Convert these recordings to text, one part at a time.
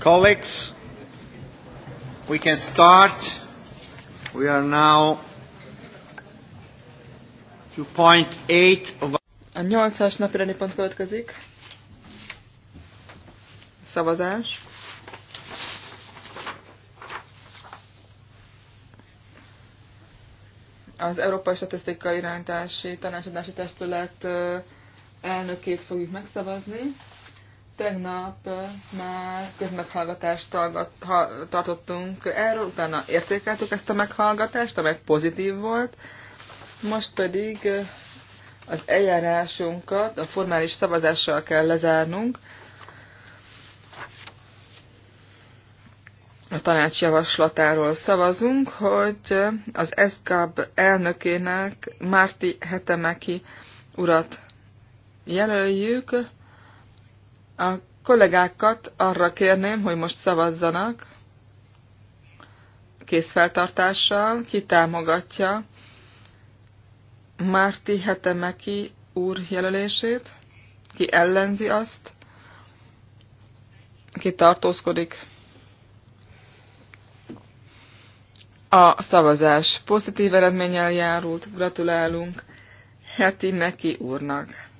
Colleagues, we can start. We are now to point eight of a nyolcas napirendi pont következik. Szavazás. Az Európai Statisztikai Irányítási Tanácsadási Testület elnökét fogjuk megszavazni. Tegnap eh, már közmeghallgatást tartottunk erről, utána értékeltük ezt a meghallgatást, amely pozitív volt. Most pedig eh, az eljárásunkat a formális szavazással kell lezárnunk. A tanács javaslatáról szavazunk, hogy eh, az ESCAB elnökének Márti Hetemeki urat jelöljük. A kollégákat arra kérném, hogy most szavazzanak készfeltartással, ki támogatja Márti Hetemeki úr jelölését, ki ellenzi azt, ki tartózkodik. A szavazás pozitív eredménnyel járult, gratulálunk Heti Meki úrnak.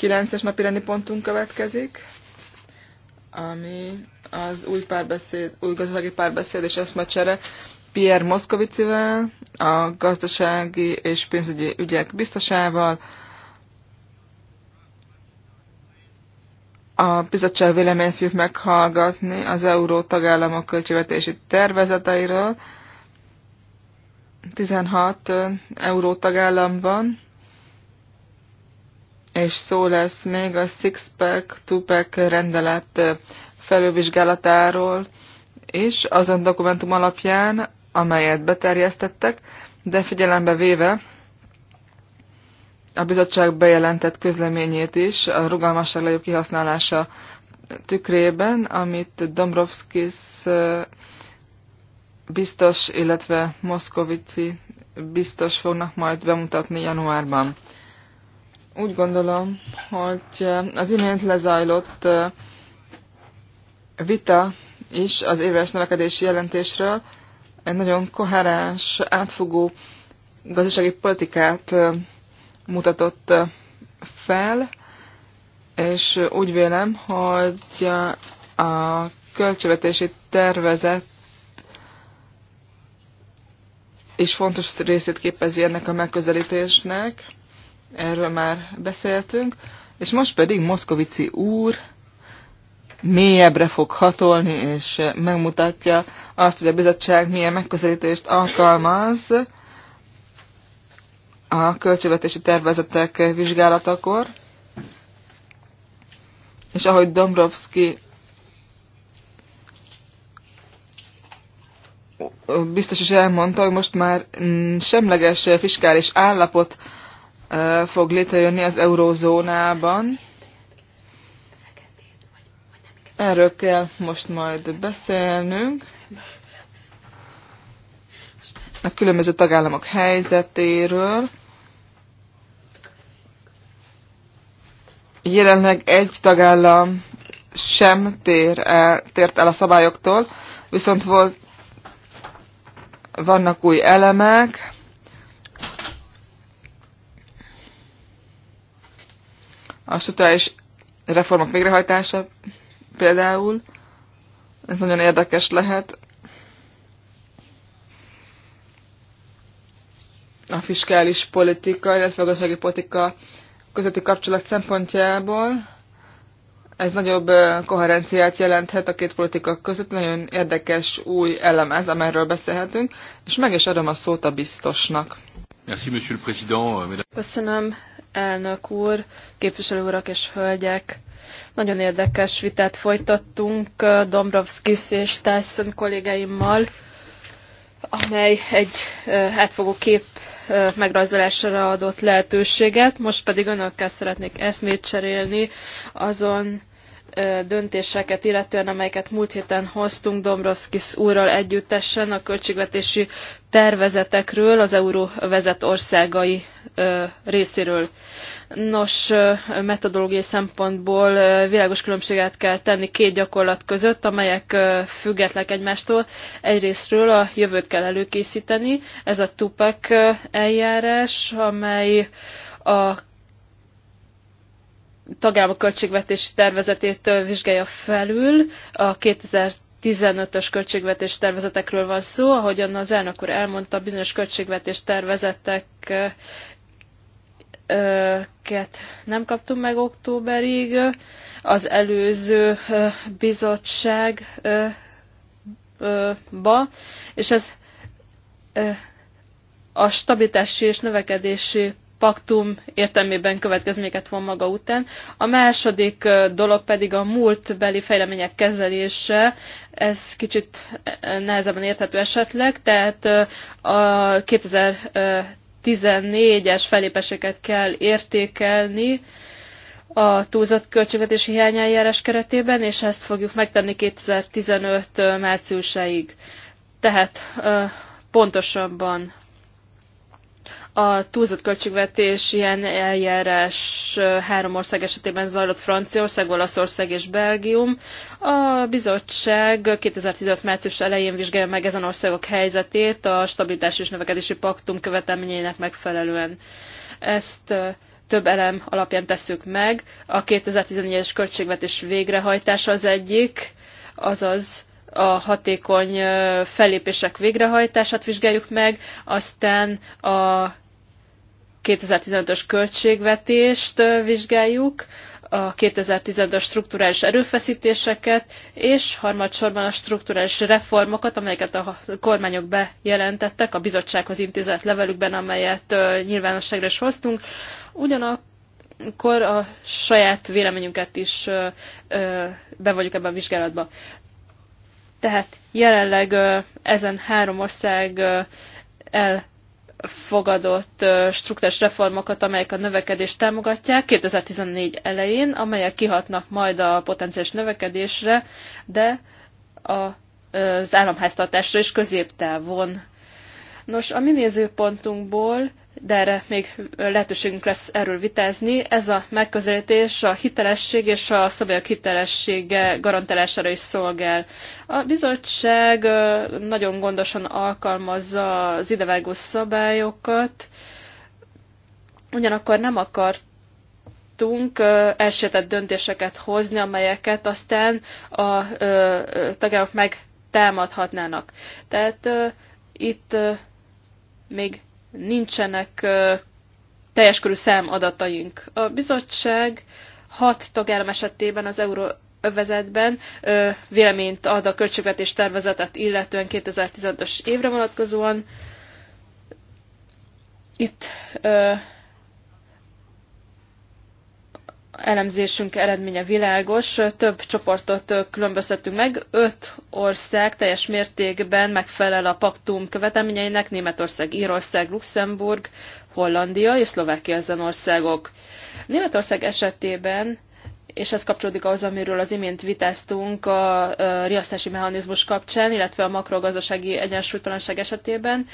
Kilences napi rendi pontunk következik, ami az új párbeszéd, új gazdasági párbeszéd és eszmecsere Pierre Moszkovicivel, a gazdasági és pénzügyi ügyek biztosával, a bizottság véleményt fogjuk meghallgatni az euró tagállamok költségvetési tervezeteiről. 16 euró tagállam van, és szó lesz még a Sixpack, Tupac rendelet felülvizsgálatáról, és azon dokumentum alapján, amelyet beterjesztettek, de figyelembe véve a bizottság bejelentett közleményét is a rugalmasság legjobb kihasználása tükrében, amit Dombrovskis biztos, illetve Moszkovici biztos fognak majd bemutatni januárban. Úgy gondolom, hogy eh, az imént lezajlott eh, vita is az éves növekedési jelentésről egy nagyon koherens, átfogó gazdasági politikát eh, mutatott fel, és úgy vélem, hogy a költségvetési tervezet és fontos részét képezi ennek a megközelítésnek erről már beszéltünk, és most pedig Moszkovici úr mélyebbre fog hatolni, és megmutatja azt, hogy a bizottság milyen megközelítést alkalmaz a költségvetési tervezetek vizsgálatakor. És ahogy Dombrovski biztos is elmondta, hogy most már semleges fiskális állapot fog létrejönni az eurózónában. Erről kell most majd beszélnünk. A különböző tagállamok helyzetéről. Jelenleg egy tagállam sem tér el, tért el a szabályoktól, viszont volt, vannak új elemek, a struktúrális reformok végrehajtása például. Ez nagyon érdekes lehet. A fiskális politika, illetve a gazdasági politika közötti kapcsolat szempontjából ez nagyobb koherenciát jelenthet a két politika között. Nagyon érdekes új elem ez, amerről beszélhetünk, és meg is adom a szót a biztosnak. Köszönöm, elnök úr, képviselő urak és hölgyek! Nagyon érdekes vitát folytattunk Dombrovskis és Tyson kollégáimmal, amely egy átfogó kép megrajzolására adott lehetőséget. Most pedig önökkel szeretnék eszmét cserélni azon döntéseket illetően, amelyeket múlt héten hoztunk Dombrovskis úrral együttesen a költségvetési tervezetekről az euróvezet országai részéről. Nos, metodológiai szempontból világos különbséget kell tenni két gyakorlat között, amelyek függetlek egymástól. Egyrésztről a jövőt kell előkészíteni, ez a TUPEC eljárás, amely a tagállamok költségvetési tervezetét vizsgálja felül. A 2015-ös költségvetés tervezetekről van szó, ahogyan az elnök úr elmondta, bizonyos költségvetés tervezeteket nem kaptunk meg októberig. Az előző bizottságba, és ez a stabilitási és növekedési paktum értelmében következményeket von maga után. A második dolog pedig a múltbeli fejlemények kezelése, ez kicsit nehezebben érthető esetleg, tehát a 2014-es felépeseket kell értékelni, a túlzott költségvetési hiányeljárás keretében, és ezt fogjuk megtenni 2015 márciusáig. Tehát pontosabban a túlzott költségvetés ilyen eljárás három ország esetében zajlott Franciaország, Olaszország és Belgium. A bizottság 2015 március elején vizsgálja meg ezen országok helyzetét a stabilitás és növekedési paktum követelményeinek megfelelően. Ezt több elem alapján tesszük meg. A 2014-es költségvetés végrehajtása az egyik, azaz a hatékony fellépések végrehajtását vizsgáljuk meg, aztán a 2015-ös költségvetést vizsgáljuk, a 2015-ös strukturális erőfeszítéseket, és harmadsorban a strukturális reformokat, amelyeket a kormányok bejelentettek, a bizottsághoz intézett levelükben, amelyet nyilvánosságra is hoztunk. Ugyanakkor a saját véleményünket is bevonjuk ebbe a vizsgálatba. Tehát jelenleg ezen három ország elfogadott struktúrás reformokat, amelyek a növekedést támogatják 2014 elején, amelyek kihatnak majd a potenciális növekedésre, de a, az államháztartásra is középtávon. Nos, a mi nézőpontunkból de erre még lehetőségünk lesz erről vitázni. Ez a megközelítés a hitelesség és a szabályok hitelessége garantálására is szolgál. A bizottság nagyon gondosan alkalmazza az idevágó szabályokat, ugyanakkor nem akart tudtunk döntéseket hozni, amelyeket aztán a tagállamok megtámadhatnának. Tehát itt még nincsenek teljes körű számadataink. A bizottság hat tagállam esetében az euró övezetben véleményt ad a költségvetés tervezetet illetően 2015-ös évre vonatkozóan. Itt elemzésünk eredménye világos, több csoportot különböztettünk meg, öt ország teljes mértékben megfelel a paktum követelményeinek, Németország, Írország, Luxemburg, Hollandia és Szlovákia ezen országok. Németország esetében és ez kapcsolódik ahhoz, amiről az imént vitáztunk a riasztási mechanizmus kapcsán, illetve a makrogazdasági egyensúlytalanság esetében.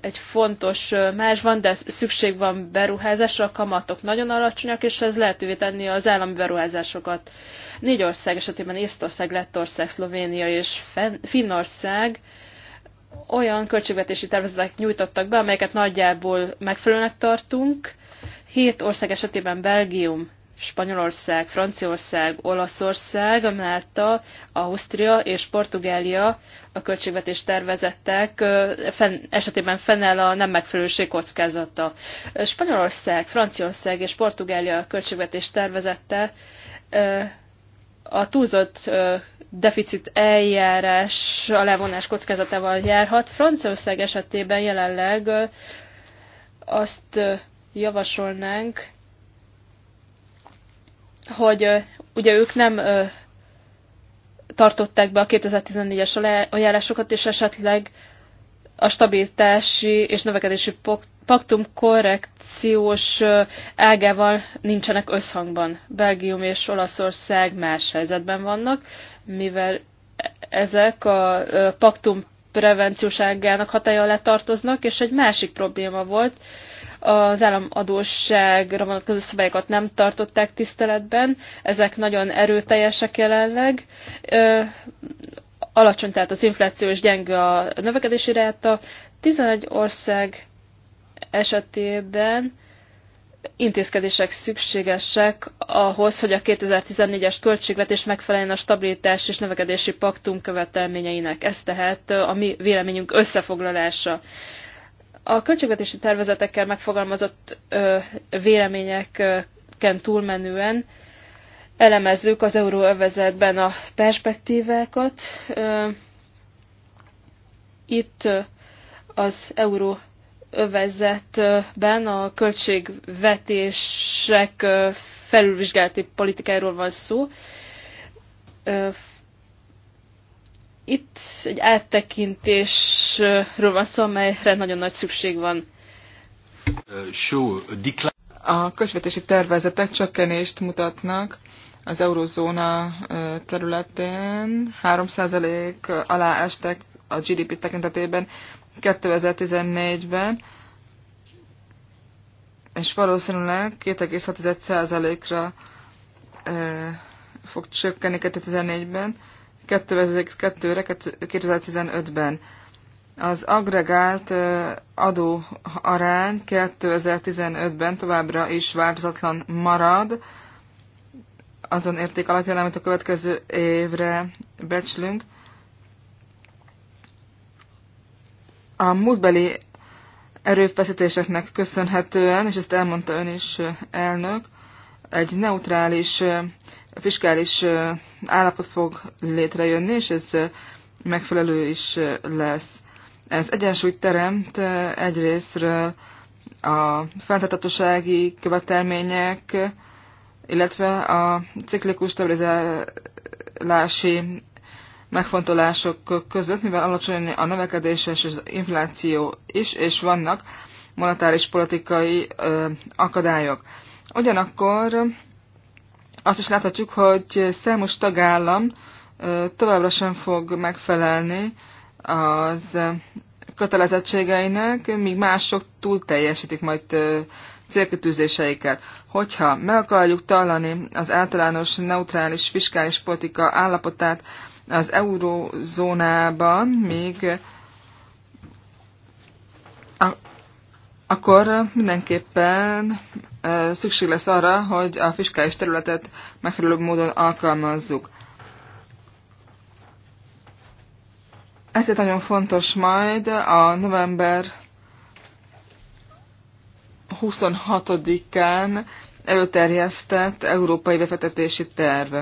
Egy fontos más van, de szükség van beruházásra, a kamatok nagyon alacsonyak, és ez lehetővé tenni az állami beruházásokat. Négy ország esetében Észtország, Lettország, Szlovénia és Finnország olyan költségvetési tervezetek nyújtottak be, amelyeket nagyjából megfelelőnek tartunk. Hét ország esetében Belgium, Spanyolország, Franciaország, Olaszország, Málta, Ausztria és Portugália a költségvetés tervezettek esetében fennáll a nem megfelelőség kockázata. Spanyolország, Franciaország és Portugália a költségvetés tervezette a túlzott deficit eljárás levonás kockázatával járhat. Franciaország esetében jelenleg azt javasolnánk, hogy ugye ők nem tartották be a 2014-es ajánlásokat, és esetleg a stabilitási és növekedési paktum korrekciós ágával nincsenek összhangban. Belgium és Olaszország más helyzetben vannak, mivel ezek a paktum prevenciós ágának hatája alá tartoznak, és egy másik probléma volt, az államadóságra vonatkozó szabályokat nem tartották tiszteletben, ezek nagyon erőteljesek jelenleg. Alacsony tehát az infláció és gyenge a növekedési ráta. 11 ország esetében intézkedések szükségesek ahhoz, hogy a 2014-es költségvetés megfeleljen a stabilitás és növekedési paktum követelményeinek. Ez tehát a mi véleményünk összefoglalása. A költségvetési tervezetekkel megfogalmazott véleményeken túlmenően elemezzük az euróövezetben a perspektívákat. Itt az euró övezetben a költségvetések felülvizsgálati politikáról van szó. Itt egy áttekintésről van szó, amelyre nagyon nagy szükség van. A közvetési tervezetek csökkenést mutatnak az eurozóna területén. 3% alá estek a GDP tekintetében 2014-ben, és valószínűleg 2,6%-ra fog csökkenni 2014-ben. 2002-re, 2015-ben. Az agregált adó arány 2015-ben továbbra is változatlan marad, azon érték alapján, amit a következő évre becslünk. A múltbeli erőfeszítéseknek köszönhetően, és ezt elmondta ön is elnök, egy neutrális fiskális állapot fog létrejönni, és ez megfelelő is lesz. Ez egyensúlyt teremt egyrésztről a fenntartatósági követelmények, illetve a ciklikus stabilizálási megfontolások között, mivel alacsony a növekedés és az infláció is, és vannak monetáris politikai ö, akadályok. Ugyanakkor azt is láthatjuk, hogy számos tagállam továbbra sem fog megfelelni az kötelezettségeinek, míg mások túl teljesítik majd célkitűzéseiket. Hogyha meg akarjuk tallani az általános neutrális fiskális politika állapotát az eurózónában, még akkor mindenképpen szükség lesz arra, hogy a fiskális területet megfelelő módon alkalmazzuk. Ezért nagyon fontos majd a november 26-án előterjesztett európai befektetési terv.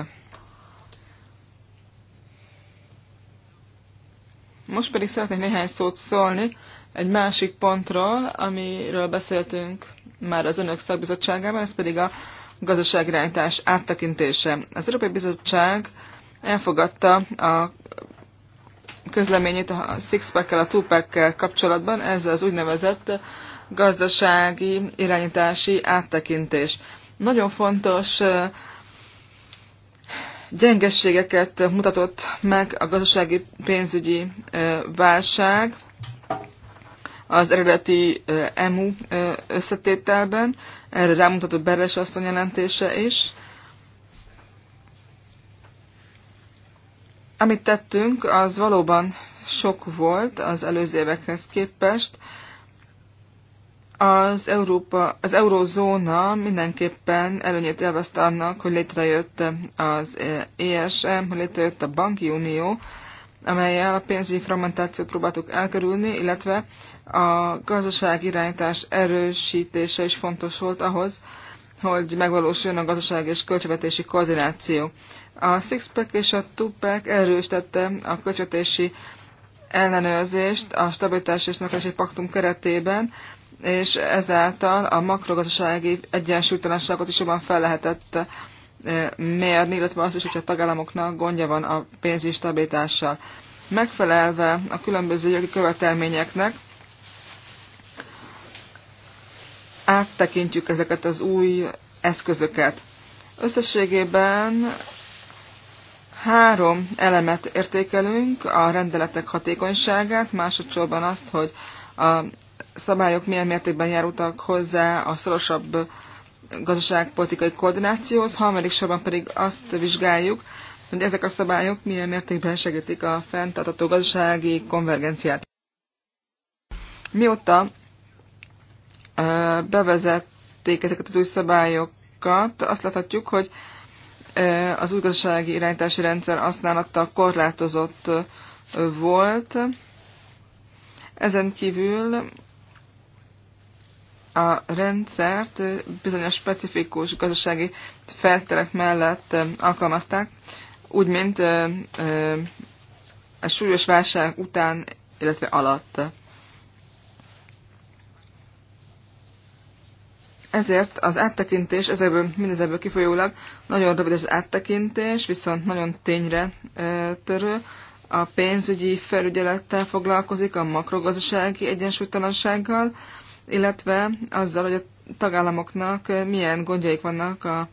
Most pedig szeretnék néhány szót szólni egy másik pontról, amiről beszéltünk már az önök szakbizottságában, ez pedig a gazdaságirányítás áttekintése. Az Európai Bizottság elfogadta a közleményét a Sixpack-kel, a Tupac-kel kapcsolatban, ez az úgynevezett gazdasági irányítási áttekintés. Nagyon fontos gyengességeket mutatott meg a gazdasági pénzügyi válság, az eredeti EMU összetételben. Erre rámutatott Beres asszony jelentése is. Amit tettünk, az valóban sok volt az előző évekhez képest. Az, Európa, az eurozóna mindenképpen előnyét élvezte annak, hogy létrejött az ESM, hogy létrejött a banki unió, amelyel a pénzügyi fragmentációt próbáltuk elkerülni, illetve a gazdaság irányítás erősítése is fontos volt ahhoz, hogy megvalósuljon a gazdaság és költségvetési koordináció. A Sixpack és a Tupac erősítette a költségvetési ellenőrzést a stabilitás és növekedési paktum keretében, és ezáltal a makrogazdasági egyensúlytalanságot is jobban fel lehetett mérni, illetve azt is, hogyha a tagállamoknak gondja van a pénzügyi stabilitással. Megfelelve a különböző jogi követelményeknek, áttekintjük ezeket az új eszközöket. Összességében három elemet értékelünk, a rendeletek hatékonyságát, másodszorban azt, hogy a szabályok milyen mértékben járultak hozzá a szorosabb gazdaságpolitikai koordinációhoz, harmadik sorban pedig azt vizsgáljuk, hogy ezek a szabályok milyen mértékben segítik a fenntartató gazdasági konvergenciát. Mióta bevezették ezeket az új szabályokat, azt láthatjuk, hogy az új gazdasági irányítási rendszer használata korlátozott volt. Ezen kívül a rendszert bizonyos specifikus gazdasági feltételek mellett alkalmazták, úgy, mint a súlyos válság után, illetve alatt. Ezért az áttekintés, ezekből, mindezekből kifolyólag nagyon rövid az áttekintés, viszont nagyon tényre törő. A pénzügyi felügyelettel foglalkozik, a makrogazdasági egyensúlytalansággal, illetve azzal, hogy a tagállamoknak milyen gondjaik vannak a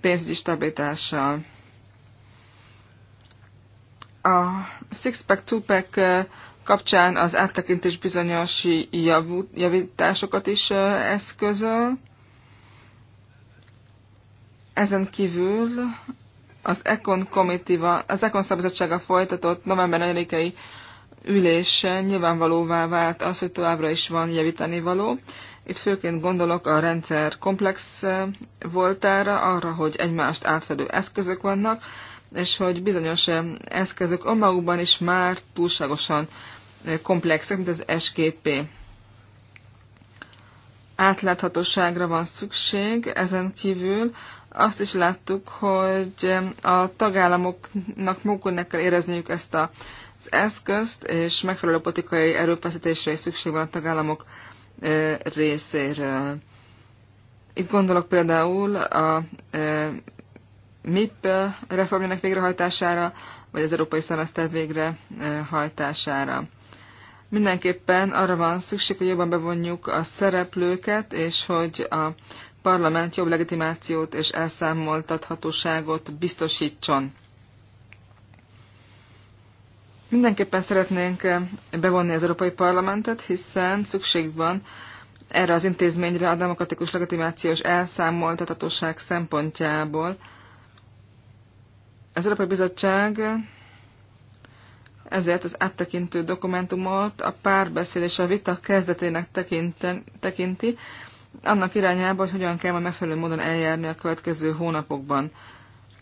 pénzügyi stabilitással. A Sixpack, Tupac kapcsán az áttekintés bizonyos javításokat is eszközöl. Ezen kívül az Econ az Econ Szabizottsága folytatott november 4 ülésen nyilvánvalóvá vált az, hogy továbbra is van javítani való. Itt főként gondolok a rendszer komplex eh, voltára, arra, hogy egymást átfedő eszközök vannak, és hogy bizonyos eh, eszközök önmagukban is már túlságosan eh, komplexek, mint az SKP. Átláthatóságra van szükség, ezen kívül azt is láttuk, hogy a tagállamoknak maguknak kell érezniük ezt a az eszközt, és megfelelő politikai erőfeszítésre is szükség van a tagállamok részéről. Itt gondolok például a MIP reformjának végrehajtására, vagy az európai szemeszter végrehajtására. Mindenképpen arra van szükség, hogy jobban bevonjuk a szereplőket, és hogy a parlament jobb legitimációt és elszámoltathatóságot biztosítson. Mindenképpen szeretnénk eh, bevonni az Európai Parlamentet, hiszen szükség van erre az intézményre a demokratikus legitimációs elszámoltatatosság szempontjából. Az Európai Bizottság ezért az áttekintő dokumentumot a párbeszéd és a vita kezdetének tekinten, tekinti, annak irányába, hogy hogyan kell majd megfelelő módon eljárni a következő hónapokban.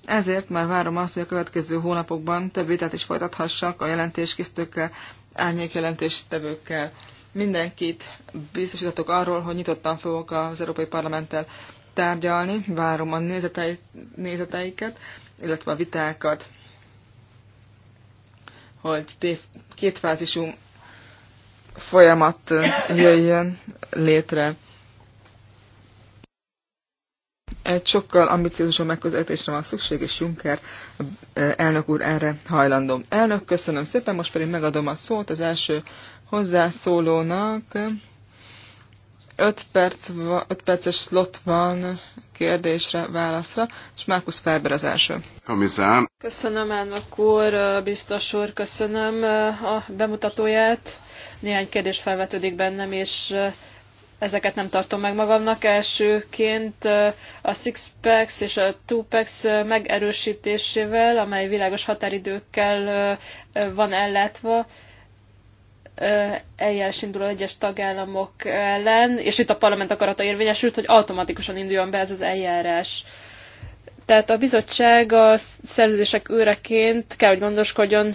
Ezért már várom azt, hogy a következő hónapokban több vitát is folytathassak a jelentéskészítőkkel, árnyékjelentéstevőkkel. Mindenkit biztosítatok arról, hogy nyitottan fogok az Európai Parlamenttel tárgyalni, várom a nézetei, nézeteiket, illetve a vitákat, hogy kétfázisú folyamat jöjjön létre egy sokkal ambiciózusabb megközelítésre van szükség, és Juncker eh, elnök úr erre hajlandó. Elnök, köszönöm szépen, most pedig megadom a szót az első hozzászólónak. 5, perc, 5 perces slot van kérdésre, válaszra, és Márkusz Ferber az első. Komisszám. Köszönöm, elnök úr, biztos úr, köszönöm eh, a bemutatóját. Néhány kérdés felvetődik bennem, és eh, ezeket nem tartom meg magamnak. Elsőként a Sixpacks és a Tupex megerősítésével, amely világos határidőkkel van ellátva, eljárás indul egyes tagállamok ellen, és itt a parlament akarata érvényesült, hogy automatikusan induljon be ez az eljárás. Tehát a bizottság a szerződések őreként kell, hogy gondoskodjon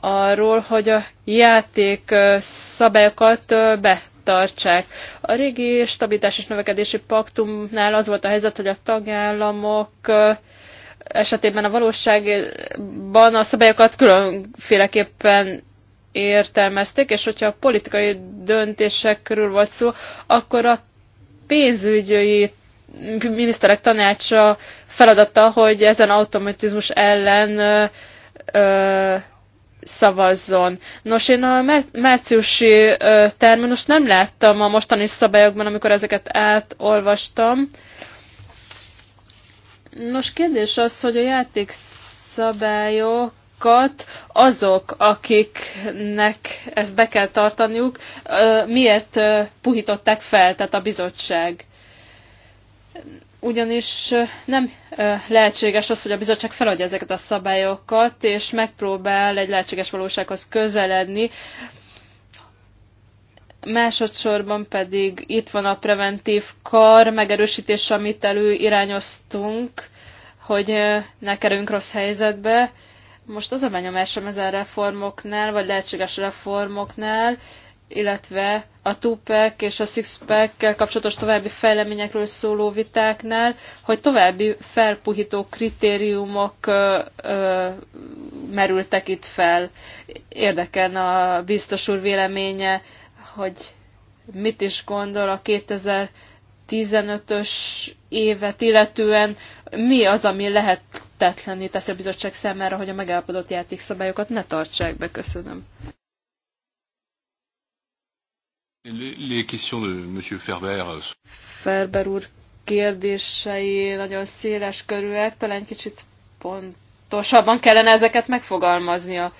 arról, hogy a játék szabályokat be tartsák. A régi stabilitás és növekedési paktumnál az volt a helyzet, hogy a tagállamok esetében a valóságban a szabályokat különféleképpen értelmezték, és hogyha a politikai döntések körül volt szó, akkor a pénzügyi miniszterek tanácsa feladata, hogy ezen automatizmus ellen ö, ö, szavazzon. Nos, én a márciusi terminus nem láttam a mostani szabályokban, amikor ezeket átolvastam. Nos, kérdés az, hogy a játékszabályokat azok, akiknek ezt be kell tartaniuk, miért puhították fel, tehát a bizottság ugyanis nem lehetséges az, hogy a bizottság feladja ezeket a szabályokat, és megpróbál egy lehetséges valósághoz közeledni. Másodszorban pedig itt van a preventív kar megerősítés, amit előirányoztunk, hogy ne kerüljünk rossz helyzetbe. Most az a benyomásom ezen reformoknál, vagy lehetséges reformoknál, illetve a Tupac és a Sixpack-kel kapcsolatos további fejleményekről szóló vitáknál, hogy további felpuhító kritériumok ö, ö, merültek itt fel. Érdeken a biztos úr véleménye, hogy mit is gondol a 2015-ös évet illetően, mi az, ami lehetetlené teszi a bizottság számára, hogy a megállapodott játékszabályokat ne tartsák be. Köszönöm. Ferber. Euh, Ferber úr kérdései nagyon széles körűek, talán kicsit pontosabban kellene ezeket megfogalmaznia.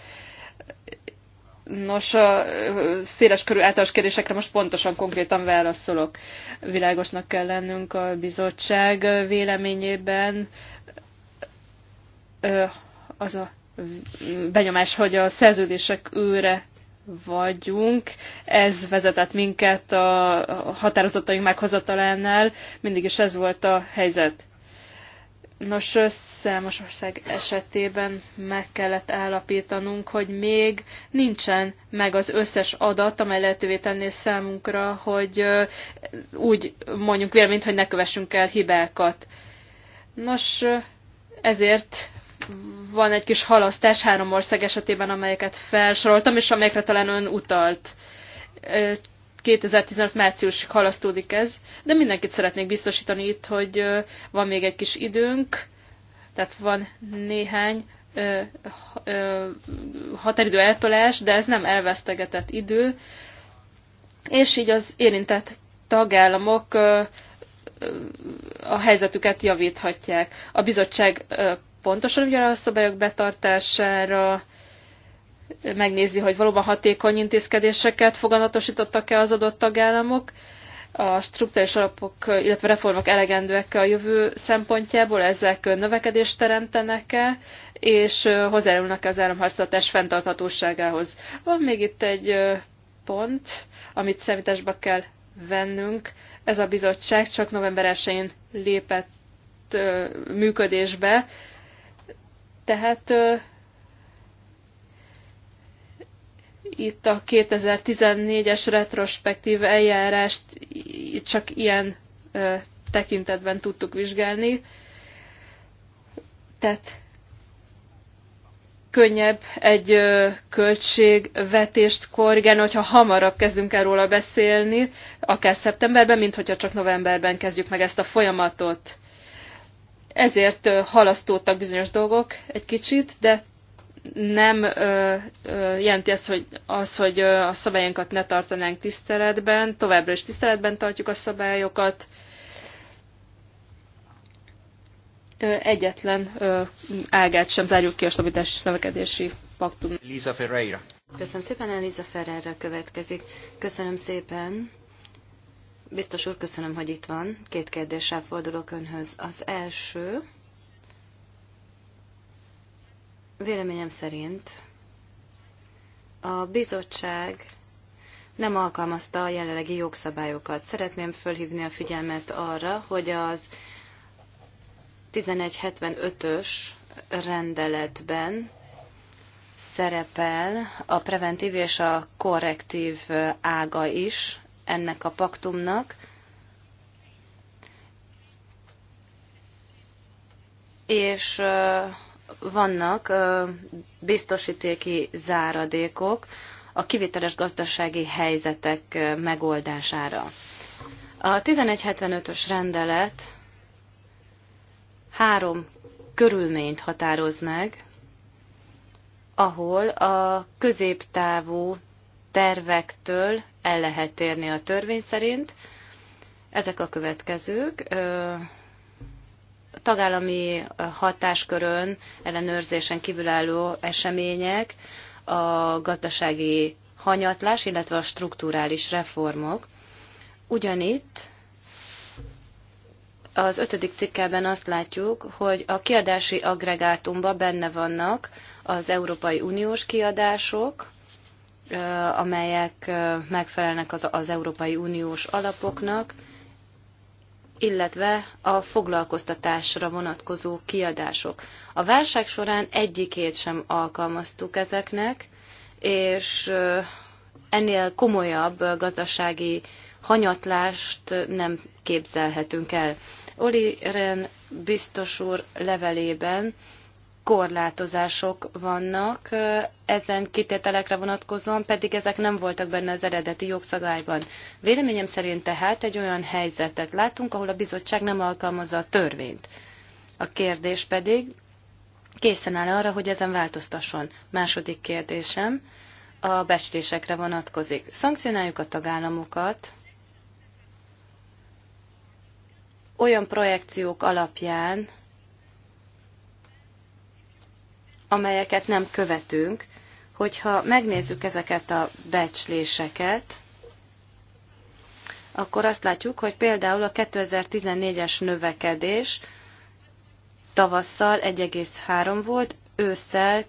Nos, a széles körű általános kérdésekre most pontosan, konkrétan válaszolok. Világosnak kell lennünk a bizottság véleményében. Az a benyomás, hogy a szerződések őre vagyunk. Ez vezetett minket a határozataink meghozatalánál, mindig is ez volt a helyzet. Nos, számos ország esetében meg kellett állapítanunk, hogy még nincsen meg az összes adat, amely lehetővé tenné számunkra, hogy úgy mondjuk véleményt, hogy ne kövessünk el hibákat. Nos, ezért van egy kis halasztás három ország esetében, amelyeket felsoroltam, és amelyekre talán ön utalt. 2015 márciusig halasztódik ez, de mindenkit szeretnék biztosítani itt, hogy van még egy kis időnk, tehát van néhány határidő eltolás, de ez nem elvesztegetett idő, és így az érintett tagállamok a helyzetüket javíthatják. A bizottság pontosan ugyanaz a szabályok betartására, megnézi, hogy valóban hatékony intézkedéseket foganatosítottak-e az adott tagállamok, a struktúrális alapok, illetve reformok elegendőek a jövő szempontjából, ezek növekedést teremtenek-e, és hozzájárulnak az államhasználatás fenntarthatóságához. Van még itt egy pont, amit számításba kell vennünk. Ez a bizottság csak november 1-én lépett működésbe, tehát itt a 2014-es retrospektív eljárást csak ilyen ö, tekintetben tudtuk vizsgálni. Tehát könnyebb egy ö, költségvetést korrigálni, hogyha hamarabb kezdünk el róla beszélni, akár szeptemberben, mint hogyha csak novemberben kezdjük meg ezt a folyamatot. Ezért halasztódtak bizonyos dolgok egy kicsit, de nem ö, ö, jelenti ez, hogy az, hogy a szabályunkat ne tartanánk tiszteletben, továbbra is tiszteletben tartjuk a szabályokat. Ö, egyetlen ö, ágát sem zárjuk ki a stabilitási növekedési paktum. Elisa Ferreira. Köszönöm szépen, Elisa Ferreira következik. Köszönöm szépen. Biztos úr, köszönöm, hogy itt van. Két kérdéssel fordulok önhöz. Az első, véleményem szerint a bizottság nem alkalmazta a jelenlegi jogszabályokat. Szeretném fölhívni a figyelmet arra, hogy az 1175-ös rendeletben szerepel a preventív és a korrektív ága is ennek a paktumnak, és vannak biztosítéki záradékok a kivételes gazdasági helyzetek megoldására. A 1175-ös rendelet három körülményt határoz meg, ahol a középtávú tervektől el lehet térni a törvény szerint. Ezek a következők. A tagállami hatáskörön ellenőrzésen kívülálló események, a gazdasági hanyatlás, illetve a strukturális reformok. Ugyanitt az ötödik cikkelben azt látjuk, hogy a kiadási agregátumban benne vannak az Európai Uniós kiadások, amelyek megfelelnek az, az Európai Uniós alapoknak, illetve a foglalkoztatásra vonatkozó kiadások. A válság során egyikét sem alkalmaztuk ezeknek, és ennél komolyabb gazdasági hanyatlást nem képzelhetünk el. Oli Ren biztos úr levelében korlátozások vannak ezen kitételekre vonatkozóan, pedig ezek nem voltak benne az eredeti jogszabályban. Véleményem szerint tehát egy olyan helyzetet látunk, ahol a bizottság nem alkalmazza a törvényt. A kérdés pedig készen áll arra, hogy ezen változtasson. Második kérdésem a bestésekre vonatkozik. Szankcionáljuk a tagállamokat olyan projekciók alapján, amelyeket nem követünk, hogyha megnézzük ezeket a becsléseket, akkor azt látjuk, hogy például a 2014-es növekedés tavasszal 1,3 volt, ősszel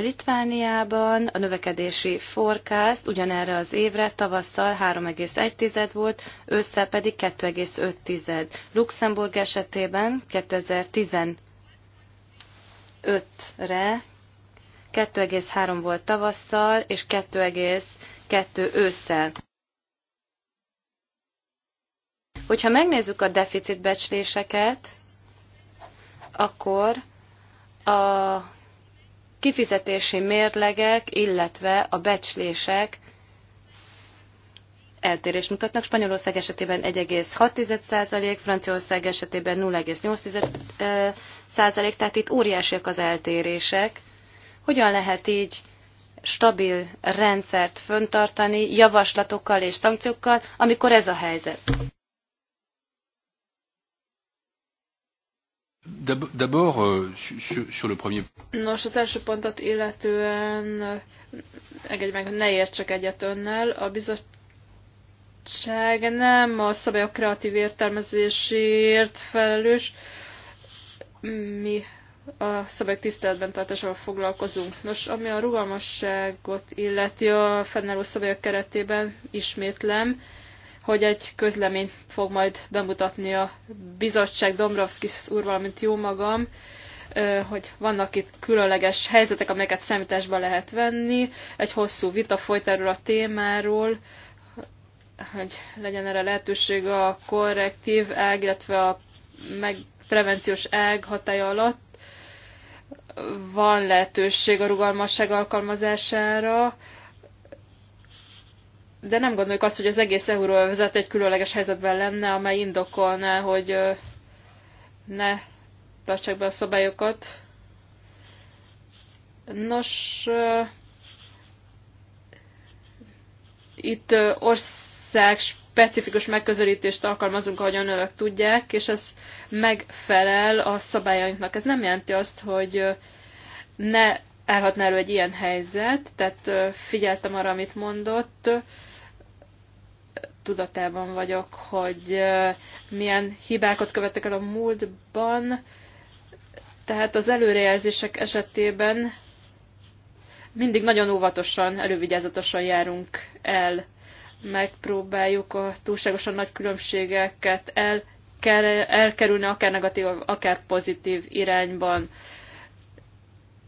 Litvániában a növekedési forecast ugyanerre az évre tavasszal 3,1 volt, ősszel pedig 2,5. Luxemburg esetében 2015-re 2,3 volt tavasszal, és 2,2 ősszel. Hogyha megnézzük a deficitbecsléseket, akkor a kifizetési mérlegek, illetve a becslések eltérést mutatnak. Spanyolország esetében 1,6%, Franciaország esetében 0,8%, tehát itt óriásiak az eltérések. Hogyan lehet így stabil rendszert föntartani javaslatokkal és szankciókkal, amikor ez a helyzet? D'abord, euh, sur le premier... Nos, az első pontot illetően, egy meg, ne értsek egyet önnel, a bizottság nem a szabályok kreatív értelmezésért felelős, mi a szabályok tiszteletben tartásával foglalkozunk. Nos, ami a rugalmasságot illeti a fennálló szabályok keretében, ismétlem, hogy egy közlemény fog majd bemutatni a bizottság, Dombrovskis úr, valamint jó magam, hogy vannak itt különleges helyzetek, amelyeket számításba lehet venni. Egy hosszú vita folyt erről a témáról, hogy legyen erre lehetőség a korrektív ág, illetve a meg prevenciós ág hatája alatt. Van lehetőség a rugalmasság alkalmazására, de nem gondoljuk azt, hogy az egész euróvezet egy különleges helyzetben lenne, amely indokolná, hogy ne tartsák be a szabályokat. Nos, itt ország specifikus megközelítést alkalmazunk, ahogy önök tudják, és ez megfelel a szabályainknak. Ez nem jelenti azt, hogy ne állhatna elő egy ilyen helyzet, tehát figyeltem arra, amit mondott, tudatában vagyok, hogy milyen hibákat követtek el a múltban, tehát az előrejelzések esetében mindig nagyon óvatosan, elővigyázatosan járunk el. Megpróbáljuk a túlságosan nagy különbségeket el, elkerülni, akár negatív, akár pozitív irányban.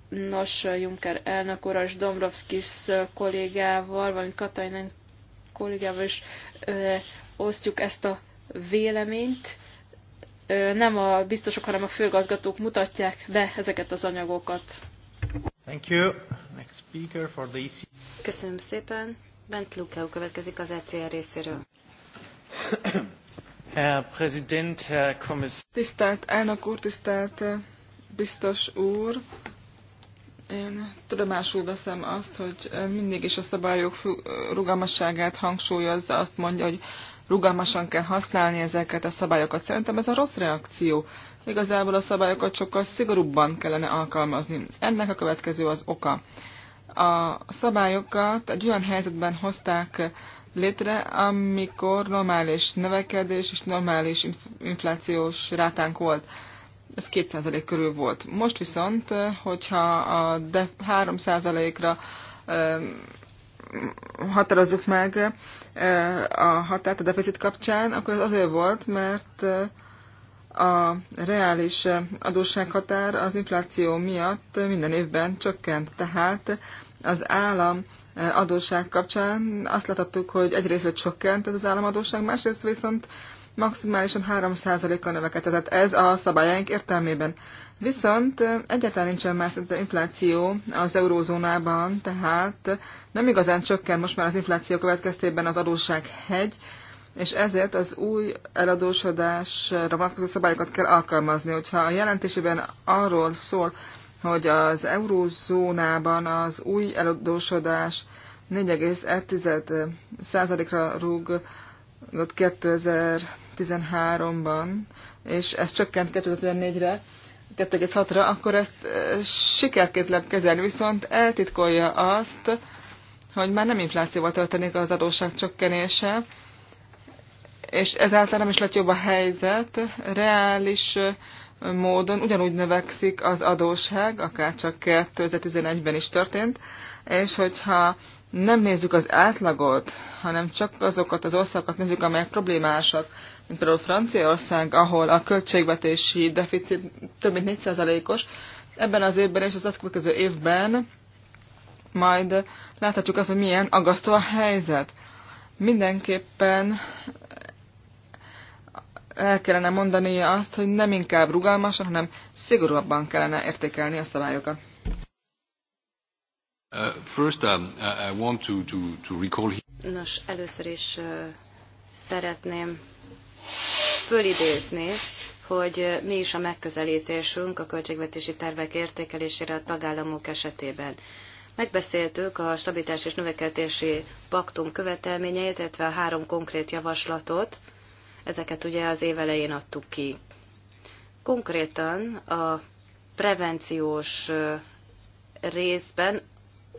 Nos, Juncker elnök úr és Dombrovskis kollégával, vagy Katainen kollégával is ö, osztjuk ezt a véleményt. Ö, nem a biztosok, hanem a főgazgatók mutatják be ezeket az anyagokat. Thank you. Next speaker for the EC. Köszönöm szépen. Bent Lukeu következik az ECR részéről. Herr Präsident, Herr Kommissar. Tisztelt elnök úr, tisztelt biztos úr! Én tudomásul veszem azt, hogy mindig is a szabályok rugalmasságát hangsúlyozza, azt mondja, hogy rugalmasan kell használni ezeket a szabályokat. Szerintem ez a rossz reakció. Igazából a szabályokat sokkal szigorúbban kellene alkalmazni. Ennek a következő az oka. A szabályokat egy olyan helyzetben hozták létre, amikor normális növekedés és normális inflációs rátánk volt ez 2% körül volt. Most viszont, eh, hogyha a 3%-ra határozzuk meg eh, a határt a deficit kapcsán, akkor ez azért volt, mert eh, a reális adóssághatár az infláció miatt minden évben csökkent. Tehát az állam adósság kapcsán azt láthattuk, hogy egyrészt hogy csökkent ez az államadóság, másrészt viszont maximálisan 3%-kal növekedett. Ez a szabályaink értelmében. Viszont egyáltalán nincsen más szinte infláció az eurózónában, tehát nem igazán csökken most már az infláció következtében az adósság hegy, és ezért az új eladósodásra vonatkozó szabályokat kell alkalmazni. Hogyha a jelentésében arról szól, hogy az eurózónában az új eladósodás 4,1%-ra rúg 2000 2013-ban, és ez csökkent 2014-re, 2,6-ra, akkor ezt sikerként lehet kezelni, viszont eltitkolja azt, hogy már nem inflációval történik az adósság csökkenése, és ezáltal nem is lett jobb a helyzet, reális módon ugyanúgy növekszik az adósság, akár csak 2011-ben is történt, és hogyha nem nézzük az átlagot, hanem csak azokat az országokat nézzük, amelyek problémásak, mint például Franciaország, ahol a költségvetési deficit több mint 4%-os, ebben az évben és az azt következő évben majd láthatjuk azt, hogy milyen agasztó a helyzet. Mindenképpen el kellene mondani azt, hogy nem inkább rugalmasan, hanem szigorúbban kellene értékelni a szabályokat. Uh, first, um, uh, I want to, to, to recall... Nos, először is uh, szeretném fölidézni, hogy uh, mi is a megközelítésünk a költségvetési tervek értékelésére a tagállamok esetében. Megbeszéltük a stabilitás és növekedési paktum követelményeit, illetve a három konkrét javaslatot. Ezeket ugye az év elején adtuk ki. Konkrétan a prevenciós részben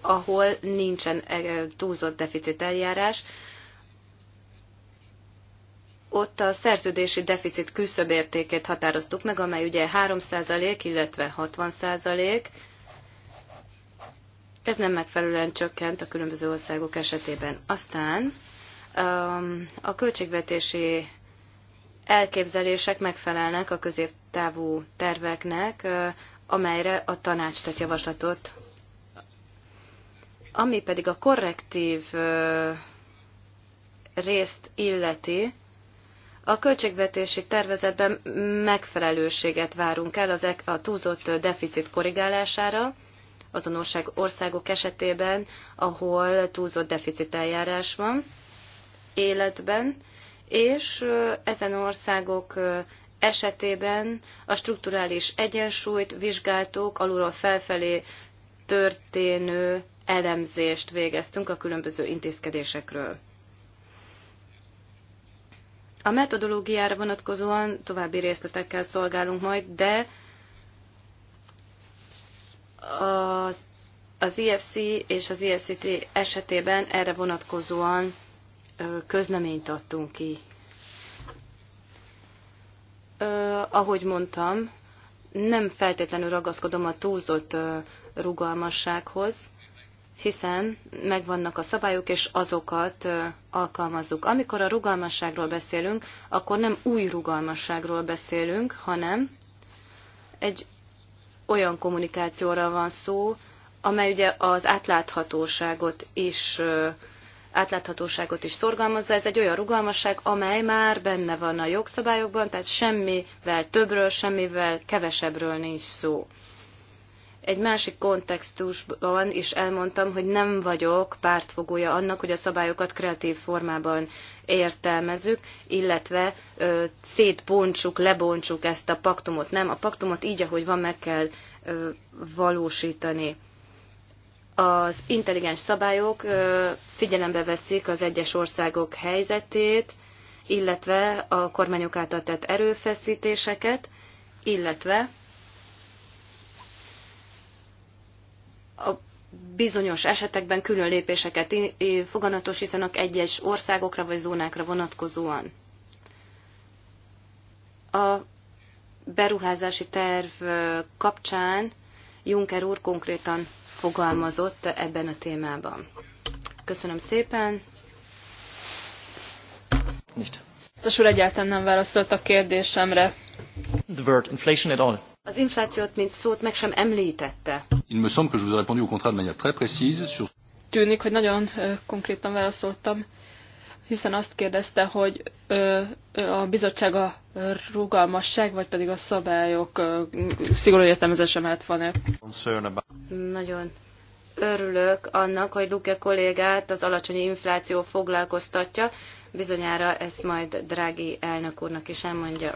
ahol nincsen e, túlzott deficit eljárás, ott a szerződési deficit küszöbértékét határoztuk meg, amely ugye 3%, illetve 60%. Ez nem megfelelően csökkent a különböző országok esetében. Aztán um, a költségvetési elképzelések megfelelnek a középtávú terveknek, uh, amelyre a tanács tett javaslatot ami pedig a korrektív részt illeti, a költségvetési tervezetben megfelelőséget várunk el az a túlzott deficit korrigálására, azon országok esetében, ahol túlzott deficit eljárás van életben, és ezen országok esetében a strukturális egyensúlyt vizsgáltuk, alulról felfelé történő elemzést végeztünk a különböző intézkedésekről. A metodológiára vonatkozóan további részletekkel szolgálunk majd, de az, az IFC és az IFCC esetében erre vonatkozóan közleményt adtunk ki. Ahogy mondtam, nem feltétlenül ragaszkodom a túlzott rugalmassághoz, hiszen megvannak a szabályok, és azokat alkalmazzuk. Amikor a rugalmasságról beszélünk, akkor nem új rugalmasságról beszélünk, hanem egy olyan kommunikációra van szó, amely ugye az átláthatóságot is átláthatóságot is szorgalmazza. Ez egy olyan rugalmasság, amely már benne van a jogszabályokban, tehát semmivel többről, semmivel kevesebbről nincs szó egy másik kontextusban is elmondtam, hogy nem vagyok pártfogója annak, hogy a szabályokat kreatív formában értelmezzük, illetve ö, szétbontsuk, lebontsuk ezt a paktumot. Nem, a paktumot így, ahogy van, meg kell ö, valósítani. Az intelligens szabályok ö, figyelembe veszik az egyes országok helyzetét, illetve a kormányok által tett erőfeszítéseket, illetve a bizonyos esetekben külön lépéseket foganatosítanak egyes országokra vagy zónákra vonatkozóan. A beruházási terv kapcsán Juncker úr konkrétan fogalmazott ebben a témában. Köszönöm szépen. Nicht. Biztos úr egyáltalán nem válaszolt a kérdésemre. The word inflation at all. Az inflációt, mint szót meg sem említette. Il me semble que je vous ai répondu au contraire de manière très précise sur... Tűnik, hogy nagyon konkrétan válaszoltam, hiszen azt kérdezte, hogy a bizottság a rugalmasság, vagy pedig a szabályok szigorú értelmezése mehet van-e. Nagyon örülök annak, hogy Luke kollégát az alacsony infláció foglalkoztatja. Bizonyára ezt majd drági elnök úrnak is elmondja.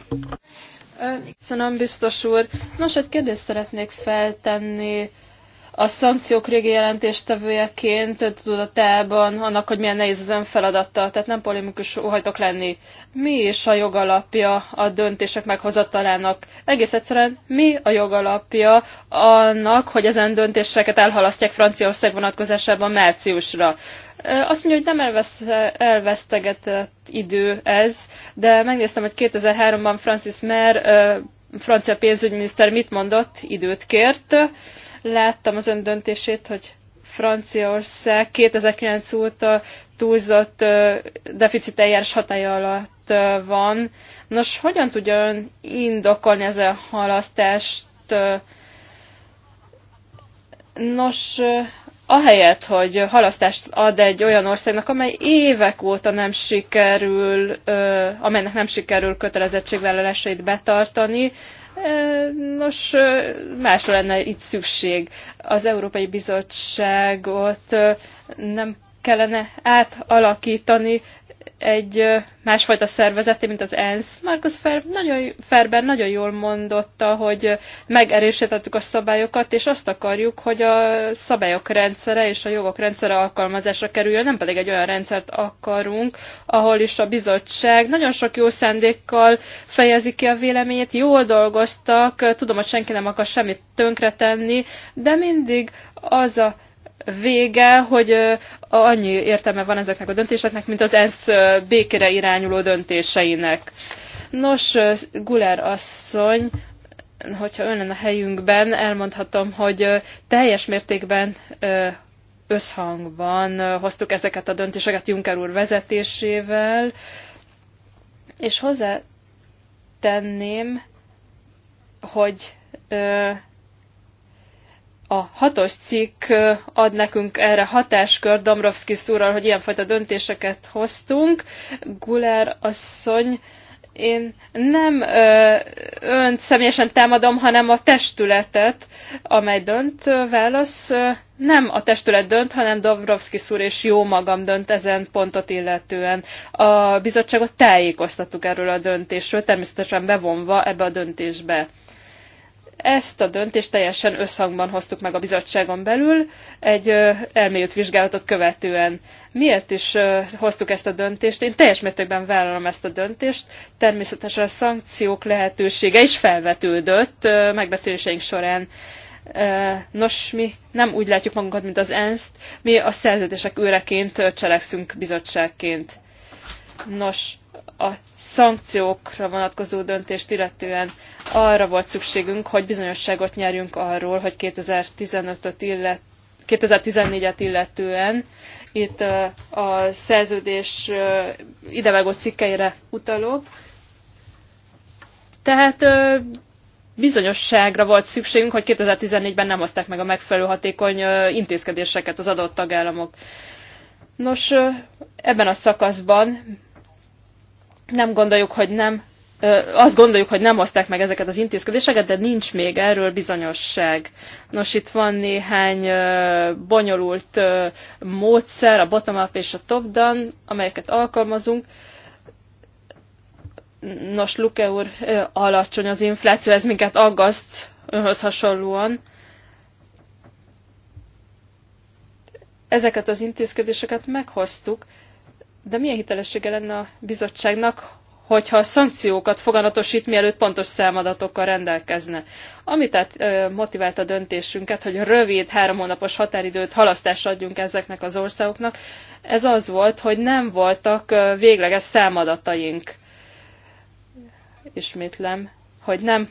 Köszönöm, biztos úr. Nos, egy kérdést szeretnék feltenni a szankciók régi jelentéstevőjeként tudatában annak, hogy milyen nehéz az ön feladata, tehát nem polémikus óhajtok lenni. Mi is a jogalapja a döntések meghozatalának? Egész egyszerűen mi a jogalapja annak, hogy ezen döntéseket elhalasztják Franciaország vonatkozásában márciusra? Azt mondja, hogy nem elvesztegetett idő ez, de megnéztem, hogy 2003-ban Francis Mer, francia pénzügyminiszter mit mondott, időt kért, Láttam az ön döntését, hogy Franciaország 2009 óta túlzott deficit eljárás hatája alatt van. Nos, hogyan tudja ön indokolni a halasztást? Nos, ahelyett, hogy halasztást ad egy olyan országnak, amely évek óta nem sikerül, amelynek nem sikerül kötelezettségvállalásait betartani, Nos, másra lenne itt szükség. Az Európai Bizottságot nem kellene átalakítani, egy másfajta szervezeté, mint az ENSZ. Markus Fer, nagyon, Ferber nagyon jól mondotta, hogy megerősítettük a szabályokat, és azt akarjuk, hogy a szabályok rendszere és a jogok rendszere alkalmazásra kerüljön, nem pedig egy olyan rendszert akarunk, ahol is a bizottság nagyon sok jó szándékkal fejezi ki a véleményét, jól dolgoztak, tudom, hogy senki nem akar semmit tönkretenni, de mindig az a vége, hogy annyi értelme van ezeknek a döntéseknek, mint az ENSZ békére irányuló döntéseinek. Nos, Guler asszony, hogyha ön a helyünkben, elmondhatom, hogy teljes mértékben összhangban hoztuk ezeket a döntéseket Juncker úr vezetésével, és tenném, hogy a hatos cikk ad nekünk erre hatáskör Domrovski szúrral, hogy ilyenfajta döntéseket hoztunk. Guler, asszony, én nem ö, önt személyesen támadom, hanem a testületet, amely dönt válasz. Nem a testület dönt, hanem Dobrovszki szúr és jó magam dönt ezen pontot illetően. A bizottságot tájékoztattuk erről a döntésről, természetesen bevonva ebbe a döntésbe. Ezt a döntést teljesen összhangban hoztuk meg a bizottságon belül, egy elmélyült vizsgálatot követően. Miért is hoztuk ezt a döntést? Én teljes mértékben vállalom ezt a döntést. Természetesen a szankciók lehetősége is felvetődött megbeszéléseink során. Nos, mi nem úgy látjuk magunkat, mint az ensz mi a szerződések őreként cselekszünk bizottságként. Nos, a szankciókra vonatkozó döntést illetően arra volt szükségünk, hogy bizonyosságot nyerjünk arról, hogy 2015-öt illet, 2014-et illetően itt a szerződés idevágó cikkeire utalok. Tehát bizonyosságra volt szükségünk, hogy 2014-ben nem hozták meg a megfelelő hatékony intézkedéseket az adott tagállamok. Nos, ebben a szakaszban nem gondoljuk, hogy nem, azt gondoljuk, hogy nem hozták meg ezeket az intézkedéseket, de nincs még erről bizonyosság. Nos, itt van néhány bonyolult módszer, a bottom-up és a top-down, amelyeket alkalmazunk. Nos, Luke úr, alacsony az infláció, ez minket aggaszt önhöz hasonlóan. Ezeket az intézkedéseket meghoztuk, de milyen hitelessége lenne a bizottságnak, hogyha a szankciókat foganatosít, mielőtt pontos számadatokkal rendelkezne. Ami tehát motivált a döntésünket, hogy rövid, három hónapos határidőt halasztásra adjunk ezeknek az országoknak, ez az volt, hogy nem voltak végleges számadataink. Ismétlem, hogy nem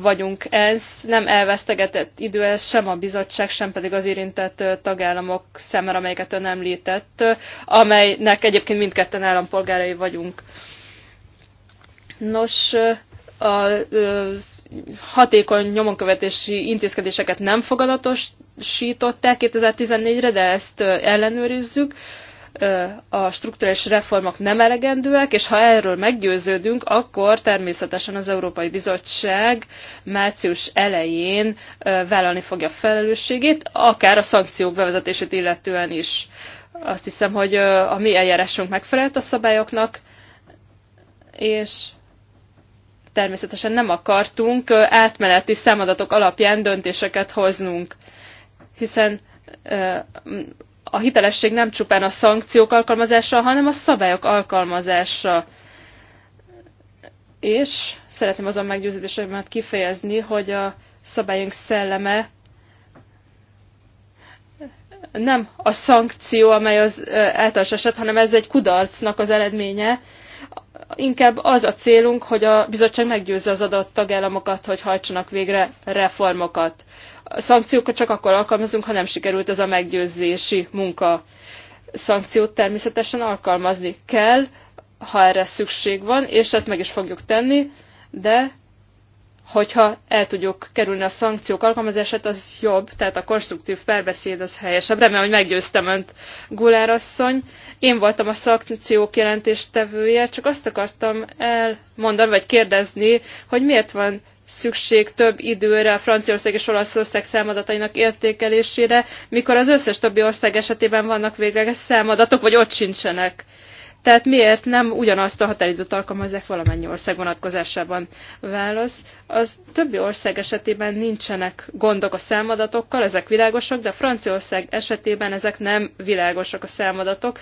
vagyunk ez, nem elvesztegetett idő ez sem a bizottság, sem pedig az érintett tagállamok szemmel, amelyeket ön említett, amelynek egyébként mindketten állampolgárai vagyunk. Nos, a hatékony nyomonkövetési intézkedéseket nem fogadatosították 2014-re, de ezt ellenőrizzük a strukturális reformok nem elegendőek, és ha erről meggyőződünk, akkor természetesen az Európai Bizottság március elején vállalni fogja felelősségét, akár a szankciók bevezetését illetően is. Azt hiszem, hogy a mi eljárásunk megfelelt a szabályoknak, és természetesen nem akartunk átmeneti számadatok alapján döntéseket hoznunk, hiszen a hitelesség nem csupán a szankciók alkalmazása, hanem a szabályok alkalmazása. És szeretném azon meggyőződésemet kifejezni, hogy a szabályunk szelleme nem a szankció, amely az eltalás eset, hanem ez egy kudarcnak az eredménye. Inkább az a célunk, hogy a bizottság meggyőzze az adott tagállamokat, hogy hajtsanak végre reformokat szankciókat csak akkor alkalmazunk, ha nem sikerült ez a meggyőzési munka. Szankciót természetesen alkalmazni kell, ha erre szükség van, és ezt meg is fogjuk tenni, de hogyha el tudjuk kerülni a szankciók alkalmazását, az jobb, tehát a konstruktív perbeszéd az helyesebb. Remélem, hogy meggyőztem önt, Gulár asszony. Én voltam a szankciók jelentéstevője, csak azt akartam elmondani, vagy kérdezni, hogy miért van szükség több időre a Franciaország és Olaszország számadatainak értékelésére, mikor az összes többi ország esetében vannak végleges számadatok, vagy ott sincsenek. Tehát miért nem ugyanazt a határidőt alkalmazzák valamennyi ország vonatkozásában? Válasz. Az többi ország esetében nincsenek gondok a számadatokkal, ezek világosak, de Franciaország esetében ezek nem világosak a számadatok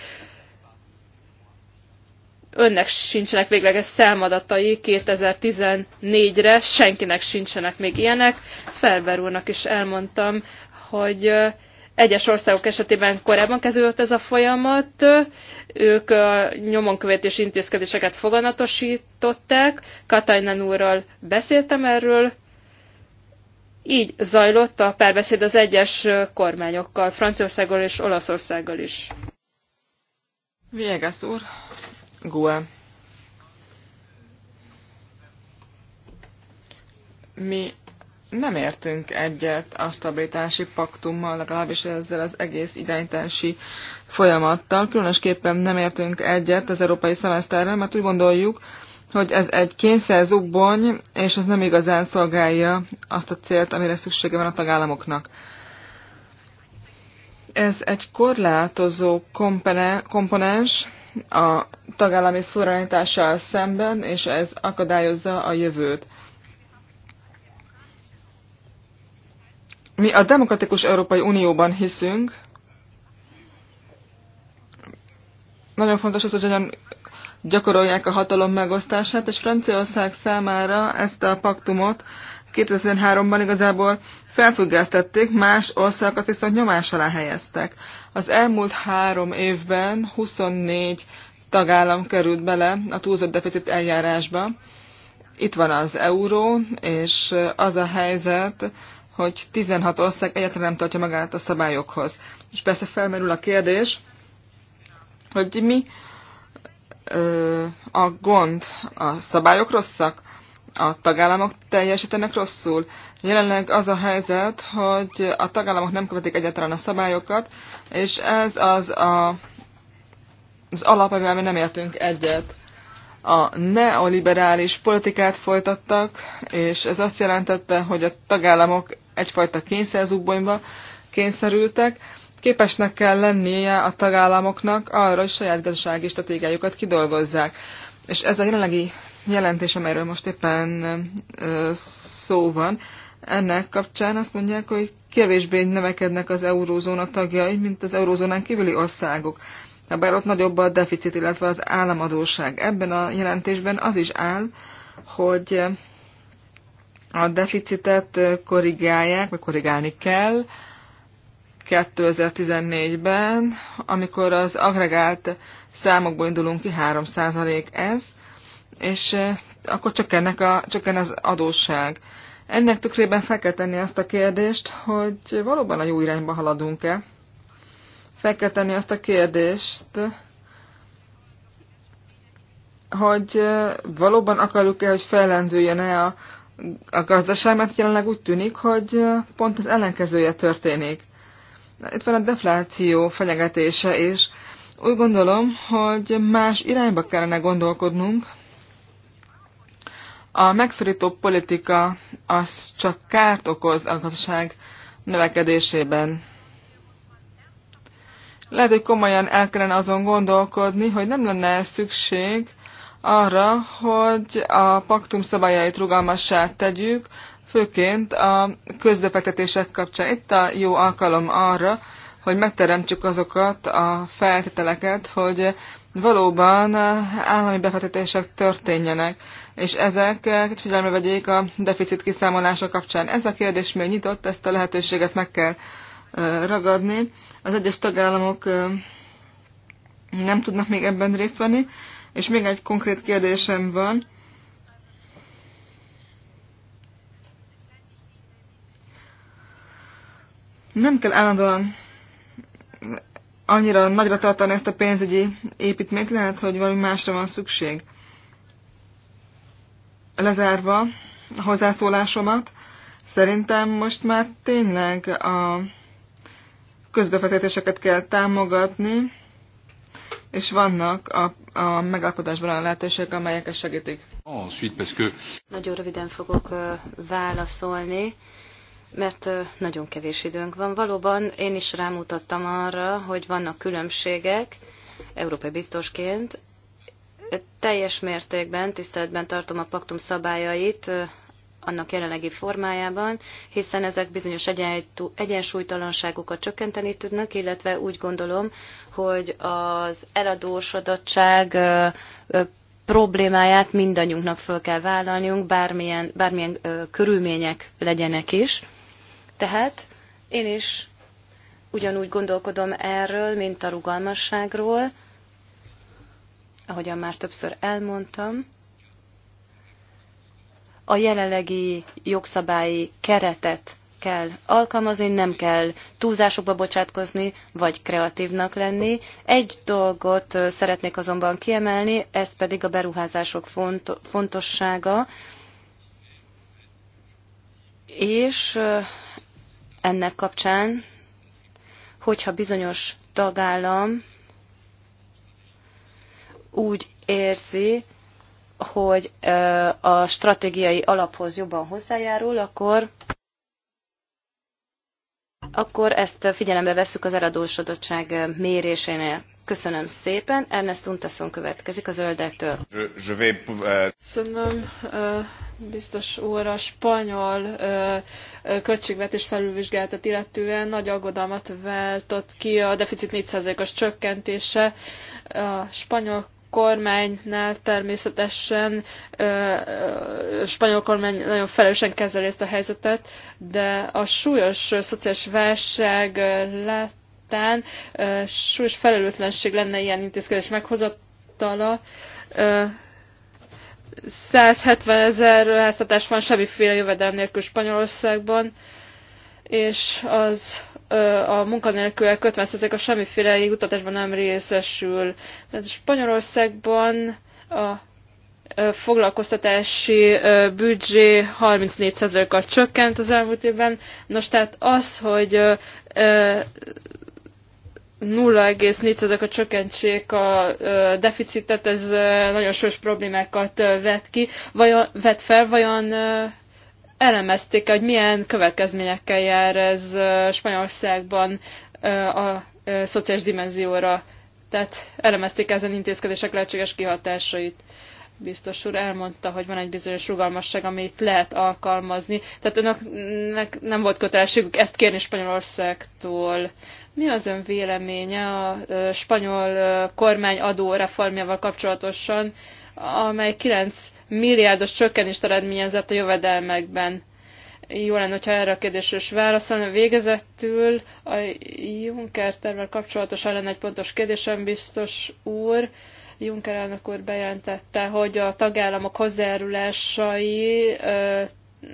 önnek sincsenek végleges számadatai 2014-re, senkinek sincsenek még ilyenek. Ferber úrnak is elmondtam, hogy egyes országok esetében korábban kezdődött ez a folyamat, ők a nyomonkövetés intézkedéseket foganatosították, Katajnán úrral beszéltem erről, így zajlott a párbeszéd az egyes kormányokkal, Franciaországgal és Olaszországgal is. Viegas úr, GUE. Mi nem értünk egyet a stabilitási paktummal, legalábbis ezzel az egész irányítási folyamattal. Különösképpen nem értünk egyet az európai szemeszterrel, mert úgy gondoljuk, hogy ez egy zubbony, és ez nem igazán szolgálja azt a célt, amire szüksége van a tagállamoknak. Ez egy korlátozó komponens, a tagállami szuverenitással szemben, és ez akadályozza a jövőt. Mi a demokratikus Európai Unióban hiszünk. Nagyon fontos az, hogy hogyan gyakorolják a hatalom megosztását, és Franciaország számára ezt a paktumot 2003-ban igazából felfüggesztették, más országokat viszont nyomás alá helyeztek. Az elmúlt három évben 24 tagállam került bele a túlzott deficit eljárásba. Itt van az euró, és az a helyzet, hogy 16 ország egyetlen nem tartja magát a szabályokhoz. És persze felmerül a kérdés, hogy mi ö, a gond, a szabályok rosszak, a tagállamok teljesítenek rosszul. Jelenleg az a helyzet, hogy a tagállamok nem követik egyáltalán a szabályokat, és ez az a, az alap, amivel mi nem értünk egyet. A neoliberális politikát folytattak, és ez azt jelentette, hogy a tagállamok egyfajta kényszerzugbonyba kényszerültek, képesnek kell lennie a tagállamoknak arra, hogy saját gazdasági stratégiájukat kidolgozzák. És ez a jelenlegi jelentés, amelyről most éppen szó van, ennek kapcsán azt mondják, hogy kevésbé növekednek az eurózóna tagjai, mint az eurózónán kívüli országok. Bár ott nagyobb a deficit, illetve az államadóság. Ebben a jelentésben az is áll, hogy a deficitet korrigálják, vagy korrigálni kell 2014-ben, amikor az agregált számokból indulunk ki, 3% ez, és eh, akkor csökkennek a, csökken az adósság. Ennek tükrében fel kell tenni azt a kérdést, hogy valóban a jó irányba haladunk-e. Fel kell tenni azt a kérdést, hogy eh, valóban akarjuk-e, hogy fellendüljön-e a, a gazdaság, mert jelenleg úgy tűnik, hogy eh, pont az ellenkezője történik. Itt van a defláció fenyegetése, és úgy gondolom, hogy más irányba kellene gondolkodnunk, a megszorító politika az csak kárt okoz a gazdaság növekedésében. Lehet, hogy komolyan el kellene azon gondolkodni, hogy nem lenne szükség arra, hogy a paktum szabályait rugalmassá tegyük, főként a közbefektetések kapcsán. Itt a jó alkalom arra, hogy megteremtsük azokat a feltételeket, hogy valóban állami befektetések történjenek és ezek eh, figyelembe vegyék a deficit kiszámolása kapcsán. Ez a kérdés még nyitott, ezt a lehetőséget meg kell eh, ragadni. Az egyes tagállamok eh, nem tudnak még ebben részt venni, és még egy konkrét kérdésem van. Nem kell állandóan annyira nagyra tartani ezt a pénzügyi építményt, lehet, hogy valami másra van szükség lezárva a hozzászólásomat, szerintem most már tényleg a közbefektetéseket kell támogatni, és vannak a, a megállapodásban a lehetőségek, amelyek ezt segítik. Nagyon röviden fogok válaszolni, mert nagyon kevés időnk van. Valóban én is rámutattam arra, hogy vannak különbségek, európai biztosként, teljes mértékben tiszteletben tartom a paktum szabályait annak jelenlegi formájában, hiszen ezek bizonyos egyensúlytalanságokat csökkenteni tudnak, illetve úgy gondolom, hogy az eladósodottság problémáját mindannyiunknak föl kell vállalnunk, bármilyen, bármilyen körülmények legyenek is. Tehát én is ugyanúgy gondolkodom erről, mint a rugalmasságról, ahogyan már többször elmondtam, a jelenlegi jogszabályi keretet kell alkalmazni, nem kell túlzásokba bocsátkozni, vagy kreatívnak lenni. Egy dolgot szeretnék azonban kiemelni, ez pedig a beruházások font- fontossága, és ennek kapcsán, hogyha bizonyos tagállam úgy érzi, hogy a stratégiai alaphoz jobban hozzájárul, akkor akkor ezt figyelembe vesszük az eladósodottság mérésénél. Köszönöm szépen. Ernest Untasson következik a zöldektől. Euh, Köszönöm, biztos úr, a spanyol költségvetés felülvizsgálatot illetően nagy aggodalmat váltott ki a deficit 4%-os csökkentése. A spanyol kormánynál természetesen a spanyol kormány nagyon felelősen kezeli ezt a helyzetet, de a súlyos szociális válság láttán súlyos felelőtlenség lenne ilyen intézkedés meghozatala. 170 ezer háztatás van semmiféle jövedelem nélkül Spanyolországban, és az a munkanélkülek 50%-a semmiféle jutatásban nem részesül. Spanyolországban a foglalkoztatási büdzsé 34%-kal csökkent az elmúlt évben. Nos, tehát az, hogy 0,4%-a csökkentsék a deficitet, ez nagyon sős problémákat vet ki. Vajon, vet fel, vajon elemezték, hogy milyen következményekkel jár ez Spanyolországban a szociális dimenzióra. Tehát elemezték ezen intézkedések lehetséges kihatásait. Biztos úr elmondta, hogy van egy bizonyos rugalmasság, amit lehet alkalmazni. Tehát önöknek nem volt kötelességük ezt kérni Spanyolországtól. Mi az ön véleménye a spanyol kormány adó reformjával kapcsolatosan? amely 9 milliárdos csökkenést eredményezett a jövedelmekben. Jó lenne, hogyha erre a kérdésre is válaszolna. Végezetül a Juncker tervvel kapcsolatosan lenne egy pontos kérdésem, biztos úr. Juncker elnök úr bejelentette, hogy a tagállamok hozzájárulásai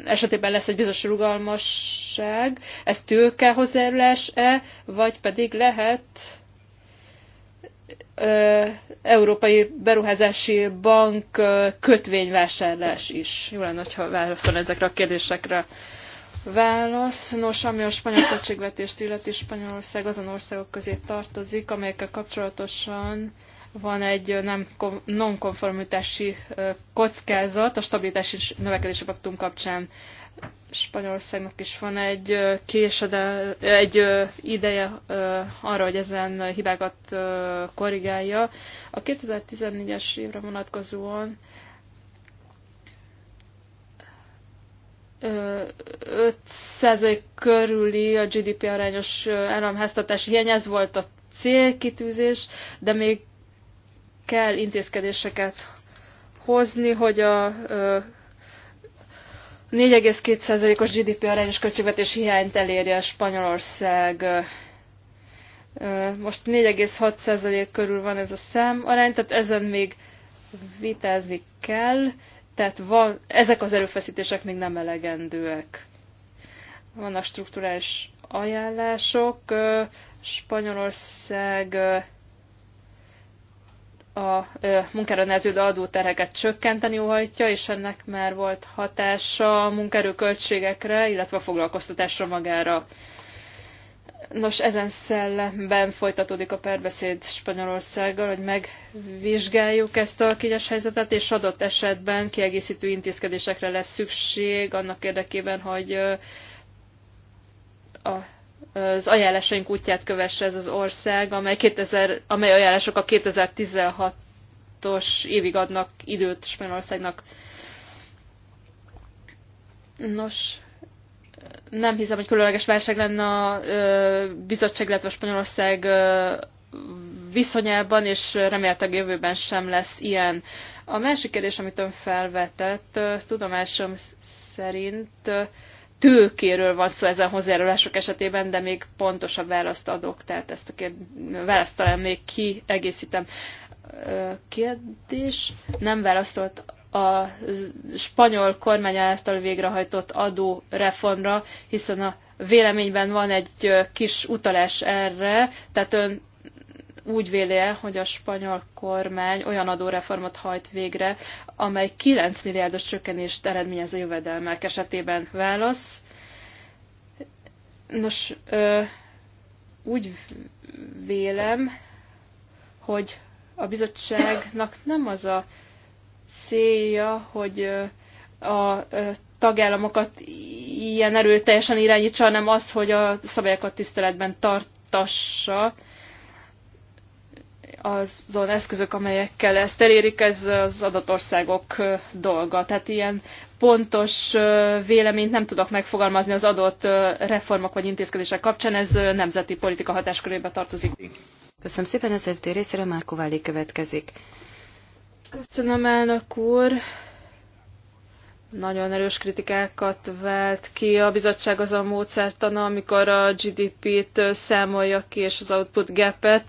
esetében lesz egy bizonyos rugalmasság. Ez tőke hozzájárulás-e, vagy pedig lehet Európai Beruházási Bank kötvényvásárlás is. Jó lenne, hogyha válaszol ezekre a kérdésekre. Válasz. Nos, ami a spanyol költségvetést illeti, Spanyolország azon országok közé tartozik, amelyekkel kapcsolatosan van egy nem, non-konformitási kockázat a stabilitási növekedési paktum kapcsán. Spanyolországnak is van egy késede, egy ideje arra, hogy ezen hibákat korrigálja. A 2014-es évre vonatkozóan 5% körüli a GDP arányos államháztartási hiány, ez volt a célkitűzés, de még kell intézkedéseket hozni, hogy a 4,2%-os GDP arányos költségvetés hiányt elérje Spanyolország. Most 4,6% körül van ez a szám arány, tehát ezen még vitázni kell, tehát van, ezek az erőfeszítések még nem elegendőek. Vannak strukturális ajánlások, Spanyolország a munkára neheződő adóterheket csökkenteni óhajtja, és ennek már volt hatása a munkerőköltségekre, illetve a foglalkoztatásra magára. Nos, ezen szellemben folytatódik a perbeszéd Spanyolországgal, hogy megvizsgáljuk ezt a kényes helyzetet, és adott esetben kiegészítő intézkedésekre lesz szükség annak érdekében, hogy a az ajánlásaink útját kövesse ez az ország, amely, 2000, amely ajánlások a 2016-os évig adnak időt Spanyolországnak. Nos, nem hiszem, hogy különleges válság lenne a bizottság, illetve a Spanyolország viszonyában, és a jövőben sem lesz ilyen. A másik kérdés, amit ön felvetett, tudomásom szerint tőkéről van szó ezen hozzájárulások esetében, de még pontosabb választ adok, tehát ezt a kérd... választ talán még kiegészítem. Kérdés? Nem válaszolt a spanyol kormány által végrehajtott adóreformra, hiszen a véleményben van egy kis utalás erre, tehát ön úgy véli -e, hogy a spanyol kormány olyan adóreformot hajt végre, amely 9 milliárdos csökkenést eredményez a jövedelmek esetében? Válasz. Nos, ö, úgy vélem, hogy a bizottságnak nem az a célja, hogy a tagállamokat ilyen erőteljesen irányítsa, hanem az, hogy a szabályokat tiszteletben tartassa, azon eszközök, amelyekkel ezt elérik, ez az adatországok dolga. Tehát ilyen pontos véleményt nem tudok megfogalmazni az adott reformok vagy intézkedések kapcsán, ez nemzeti politika hatáskörébe tartozik. Köszönöm szépen, az FT részére Márko Váli következik. Köszönöm, elnök úr. Nagyon erős kritikákat vált ki a bizottság az a módszertana, amikor a GDP-t számolja ki, és az output gap-et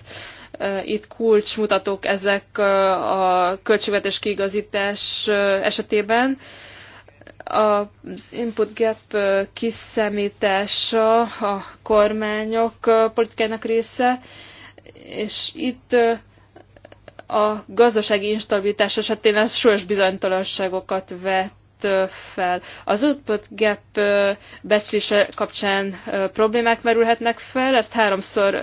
itt kulcsmutatók ezek a költségvetés kiigazítás esetében az input gap kiszemítása a kormányok politikának része, és itt a gazdasági instabilitás esetén ez súlyos bizonytalanságokat vet fel. Az output gap becslése kapcsán problémák merülhetnek fel, ezt háromszor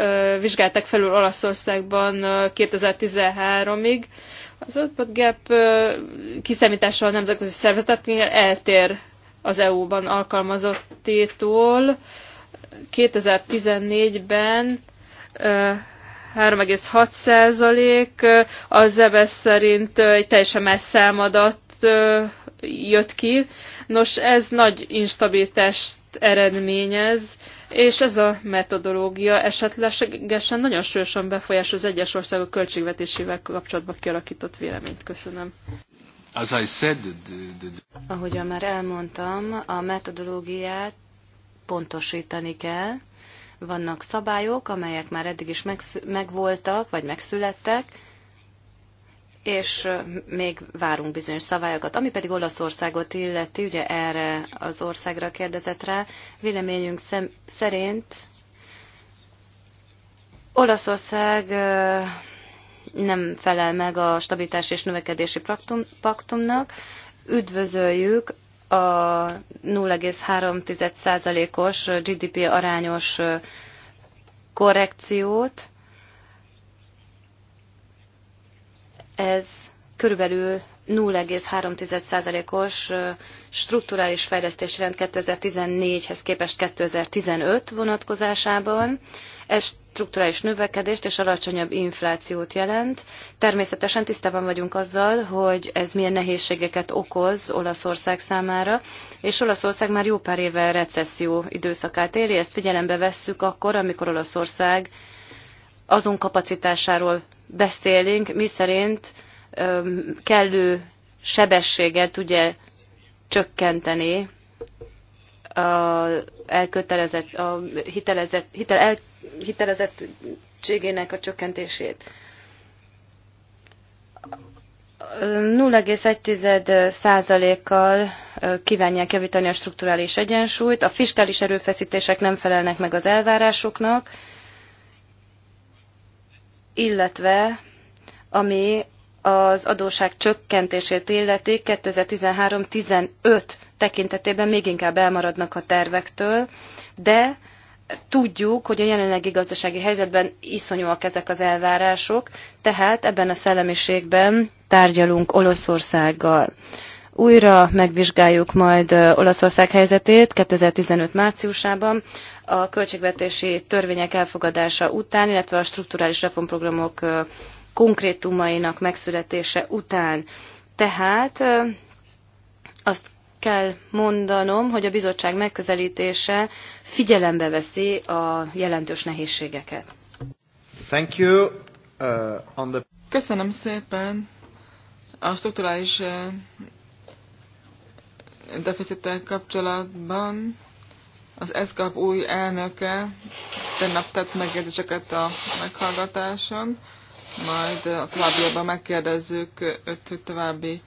vizsgálták felül Olaszországban 2013-ig. Az output gap kiszámítása a nemzetközi szervezetnél eltér az EU-ban alkalmazottétól. 2014-ben 3,6 százalék, az EBS e szerint egy teljesen más számadat jött ki. Nos, ez nagy instabilitást eredményez, és ez a metodológia esetlegesen nagyon sősen befolyás az egyes országok költségvetésével kapcsolatban kialakított véleményt. Köszönöm. As I said, the, the... Ahogyan már elmondtam, a metodológiát pontosítani kell. Vannak szabályok, amelyek már eddig is megvoltak, vagy megszülettek, és még várunk bizonyos szabályokat. Ami pedig Olaszországot illeti, ugye erre az országra kérdezett rá, véleményünk szem, szerint Olaszország nem felel meg a stabilitás és növekedési paktum, paktumnak. Üdvözöljük a 0,3%-os GDP arányos korrekciót, Ez körülbelül 0,3%-os strukturális fejlesztési rend 2014-hez képest 2015 vonatkozásában. Ez strukturális növekedést és alacsonyabb inflációt jelent. Természetesen tisztában vagyunk azzal, hogy ez milyen nehézségeket okoz Olaszország számára, és Olaszország már jó pár éve recesszió időszakát éli, ezt figyelembe vesszük akkor, amikor Olaszország azon kapacitásáról beszélünk, miszerint kellő sebességgel tudja csökkenteni a elkötelezett, a hitelezett, hitel, el, hitelezettségének a csökkentését. 0,1%-kal kívánják javítani a strukturális egyensúlyt, a fiskális erőfeszítések nem felelnek meg az elvárásoknak, illetve ami az adóság csökkentését illeti 2013-15 tekintetében még inkább elmaradnak a tervektől, de tudjuk, hogy a jelenlegi gazdasági helyzetben iszonyúak ezek az elvárások, tehát ebben a szellemiségben tárgyalunk Olaszországgal. Újra megvizsgáljuk majd Olaszország helyzetét 2015 márciusában, a költségvetési törvények elfogadása után, illetve a strukturális reformprogramok konkrétumainak megszületése után. Tehát azt kell mondanom, hogy a bizottság megközelítése figyelembe veszi a jelentős nehézségeket. Thank you. Uh, on the... Köszönöm szépen. A strukturális deficittel kapcsolatban az ESCAP új elnöke tegnap tett megjegyzéseket a meghallgatáson, majd a továbbiakban megkérdezzük öt hogy további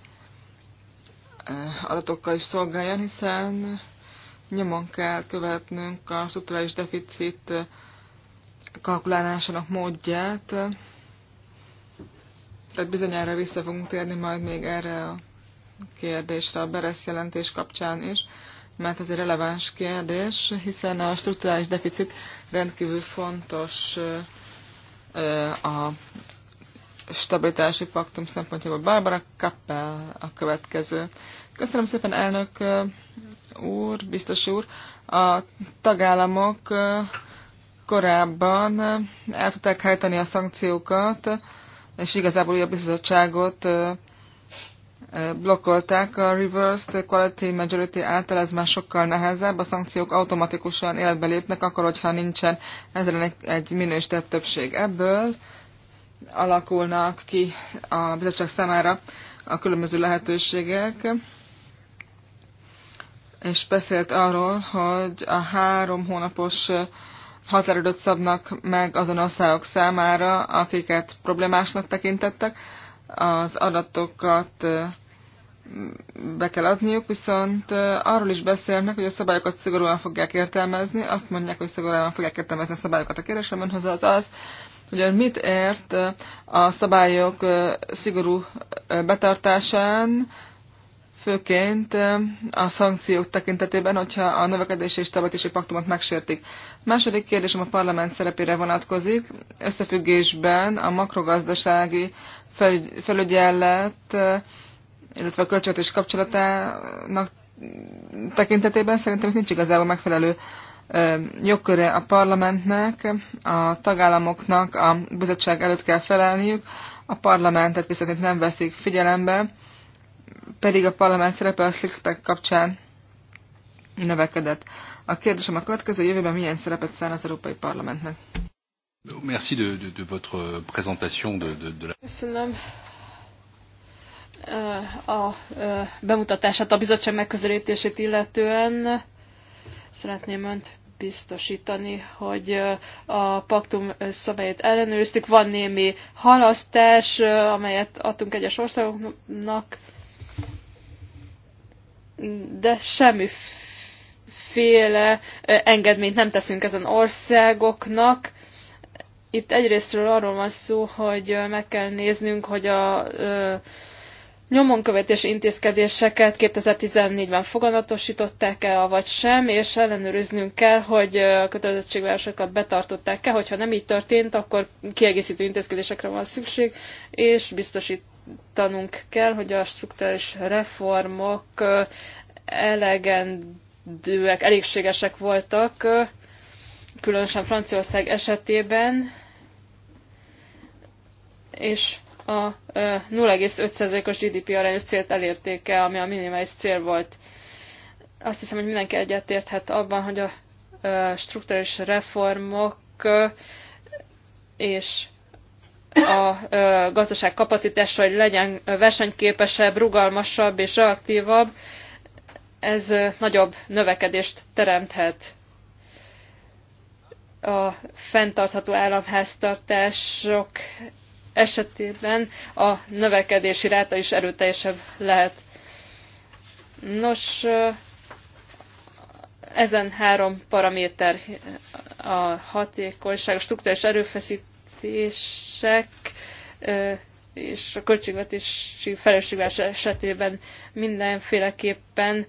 eh, adatokkal is szolgáljon, hiszen nyomon kell követnünk a szutuális deficit eh, kalkulálásának módját. Tehát bizonyára vissza fogunk térni majd még erre a kérdésre a Beresz jelentés kapcsán is mert ez egy releváns kérdés, hiszen a strukturális deficit rendkívül fontos a stabilitási paktum szempontjából. Barbara Kappel a következő. Köszönöm szépen, elnök úr, biztos úr. A tagállamok korábban el tudták hajtani a szankciókat, és igazából a bizottságot blokkolták a reversed quality majority által, ez már sokkal nehezebb, a szankciók automatikusan életbe lépnek, akkor, hogyha nincsen ezzel egy, egy minősített többség. Ebből alakulnak ki a bizottság számára a különböző lehetőségek, és beszélt arról, hogy a három hónapos határidőt szabnak meg azon országok számára, akiket problémásnak tekintettek, az adatokat be kell adniuk, viszont arról is beszélnek, hogy a szabályokat szigorúan fogják értelmezni, azt mondják, hogy szigorúan fogják értelmezni a szabályokat. A kérdésem önhöz az az, hogy mit ért a szabályok szigorú betartásán, főként a szankciók tekintetében, hogyha a növekedési és stabilitási paktumot megsértik. Második kérdésem a parlament szerepére vonatkozik. Összefüggésben a makrogazdasági felügyelet, illetve a költségvetés kapcsolatának tekintetében szerintem itt nincs igazából megfelelő jogköre a parlamentnek, a tagállamoknak a bizottság előtt kell felelniük, a parlamentet viszont itt nem veszik figyelembe, pedig a parlament szerepe a Sixpack kapcsán növekedett. A kérdésem a következő, jövőben milyen szerepet száll az Európai Parlamentnek? Merci de, de, de votre présentation de, de, de la... Köszönöm a bemutatását, a bizottság megközelítését illetően. Szeretném önt biztosítani, hogy a paktum szabályt ellenőriztük. Van némi halasztás, amelyet adtunk egyes országoknak, de semmiféle engedményt nem teszünk ezen országoknak itt egyrésztről arról van szó, hogy meg kell néznünk, hogy a nyomonkövetés intézkedéseket 2014-ben foganatosították-e, vagy sem, és ellenőriznünk kell, hogy a kötelezettségvárosokat betartották-e, hogyha nem így történt, akkor kiegészítő intézkedésekre van szükség, és biztosítanunk kell, hogy a strukturális reformok elegendőek, elégségesek voltak, különösen Franciaország esetében, és a 0,5%-os GDP arányos célt elérték ami a minimális cél volt. Azt hiszem, hogy mindenki egyetérthet abban, hogy a strukturális reformok és a gazdaság kapacitása, hogy legyen versenyképesebb, rugalmasabb és reaktívabb, ez nagyobb növekedést teremthet a fenntartható államháztartások esetében a növekedési ráta is erőteljesebb lehet. Nos, ezen három paraméter a hatékonyság, a struktúrás erőfeszítések és a költségvetési felelősségvás esetében mindenféleképpen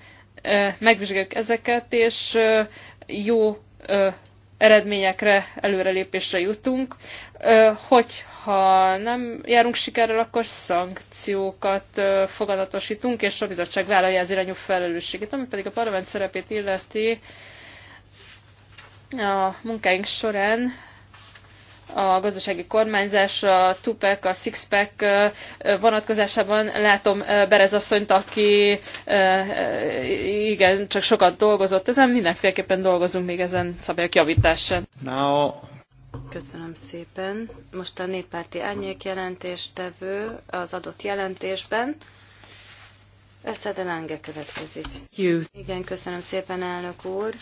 megvizsgáljuk ezeket, és jó eredményekre, előrelépésre jutunk. Hogyha nem járunk sikerrel, akkor szankciókat fogadatosítunk, és a bizottság vállalja az irányú felelősségét, ami pedig a parlament szerepét illeti a munkáink során a gazdasági kormányzás, a Tupac, a Sixpack vonatkozásában látom Berez asszonyt, aki igen, csak sokat dolgozott ezen, mindenféleképpen dolgozunk még ezen szabályok javításán. Now. Köszönöm szépen. Most a néppárti árnyék jelentéstevő az adott jelentésben. Eszed Lange következik. Igen, köszönöm szépen, elnök úr.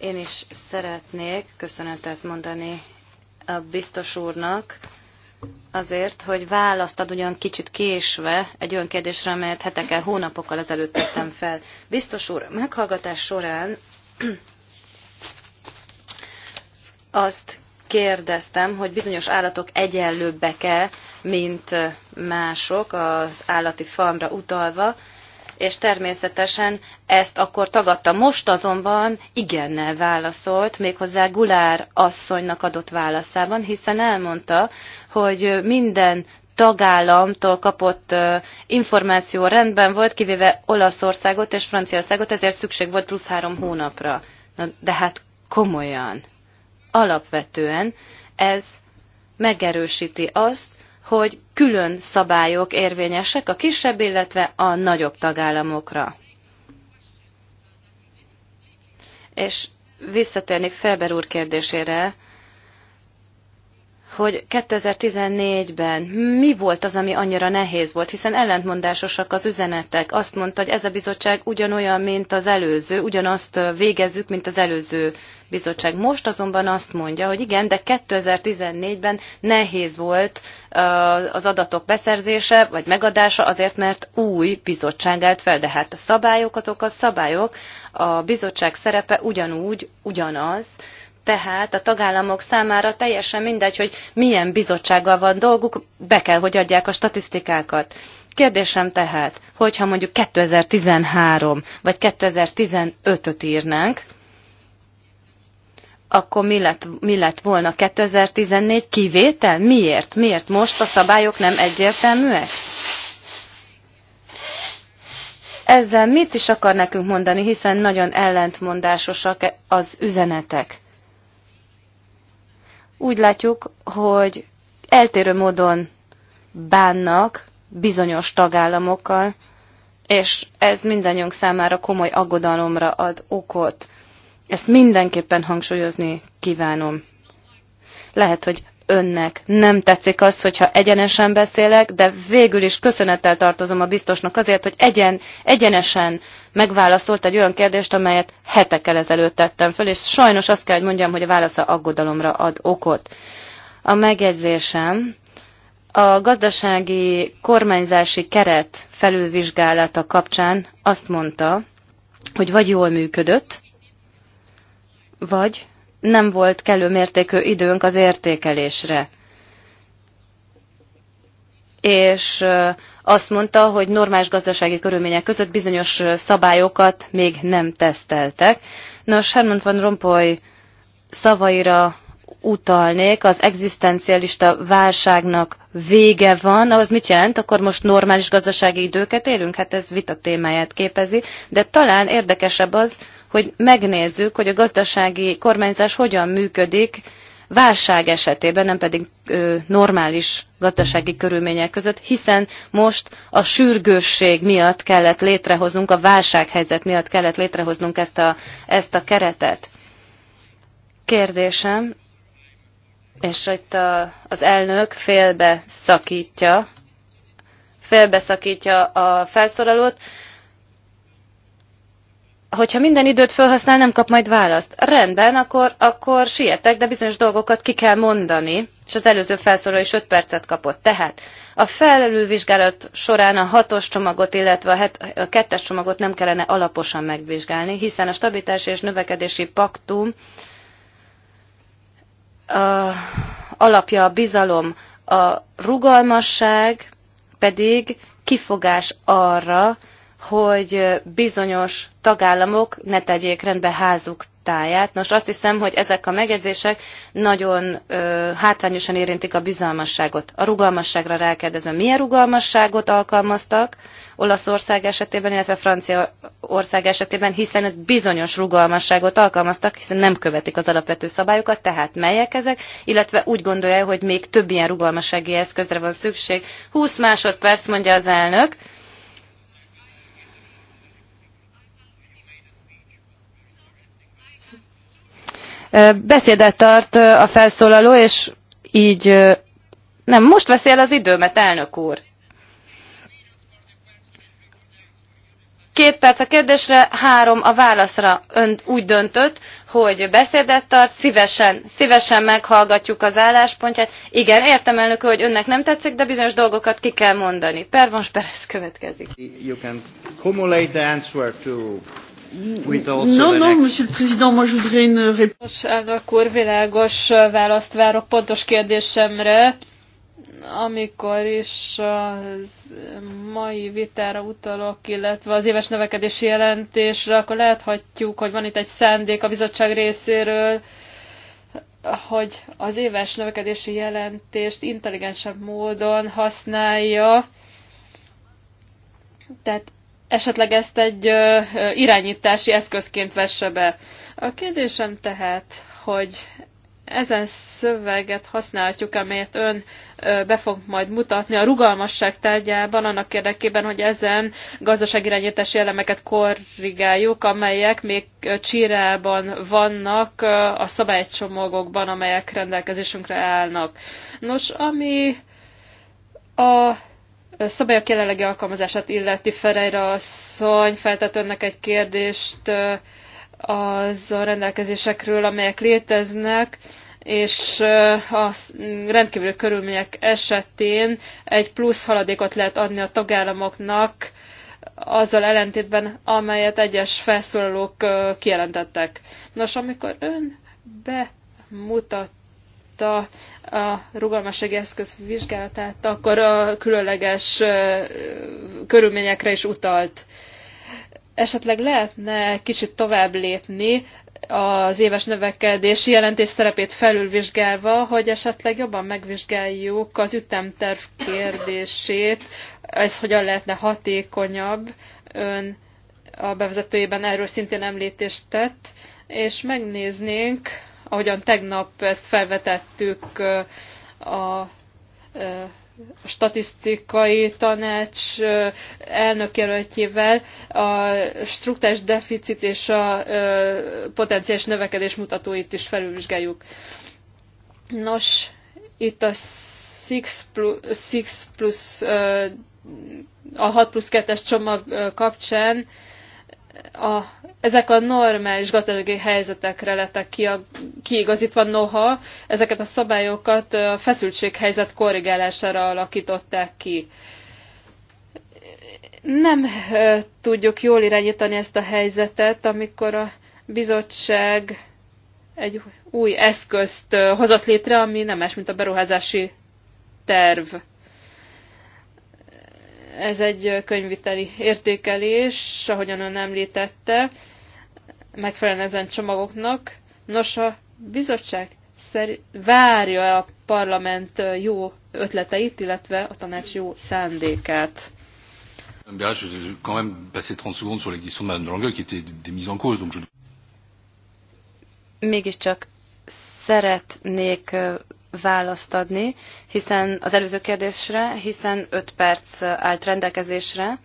Én is szeretnék köszönetet mondani a biztos úrnak azért, hogy választ ad ugyan kicsit késve egy olyan kérdésre, amelyet hetekkel, hónapokkal ezelőtt tettem fel. Biztos úr, meghallgatás során azt kérdeztem, hogy bizonyos állatok egyenlőbbek-e, mint mások az állati farmra utalva, és természetesen ezt akkor tagadta. Most azonban igennel válaszolt, méghozzá Gulár asszonynak adott válaszában, hiszen elmondta, hogy minden tagállamtól kapott információ rendben volt, kivéve Olaszországot és Franciaországot, ezért szükség volt plusz három hónapra. Na, de hát komolyan, alapvetően ez megerősíti azt, hogy külön szabályok érvényesek a kisebb, illetve a nagyobb tagállamokra. És visszatérnék Felber úr kérdésére, hogy 2014-ben mi volt az, ami annyira nehéz volt, hiszen ellentmondásosak az üzenetek. Azt mondta, hogy ez a bizottság ugyanolyan, mint az előző, ugyanazt végezzük, mint az előző bizottság. Most azonban azt mondja, hogy igen, de 2014-ben nehéz volt az adatok beszerzése vagy megadása, azért mert új bizottság állt fel, de hát a szabályok azok a szabályok, a bizottság szerepe ugyanúgy, ugyanaz, tehát a tagállamok számára teljesen mindegy, hogy milyen bizottsággal van dolguk, be kell, hogy adják a statisztikákat. Kérdésem tehát, hogyha mondjuk 2013 vagy 2015-öt írnánk, akkor mi lett, mi lett volna 2014 kivétel? Miért? Miért most a szabályok nem egyértelműek? Ezzel mit is akar nekünk mondani, hiszen nagyon ellentmondásosak az üzenetek úgy látjuk, hogy eltérő módon bánnak bizonyos tagállamokkal, és ez mindannyiunk számára komoly aggodalomra ad okot. Ezt mindenképpen hangsúlyozni kívánom. Lehet, hogy önnek nem tetszik az, hogyha egyenesen beszélek, de végül is köszönettel tartozom a biztosnak azért, hogy egyen, egyenesen megválaszolt egy olyan kérdést, amelyet hetekkel ezelőtt tettem föl, és sajnos azt kell, hogy mondjam, hogy a válasza aggodalomra ad okot. A megjegyzésem a gazdasági kormányzási keret felülvizsgálata kapcsán azt mondta, hogy vagy jól működött, vagy nem volt kellő mértékű időnk az értékelésre. És azt mondta, hogy normális gazdasági körülmények között bizonyos szabályokat még nem teszteltek. Nos, Herman van Rompuy szavaira utalnék, az egzisztencialista válságnak vége van, az mit jelent? Akkor most normális gazdasági időket élünk? Hát ez vita témáját képezi, de talán érdekesebb az, hogy megnézzük, hogy a gazdasági kormányzás hogyan működik válság esetében, nem pedig ö, normális gazdasági körülmények között, hiszen most a sürgősség miatt kellett létrehoznunk, a válsághelyzet miatt kellett létrehoznunk ezt a, ezt a keretet. Kérdésem, és itt a, az elnök félbe szakítja, félbeszakítja a felszólalót hogyha minden időt felhasznál, nem kap majd választ. Rendben, akkor, akkor sietek, de bizonyos dolgokat ki kell mondani, és az előző felszóló is 5 percet kapott. Tehát a felülvizsgálat során a hatos csomagot, illetve a, het, a kettes csomagot nem kellene alaposan megvizsgálni, hiszen a stabilitási és növekedési paktum a, alapja a bizalom, a rugalmasság pedig kifogás arra, hogy bizonyos tagállamok ne tegyék rendbe házuk táját. Nos, azt hiszem, hogy ezek a megjegyzések nagyon ö, hátrányosan érintik a bizalmasságot. A rugalmasságra rákérdezve, milyen rugalmasságot alkalmaztak Olaszország esetében, illetve Franciaország esetében, hiszen ők bizonyos rugalmasságot alkalmaztak, hiszen nem követik az alapvető szabályokat, tehát melyek ezek, illetve úgy gondolja, hogy még több ilyen rugalmassági eszközre van szükség. 20 másodperc, mondja az elnök. Beszédet tart a felszólaló, és így... Nem, most veszi el az időmet, elnök úr. Két perc a kérdésre, három a válaszra. Ön úgy döntött, hogy beszédet tart, szívesen, szívesen meghallgatjuk az álláspontját. Igen, értem elnök, hogy önnek nem tetszik, de bizonyos dolgokat ki kell mondani. Pervons Perez következik. You can cumulate the answer to No, no, Monsieur le Président, moi je voudrais une réponse. Elnök úr, világos választ várok pontos kérdésemre, amikor is a mai vitára utalok, illetve az éves növekedési jelentésre, akkor láthatjuk, hogy van itt egy szándék a bizottság részéről, hogy az éves növekedési jelentést intelligensebb módon használja, tehát esetleg ezt egy irányítási eszközként vesse be. A kérdésem tehát, hogy ezen szöveget használhatjuk, amelyet ön be fog majd mutatni a rugalmasság tárgyában, annak érdekében, hogy ezen gazdaságirányítási elemeket korrigáljuk, amelyek még csírában vannak a szabálycsomagokban, amelyek rendelkezésünkre állnak. Nos, ami a szabályok jelenlegi alkalmazását illeti Ferreira asszony feltett önnek egy kérdést az a rendelkezésekről, amelyek léteznek, és a rendkívül körülmények esetén egy plusz haladékot lehet adni a tagállamoknak, azzal ellentétben, amelyet egyes felszólalók kijelentettek. Nos, amikor ön bemutat vizsgálta a rugalmassági eszköz vizsgálatát, akkor a különleges körülményekre is utalt. Esetleg lehetne kicsit tovább lépni, az éves növekedési jelentés szerepét felülvizsgálva, hogy esetleg jobban megvizsgáljuk az ütemterv kérdését, ez hogyan lehetne hatékonyabb. Ön a bevezetőjében erről szintén említést tett, és megnéznénk, ahogyan tegnap ezt felvetettük a statisztikai tanács elnökjelöltjével a struktúrás deficit és a potenciális növekedés mutatóit is felülvizsgáljuk. Nos, itt a 6 plusz, a 6 plusz 2-es csomag kapcsán a, ezek a normális gazdasági helyzetekre lettek kiigazítva, noha ezeket a szabályokat a feszültséghelyzet korrigálására alakították ki. Nem e, tudjuk jól irányítani ezt a helyzetet, amikor a bizottság egy új eszközt hozott létre, ami nem más, mint a beruházási terv. Ez egy könyviteli értékelés, ahogyan ön említette, megfelelően ezen csomagoknak. Nos, a bizottság szerint várja a parlament jó ötleteit, illetve a tanács jó szándékát. Mégiscsak szeretnék választ adni, hiszen az előző kérdésre, hiszen 5 perc állt rendelkezésre.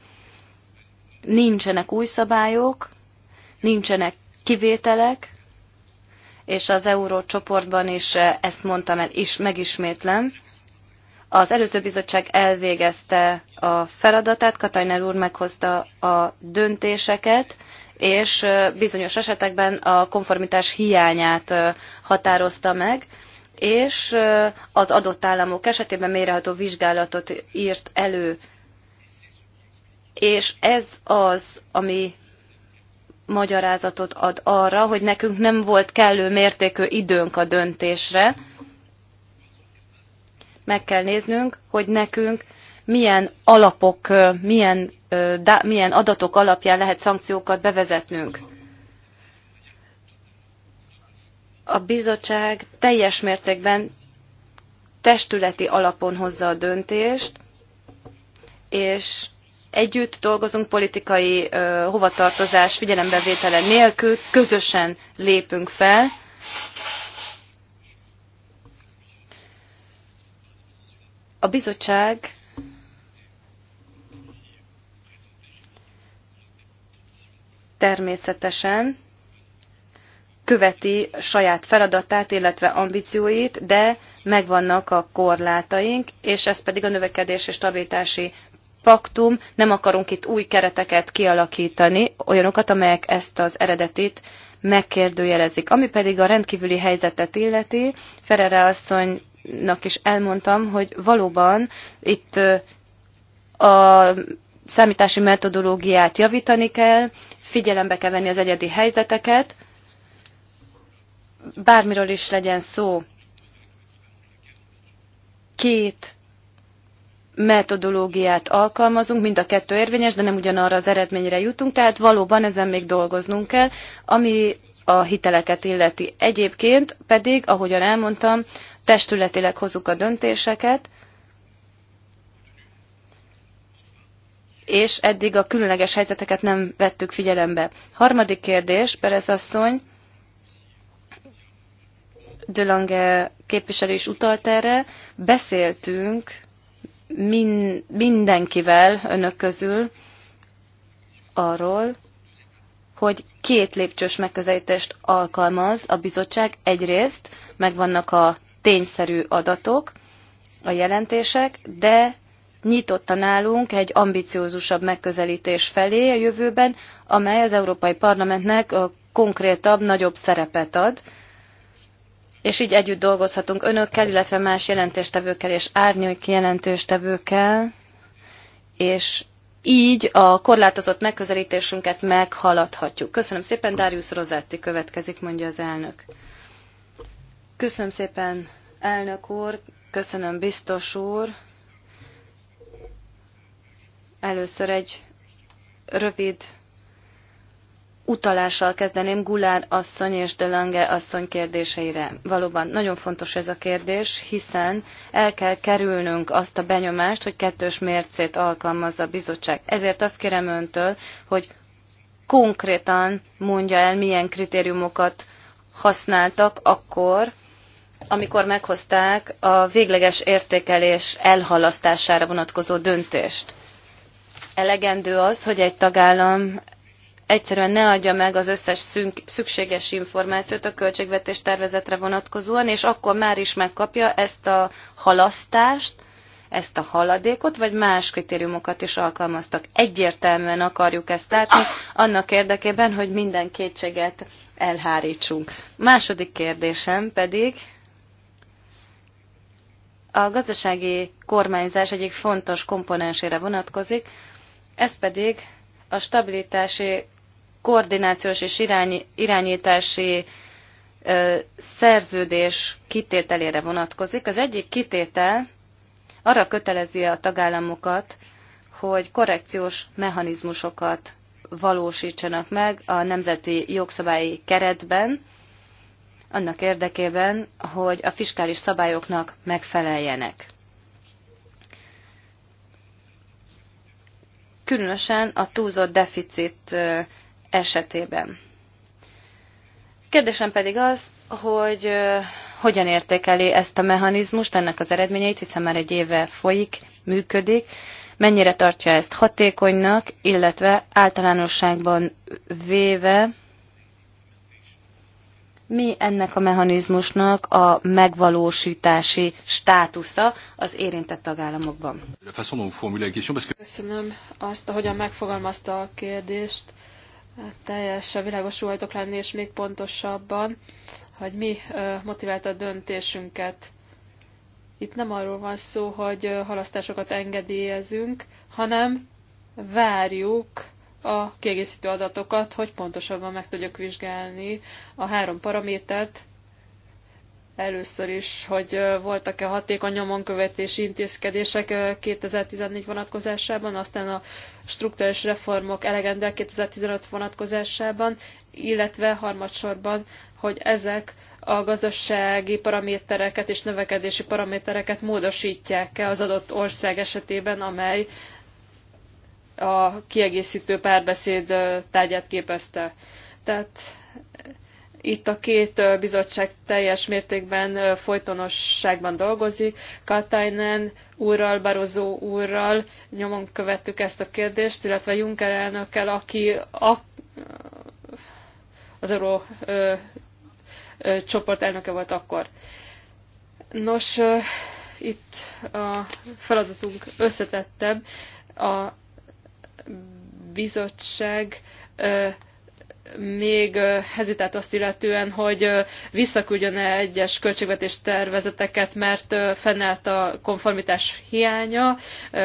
Nincsenek új szabályok, nincsenek kivételek, és az eurócsoportban is eh, ezt mondtam el, is megismétlem. Az előző bizottság elvégezte a feladatát, Katajner úr meghozta a döntéseket, és eh, bizonyos esetekben a konformitás hiányát eh, határozta meg és az adott államok esetében méreható vizsgálatot írt elő. És ez az, ami magyarázatot ad arra, hogy nekünk nem volt kellő mértékű időnk a döntésre. Meg kell néznünk, hogy nekünk milyen alapok, milyen, milyen adatok alapján lehet szankciókat bevezetnünk. a bizottság teljes mértékben testületi alapon hozza a döntést, és együtt dolgozunk politikai ö, hovatartozás figyelembevétele nélkül, közösen lépünk fel. A bizottság természetesen követi saját feladatát, illetve ambícióit, de megvannak a korlátaink, és ez pedig a növekedés és stabilitási paktum, nem akarunk itt új kereteket kialakítani, olyanokat, amelyek ezt az eredetit megkérdőjelezik. Ami pedig a rendkívüli helyzetet illeti, Ferere asszonynak is elmondtam, hogy valóban itt a számítási metodológiát javítani kell, figyelembe kell venni az egyedi helyzeteket, bármiről is legyen szó, két metodológiát alkalmazunk, mind a kettő érvényes, de nem ugyanarra az eredményre jutunk, tehát valóban ezen még dolgoznunk kell, ami a hiteleket illeti. Egyébként pedig, ahogyan elmondtam, testületileg hozzuk a döntéseket, és eddig a különleges helyzeteket nem vettük figyelembe. Harmadik kérdés, Perez asszony, Dölange képviselő is utalt erre, beszéltünk min, mindenkivel önök közül arról, hogy két lépcsős megközelítést alkalmaz a bizottság. Egyrészt megvannak a tényszerű adatok, a jelentések, de nyitottan állunk egy ambiciózusabb megközelítés felé a jövőben, amely az Európai Parlamentnek konkrétabb, nagyobb szerepet ad, és így együtt dolgozhatunk önökkel, illetve más jelentéstevőkkel és árnyék jelentéstevőkkel, és így a korlátozott megközelítésünket meghaladhatjuk. Köszönöm szépen, Darius Rozetti következik, mondja az elnök. Köszönöm szépen, elnök úr, köszönöm, biztos úr. Először egy rövid utalással kezdeném Gulán asszony és Delange asszony kérdéseire. Valóban nagyon fontos ez a kérdés, hiszen el kell kerülnünk azt a benyomást, hogy kettős mércét alkalmazza a bizottság. Ezért azt kérem öntől, hogy konkrétan mondja el, milyen kritériumokat használtak akkor, amikor meghozták a végleges értékelés elhalasztására vonatkozó döntést. Elegendő az, hogy egy tagállam egyszerűen ne adja meg az összes szükséges információt a költségvetés tervezetre vonatkozóan, és akkor már is megkapja ezt a halasztást, ezt a haladékot, vagy más kritériumokat is alkalmaztak. Egyértelműen akarjuk ezt látni, annak érdekében, hogy minden kétséget elhárítsunk. Második kérdésem pedig, a gazdasági kormányzás egyik fontos komponensére vonatkozik, ez pedig a stabilitási koordinációs és irányítási ö, szerződés kitételére vonatkozik. Az egyik kitétel arra kötelezi a tagállamokat, hogy korrekciós mechanizmusokat valósítsanak meg a nemzeti jogszabályi keretben, annak érdekében, hogy a fiskális szabályoknak megfeleljenek. Különösen a túlzott deficit esetében. Kérdésem pedig az, hogy hogyan értékeli ezt a mechanizmust, ennek az eredményeit, hiszen már egy éve folyik, működik, mennyire tartja ezt hatékonynak, illetve általánosságban véve mi ennek a mechanizmusnak a megvalósítási státusza az érintett tagállamokban? Köszönöm azt, ahogyan megfogalmazta a kérdést teljesen világos voltok lenni, és még pontosabban, hogy mi motiválta a döntésünket. Itt nem arról van szó, hogy halasztásokat engedélyezünk, hanem várjuk a kiegészítő adatokat, hogy pontosabban meg tudjuk vizsgálni a három paramétert, Először is, hogy voltak-e hatékony nyomonkövetési intézkedések 2014 vonatkozásában, aztán a struktúrális reformok elegendel 2015 vonatkozásában, illetve harmadsorban, hogy ezek a gazdasági paramétereket és növekedési paramétereket módosítják-e az adott ország esetében, amely a kiegészítő párbeszéd tárgyát képezte. Tehát itt a két bizottság teljes mértékben folytonosságban dolgozik. Katainen úrral, Barozó úrral nyomon követtük ezt a kérdést, illetve Juncker elnökkel, aki a, az euró ö, ö, csoport elnöke volt akkor. Nos, ö, itt a feladatunk összetettebb. A bizottság ö, még hezitált azt illetően, hogy visszaküldjön -e egyes költségvetés tervezeteket, mert fennállt a konformitás hiánya.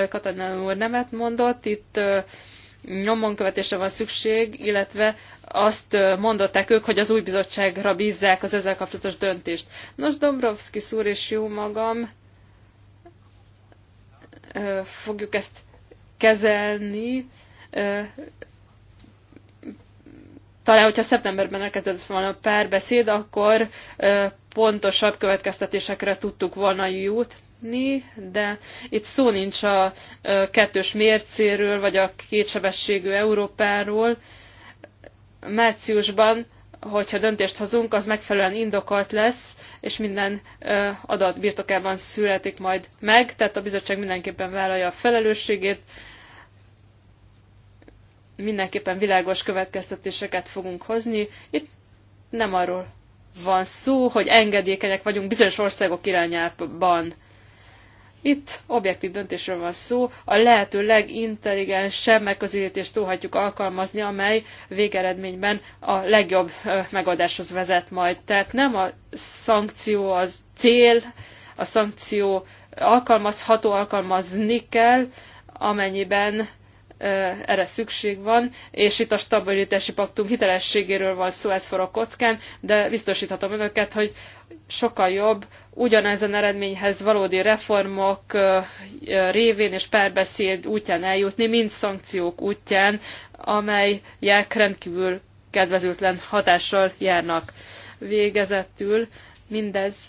Katalin úr nemet mondott, itt nyomonkövetésre van szükség, illetve azt mondották ők, hogy az új bizottságra bízzák az ezzel kapcsolatos döntést. Nos, Dombrovski szúr és jó magam, fogjuk ezt kezelni, talán, hogyha szeptemberben elkezdett volna a párbeszéd, akkor pontosabb következtetésekre tudtuk volna jutni, de itt szó nincs a kettős mércéről, vagy a kétsebességű Európáról. Márciusban, hogyha döntést hozunk, az megfelelően indokolt lesz, és minden adat birtokában születik majd meg, tehát a bizottság mindenképpen vállalja a felelősségét, mindenképpen világos következtetéseket fogunk hozni. Itt nem arról van szó, hogy engedékenyek vagyunk bizonyos országok irányában. Itt objektív döntésről van szó, a lehető legintelligensebb megközelítést tudhatjuk alkalmazni, amely végeredményben a legjobb megoldáshoz vezet majd. Tehát nem a szankció az cél, a szankció alkalmazható, alkalmazni kell, amennyiben erre szükség van, és itt a stabilitási paktum hitelességéről van szó, ez a kockán, de biztosíthatom önöket, hogy sokkal jobb ugyanezen eredményhez valódi reformok révén és párbeszéd útján eljutni, mint szankciók útján, amelyek rendkívül kedvezőtlen hatással járnak. Végezetül mindez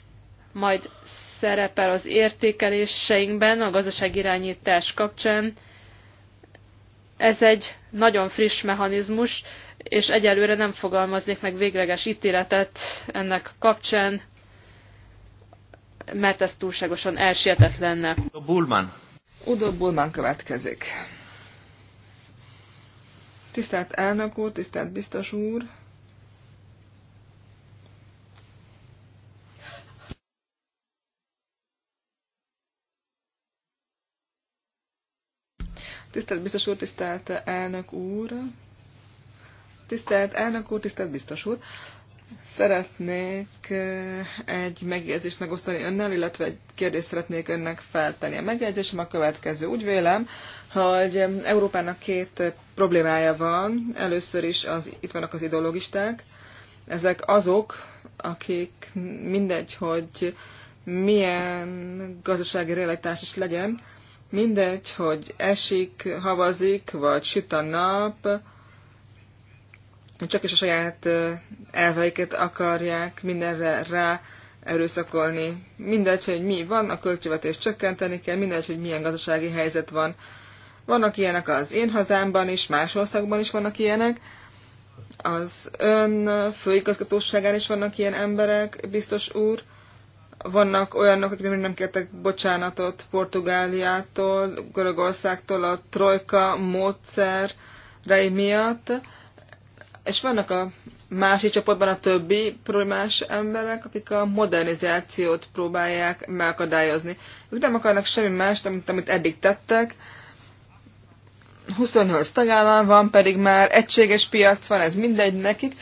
majd szerepel az értékeléseinkben a gazdaságirányítás kapcsán, ez egy nagyon friss mechanizmus, és egyelőre nem fogalmaznék meg végleges ítéletet ennek kapcsán, mert ez túlságosan elsietett lenne. Udo Bullman. Udo Bullman következik. Tisztelt elnök úr, tisztelt biztos úr, Tisztelt biztos úr, tisztelt elnök úr, tisztelt elnök úr, tisztelt biztos úr. Szeretnék eh, egy megjegyzést megosztani önnel, illetve egy kérdést szeretnék önnek feltenni. A megjegyzésem a következő. Úgy vélem, hogy Európának két problémája van. Először is az, itt vannak az ideologisták. Ezek azok, akik mindegy, hogy milyen gazdasági realitás is legyen, Mindegy, hogy esik, havazik, vagy süt a nap, csak is a saját elveiket akarják mindenre rá erőszakolni. Mindegy, hogy mi van, a költségvetés csökkenteni kell, mindegy, hogy milyen gazdasági helyzet van. Vannak ilyenek az én hazámban is, más országban is vannak ilyenek. Az ön főigazgatóságán is vannak ilyen emberek, biztos úr. Vannak olyanok, akik még nem kértek bocsánatot Portugáliától, Görögországtól a trojka módszerei miatt, és vannak a másik csoportban a többi problémás emberek, akik a modernizációt próbálják megakadályozni. Ők nem akarnak semmi mást, mint amit eddig tettek. 28 tagállam van, pedig már egységes piac van, ez mindegy nekik,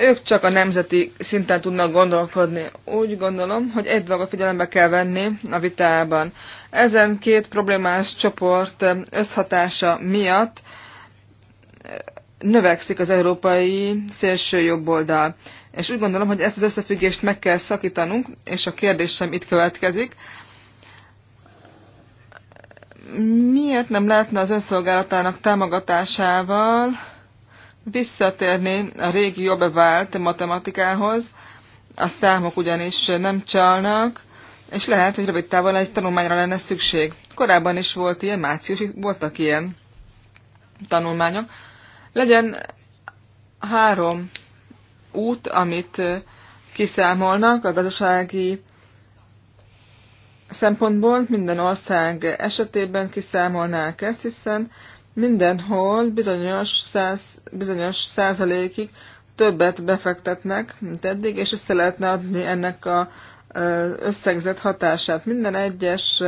ők csak a nemzeti szinten tudnak gondolkodni. Úgy gondolom, hogy egy dolgot figyelembe kell venni a vitában. Ezen két problémás csoport összhatása miatt eh, növekszik az európai szélső jobboldal. És úgy gondolom, hogy ezt az összefüggést meg kell szakítanunk, és a kérdésem itt következik. Miért nem lehetne az önszolgálatának támogatásával visszatérni a régi jobb vált matematikához, a számok ugyanis nem csalnak, és lehet, hogy rövid távon egy tanulmányra lenne szükség. Korábban is volt ilyen, március voltak ilyen tanulmányok. Legyen három út, amit kiszámolnak a gazdasági szempontból minden ország esetében kiszámolnák ezt, hiszen mindenhol bizonyos, száz, bizonyos százalékig többet befektetnek, mint eddig, és össze lehetne adni ennek a összegzett hatását. Minden egyes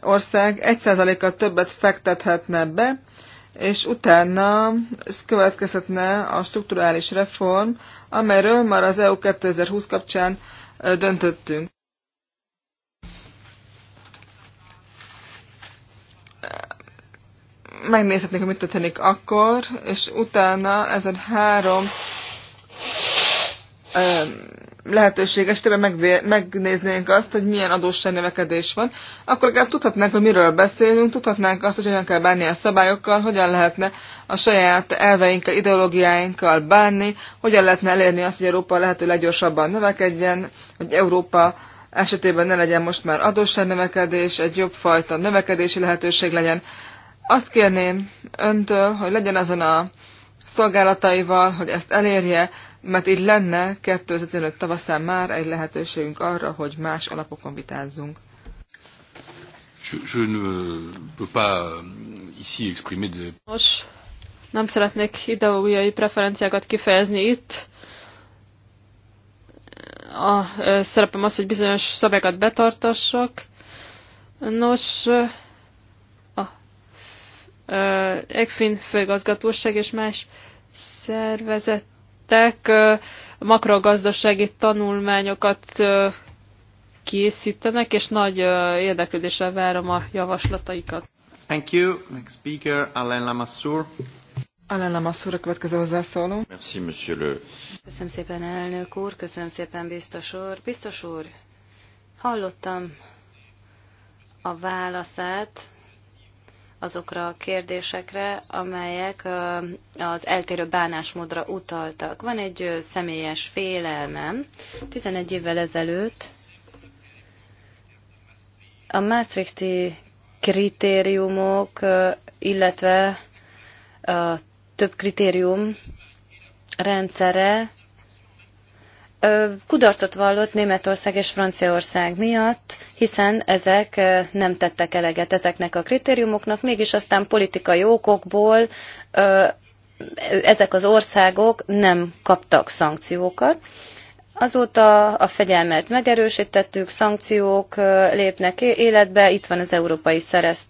ország egy százalékkal többet fektethetne be, és utána ez következhetne a strukturális reform, amelyről már az EU 2020 kapcsán döntöttünk megnézhetnék, hogy mit történik akkor, és utána ezen három ö, lehetőség esetében megnéznénk azt, hogy milyen adósság növekedés van, akkor legalább tudhatnánk, hogy miről beszélünk, tudhatnánk azt, hogy hogyan kell bánni a szabályokkal, hogyan lehetne a saját elveinkkel, ideológiáinkkal bánni, hogyan lehetne elérni azt, hogy Európa lehető leggyorsabban növekedjen, hogy Európa esetében ne legyen most már adósságnövekedés, egy jobb fajta növekedési lehetőség legyen azt kérném öntől, hogy legyen azon a szolgálataival, hogy ezt elérje, mert így lenne 2015 tavaszán már egy lehetőségünk arra, hogy más alapokon vitázzunk. Nos, nem szeretnék ideológiai preferenciákat kifejezni itt. A szerepem az, hogy bizonyos szabályokat betartassak. Nos, ECFIN főigazgatóság és más szervezetek makrogazdasági tanulmányokat készítenek, és nagy érdeklődéssel várom a javaslataikat. Thank you. Next speaker, Alain Lamassoure. Alain Lamassoure a következő hozzászóló. Merci, monsieur le... Köszönöm szépen, elnök úr, köszönöm szépen, biztos úr. Biztos úr, hallottam a válaszát azokra a kérdésekre, amelyek az eltérő bánásmódra utaltak. Van egy személyes félelmem. 11 évvel ezelőtt a Maastrichti kritériumok, illetve a több kritérium rendszere kudarcot vallott Németország és Franciaország miatt, hiszen ezek nem tettek eleget ezeknek a kritériumoknak, mégis aztán politikai okokból ezek az országok nem kaptak szankciókat. Azóta a fegyelmet megerősítettük, szankciók lépnek életbe, itt van az európai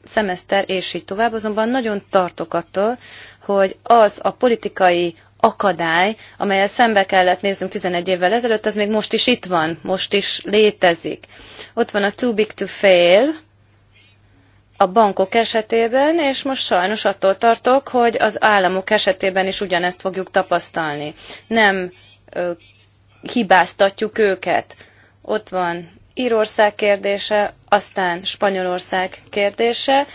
szemeszter, és így tovább. Azonban nagyon tartok attól, hogy az a politikai akadály, amelyel szembe kellett néznünk 11 évvel ezelőtt, az még most is itt van, most is létezik. Ott van a too big to fail, a bankok esetében, és most sajnos attól tartok, hogy az államok esetében is ugyanezt fogjuk tapasztalni. Nem ö, hibáztatjuk őket. Ott van Írország kérdése, aztán Spanyolország kérdése,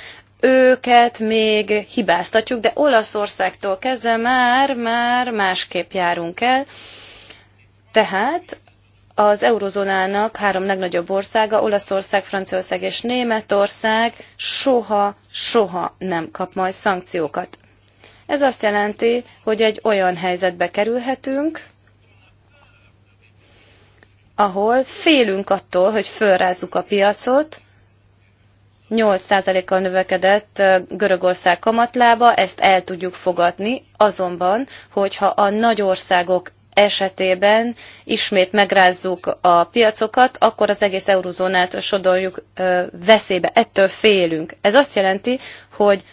őket még hibáztatjuk, de Olaszországtól kezdve már, már másképp járunk el. Tehát az eurozónának három legnagyobb országa, Olaszország, Franciaország és Németország soha, soha nem kap majd szankciókat. Ez azt jelenti, hogy egy olyan helyzetbe kerülhetünk, ahol félünk attól, hogy fölrázzuk a piacot, 8%-kal növekedett Görögország kamatlába, ezt el tudjuk fogadni, azonban, hogyha a nagy országok esetében ismét megrázzuk a piacokat, akkor az egész eurozónát sodorjuk veszélybe. Ettől félünk. Ez azt jelenti, hogy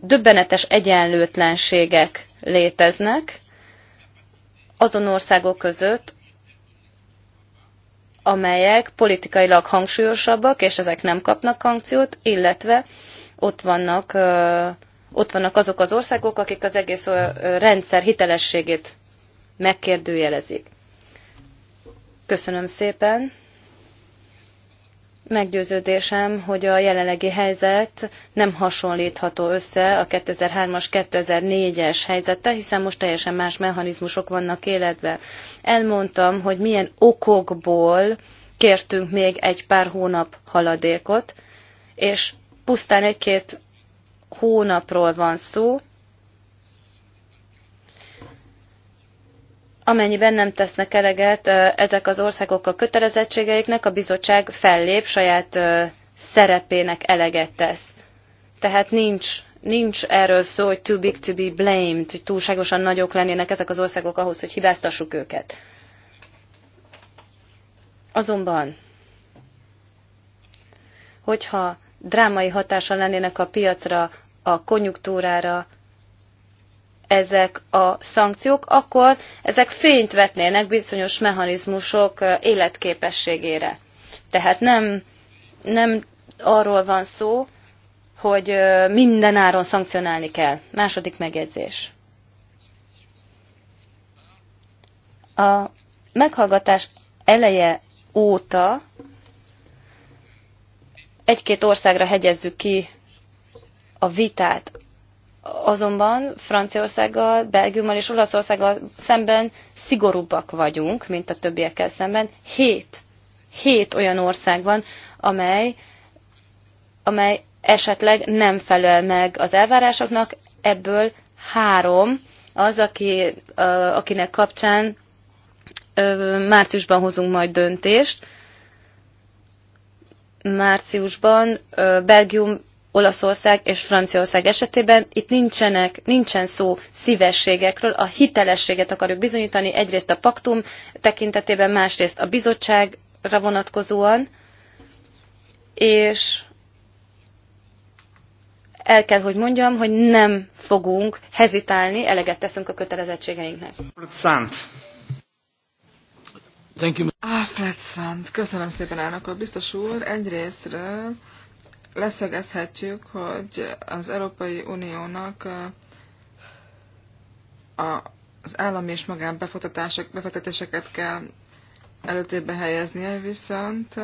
döbbenetes egyenlőtlenségek léteznek azon országok között, amelyek politikailag hangsúlyosabbak, és ezek nem kapnak hangsúlyt, illetve ott vannak, ott vannak azok az országok, akik az egész rendszer hitelességét megkérdőjelezik. Köszönöm szépen! Meggyőződésem, hogy a jelenlegi helyzet nem hasonlítható össze a 2003-as, 2004-es helyzettel, hiszen most teljesen más mechanizmusok vannak életben. Elmondtam, hogy milyen okokból kértünk még egy pár hónap haladékot, és pusztán egy-két hónapról van szó, amennyiben nem tesznek eleget ezek az országok a kötelezettségeiknek, a bizottság fellép, saját szerepének eleget tesz. Tehát nincs, nincs erről szó, hogy too big to be blamed, hogy túlságosan nagyok lennének ezek az országok ahhoz, hogy hibáztassuk őket. Azonban, hogyha drámai hatása lennének a piacra, a konjunktúrára, ezek a szankciók, akkor ezek fényt vetnének bizonyos mechanizmusok életképességére. Tehát nem, nem arról van szó, hogy minden áron szankcionálni kell. Második megjegyzés. A meghallgatás eleje óta egy-két országra hegyezzük ki a vitát. Azonban Franciaországgal, Belgiummal és Olaszországgal szemben szigorúbbak vagyunk, mint a többiekkel szemben. Hét, hét olyan ország van, amely, amely esetleg nem felel meg az elvárásoknak, ebből három az, aki, akinek kapcsán márciusban hozunk majd döntést. Márciusban Belgium Olaszország és Franciaország esetében itt nincsenek, nincsen szó szívességekről, a hitelességet akarjuk bizonyítani, egyrészt a paktum tekintetében, másrészt a bizottságra vonatkozóan, és el kell, hogy mondjam, hogy nem fogunk hezitálni, eleget teszünk a kötelezettségeinknek. Szánt. Szent, köszönöm szépen elnök úr. Biztos úr, egyrésztről leszögezhetjük, hogy az Európai Uniónak az állami és magán befektetéseket kell előtérbe helyeznie, viszont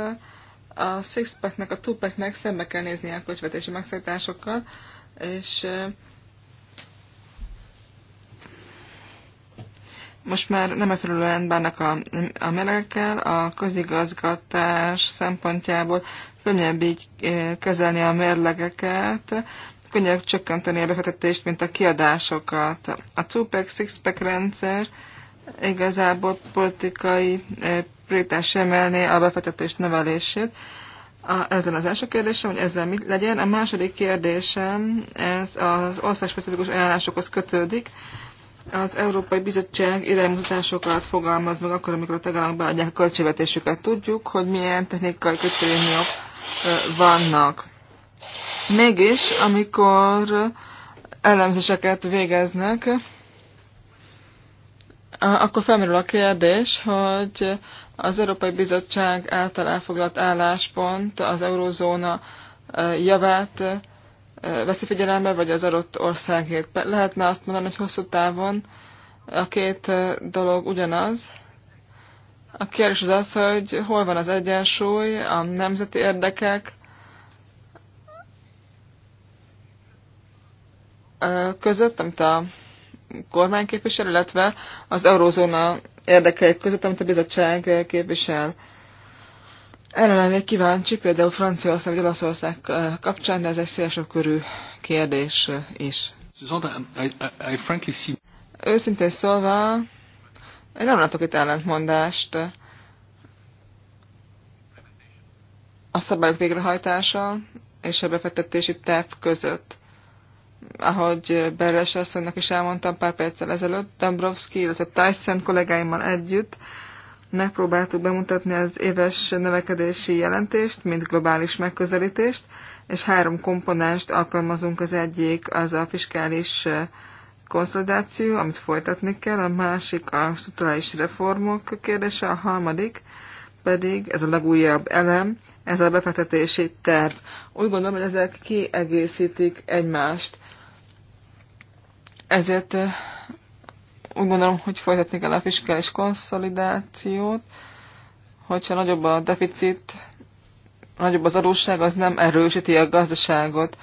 a six a two szembe kell nézni a költségvetési megszállításokkal, és most már nem megfelelően bánnak a, a melegekkel, a közigazgatás szempontjából könnyebb így eh, kezelni a mérlegeket, könnyebb csökkenteni a befektetést, mint a kiadásokat. A 2-pack, 6-pack rendszer igazából politikai eh, prioritás emelné a befektetés növelését. A, ez lenne az első kérdésem, hogy ezzel mit legyen. A második kérdésem, ez az országspecifikus ajánlásokhoz kötődik az Európai Bizottság iránymutatásokat fogalmaz meg akkor, amikor a tagállamok beadják a költségvetésüket. Tudjuk, hogy milyen technikai kötvények vannak. Mégis, amikor elemzéseket végeznek, akkor felmerül a kérdés, hogy az Európai Bizottság által elfoglalt álláspont az eurozóna javát veszi figyelembe, vagy az adott országért. Lehetne azt mondani, hogy hosszú távon a két dolog ugyanaz. A kérdés az az, hogy hol van az egyensúly, a nemzeti érdekek között, amit a kormány képvisel, illetve az eurózóna érdekeik között, amit a bizottság képvisel. Erre lennék kíváncsi, például Franciaország vagy Olaszország kapcsán, de ez egy szélesebb körű kérdés is. frankly Őszintén szólva, én nem látok itt ellentmondást. A szabályok végrehajtása és a befektetési terv között. Ahogy Beres asszonynak is elmondtam pár perccel ezelőtt, Dombrovski, illetve Tyson kollégáimmal együtt, megpróbáltuk bemutatni az éves növekedési jelentést, mint globális megközelítést, és három komponást alkalmazunk. Az egyik az a fiskális konszolidáció, amit folytatni kell, a másik a strukturális reformok kérdése, a harmadik pedig, ez a legújabb elem, ez a befektetési terv. Úgy gondolom, hogy ezek kiegészítik egymást. Ezért úgy gondolom, hogy folytatni kell a fiskális konszolidációt, hogyha nagyobb a deficit, nagyobb az adósság, az nem erősíti a gazdaságot.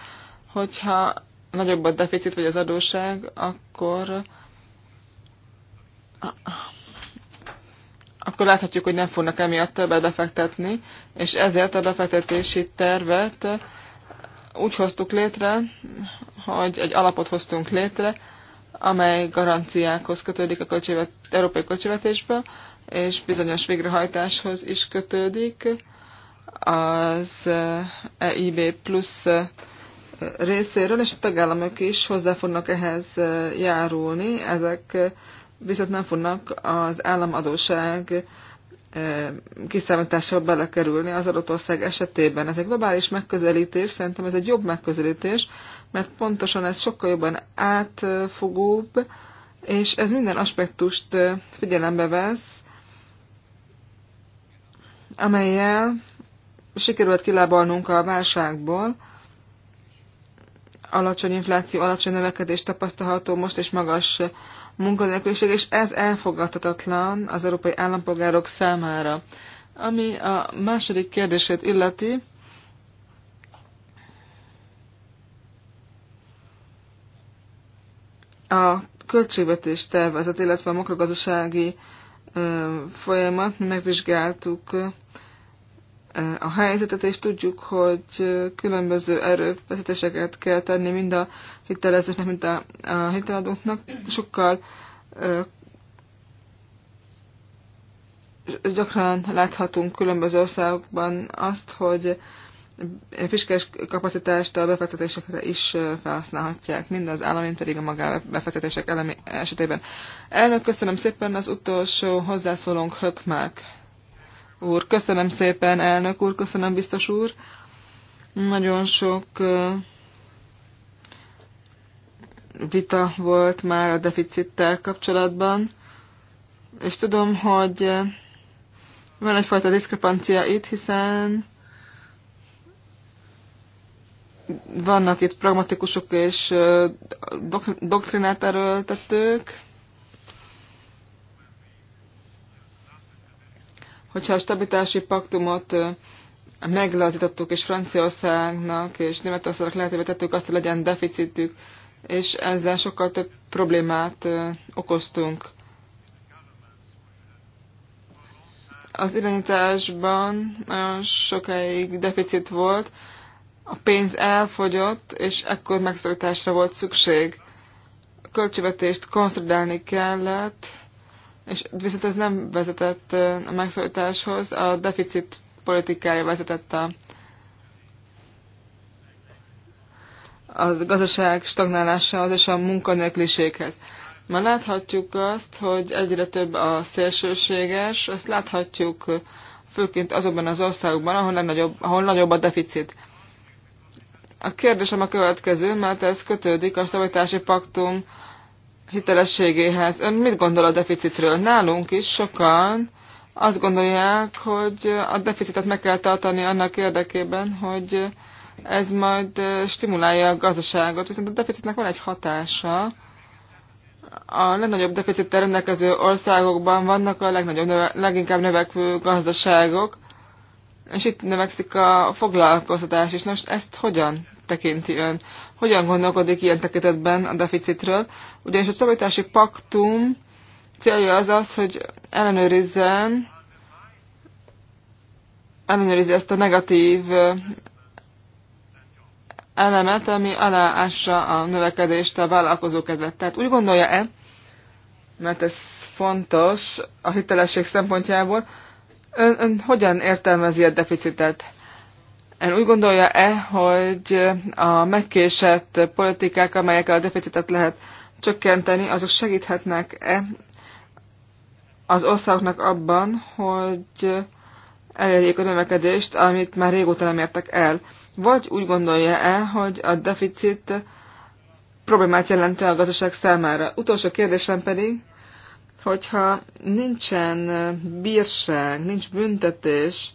Hogyha nagyobb a deficit vagy az adósság, akkor akkor láthatjuk, hogy nem fognak emiatt többet befektetni, és ezért a befektetési tervet úgy hoztuk létre, hogy egy alapot hoztunk létre, amely garanciákhoz kötődik a költségvet, európai költségvetésből, és bizonyos végrehajtáshoz is kötődik. Az EIB eh, e plusz eh, részéről, és a tagállamok is hozzá fognak ehhez eh, járulni. Ezek viszont nem fognak az államadóság kiszámításába belekerülni az adott ország esetében. Ez egy globális megközelítés, szerintem ez egy jobb megközelítés, mert pontosan ez sokkal jobban átfogóbb, és ez minden aspektust figyelembe vesz, amelyel sikerült kilábalnunk a válságból, alacsony infláció, alacsony növekedés tapasztalható most és magas munkanélküliség, és ez elfogadhatatlan az európai állampolgárok számára. Ami a második kérdését illeti, A költségvetés tervezet, illetve a makrogazdasági folyamat, mi megvizsgáltuk a helyzetet, és tudjuk, hogy különböző erőfeszítéseket kell tenni mind a hitelezőknek, mind a, a hiteladóknak. Sokkal gyakran láthatunk különböző országokban azt, hogy fiskes kapacitást a befektetésekre is felhasználhatják, mind az állami, pedig a magánbefektetések esetében. Elnök, köszönöm szépen az utolsó hozzászólónk Hökmák úr. Köszönöm szépen, elnök úr, köszönöm biztos úr. Nagyon sok vita volt már a deficittel kapcsolatban, és tudom, hogy van egyfajta diszkrepancia itt, hiszen vannak itt pragmatikusok és doktrinát erőltetők, hogyha a stabilitási paktumot meglazítottuk, és Franciaországnak és Németországnak lehetővé tettük azt, hogy legyen deficitük, és ezzel sokkal több problémát okoztunk. Az irányításban nagyon sokáig deficit volt, a pénz elfogyott, és ekkor megszorításra volt szükség. A költségvetést konszolidálni kellett, és viszont ez nem vezetett a megszorításhoz, a deficit politikája vezetett a az gazdaság stagnálásához és a munkanélküliséghez. Már láthatjuk azt, hogy egyre több a szélsőséges, ezt láthatjuk főként azokban az országokban, ahol, nem nagyobb, ahol nagyobb a deficit. A kérdésem a következő, mert ez kötődik a szabadítási paktum hitelességéhez. Ön mit gondol a deficitről? Nálunk is sokan azt gondolják, hogy a deficitet meg kell tartani annak érdekében, hogy ez majd stimulálja a gazdaságot, viszont a deficitnek van egy hatása. A legnagyobb deficittel rendelkező országokban vannak a legnagyobb, leginkább növekvő gazdaságok, és itt növekszik a foglalkoztatás is. Most ezt hogyan tekinti ön? Hogyan gondolkodik ilyen tekintetben a deficitről? Ugyanis a szabadítási paktum célja az az, hogy ellenőrizzen, ellenőrizze ezt a negatív elemet, ami aláássa a növekedést a vállalkozó kedvet. Tehát úgy gondolja-e, mert ez fontos a hitelesség szempontjából, Ön, ön hogyan értelmezi a deficitet? Ön úgy gondolja-e, hogy a megkésett politikák, amelyekkel a deficitet lehet csökkenteni, azok segíthetnek-e az országoknak abban, hogy elérjék a növekedést, amit már régóta nem értek el? Vagy úgy gondolja-e, hogy a deficit problémát jelent a gazdaság számára? Utolsó kérdésem pedig, Hogyha nincsen bírság, nincs büntetés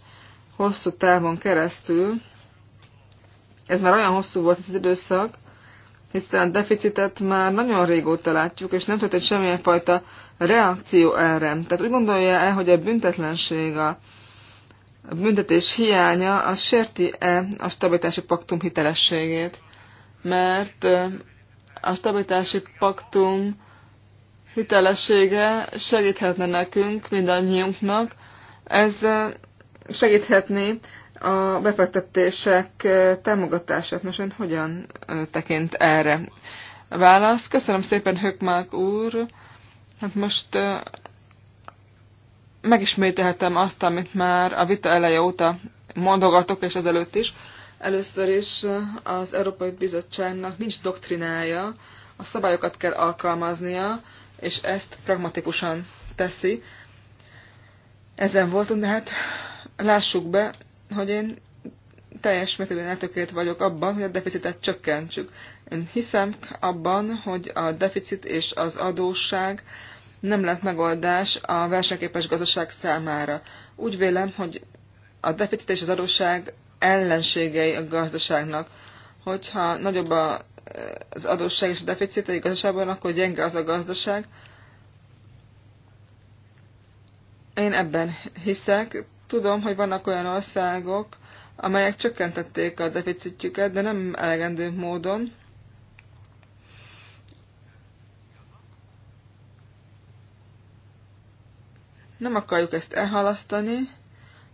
hosszú távon keresztül, ez már olyan hosszú volt az időszak, hiszen a deficitet már nagyon régóta látjuk, és nem történt semmilyen fajta reakció erre. Tehát úgy gondolja el, hogy a büntetlenség, a büntetés hiánya, az sérti-e a stabilitási paktum hitelességét? Mert a stabilitási paktum hitelessége segíthetne nekünk, mindannyiunknak. Ez segíthetné a befektetések támogatását. Most ön hogyan tekint erre? Válasz. Köszönöm szépen, Hökmák úr. Hát most megismételhetem azt, amit már a vita eleje óta mondogatok, és ezelőtt is. Először is az Európai Bizottságnak nincs doktrinája, a szabályokat kell alkalmaznia, és ezt pragmatikusan teszi. Ezen voltunk, de hát lássuk be, hogy én teljes mértékben eltökélt vagyok abban, hogy a deficitet csökkentsük. Én hiszem abban, hogy a deficit és az adósság nem lett megoldás a versenyképes gazdaság számára. Úgy vélem, hogy a deficit és az adósság ellenségei a gazdaságnak. Hogyha nagyobb a az adósság és a deficit, igazából akkor gyenge az a gazdaság. Én ebben hiszek. Tudom, hogy vannak olyan országok, amelyek csökkentették a deficitjüket, de nem elegendő módon. Nem akarjuk ezt elhalasztani.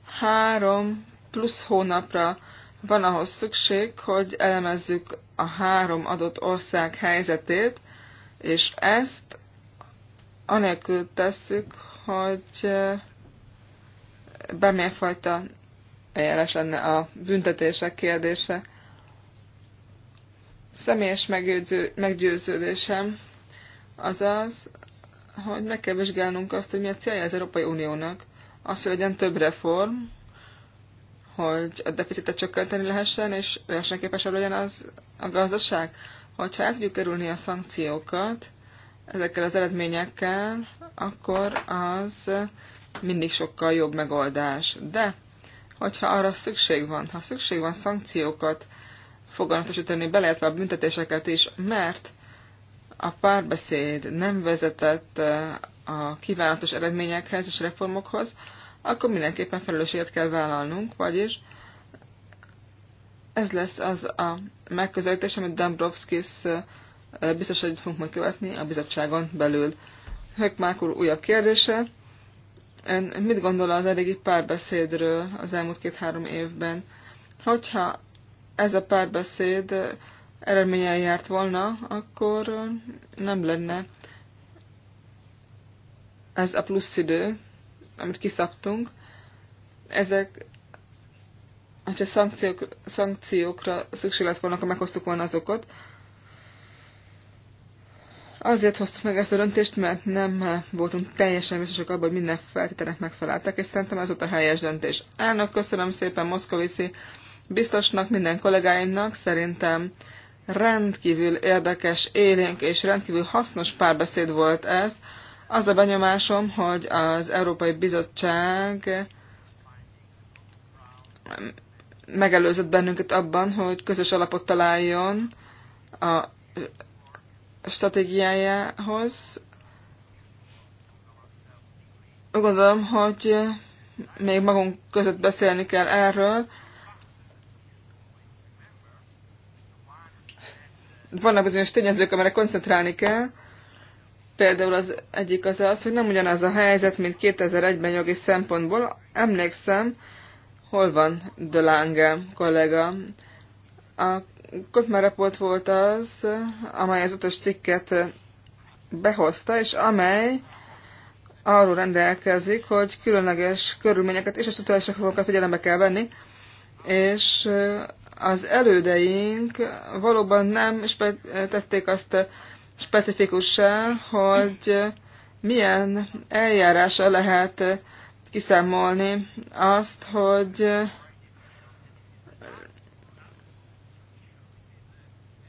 Három plusz hónapra van ahhoz szükség, hogy elemezzük a három adott ország helyzetét, és ezt anélkül tesszük, hogy bármilyen fajta eljárás lenne a büntetések kérdése. Személyes meggyőződésem az az, hogy meg kell vizsgálnunk azt, hogy mi a célja az Európai Uniónak. Az, hogy legyen több reform, hogy a deficitet csökkenteni lehessen, és versenyképesebb legyen az a gazdaság. Hogyha el tudjuk kerülni a szankciókat ezekkel az eredményekkel, akkor az mindig sokkal jobb megoldás. De, hogyha arra szükség van, ha szükség van szankciókat foganatosítani, beleértve a büntetéseket is, mert a párbeszéd nem vezetett eh, a kívánatos eredményekhez és reformokhoz, akkor mindenképpen felelősséget kell vállalnunk, vagyis ez lesz az a megközelítés, amit Dombrovskis biztos hogy fogunk majd követni a bizottságon belül. Hökmák úr újabb kérdése. Ön mit gondol az eddigi párbeszédről az elmúlt két-három évben? Hogyha ez a párbeszéd eredménye járt volna, akkor nem lenne ez a plusz idő, amit kiszabtunk, ezek, hogyha szankciók, szankciókra szükség lett volna, akkor meghoztuk volna azokat. Azért hoztuk meg ezt a döntést, mert nem voltunk teljesen biztosak abban, hogy minden feltételek megfeleltek, és szerintem ez volt a helyes döntés. Elnök, köszönöm szépen Moszkoviszi biztosnak, minden kollégáimnak, szerintem rendkívül érdekes, élénk és rendkívül hasznos párbeszéd volt ez, az a benyomásom, hogy az Európai Bizottság megelőzött bennünket abban, hogy közös alapot találjon a stratégiájához. Gondolom, hogy még magunk között beszélni kell erről. Vannak bizonyos tényezők, amire koncentrálni kell, Például az egyik az az, hogy nem ugyanaz a helyzet, mint 2001-ben jogi szempontból. Emlékszem, hol van De Lange kollega. A Kotmáreport volt az, amely az utas cikket behozta, és amely arról rendelkezik, hogy különleges körülményeket és a szituális figyelembe kell venni, és az elődeink valóban nem és tették azt specifikussá, hogy milyen eljárása lehet kiszámolni azt, hogy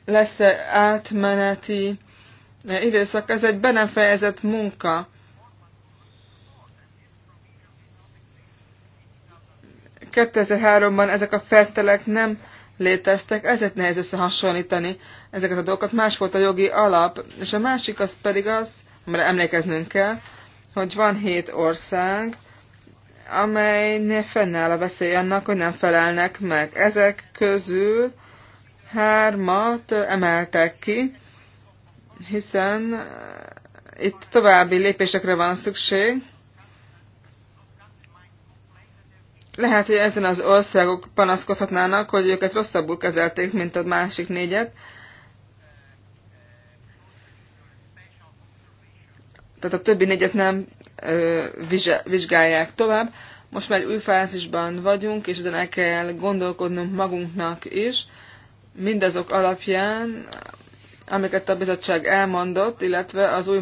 lesz-e átmeneti időszak. Ez egy be nem fejezett munka. ...2003-ban ezek a feltelek nem léteztek, ezért nehéz összehasonlítani ezeket a dolgokat. Más volt a jogi alap, és a másik az pedig az, amire emlékeznünk kell, hogy van hét ország, amelynél fennáll a veszély annak, hogy nem felelnek meg. Ezek közül hármat emeltek ki, hiszen eh, itt további lépésekre van szükség, Lehet, hogy ezen az országok panaszkodhatnának, hogy őket rosszabbul kezelték, mint a másik négyet. Tehát a többi négyet nem ö, vizsgálják tovább. Most már egy új fázisban vagyunk, és ezen el kell gondolkodnunk magunknak is, mindazok alapján, amiket a bizottság elmondott, illetve az új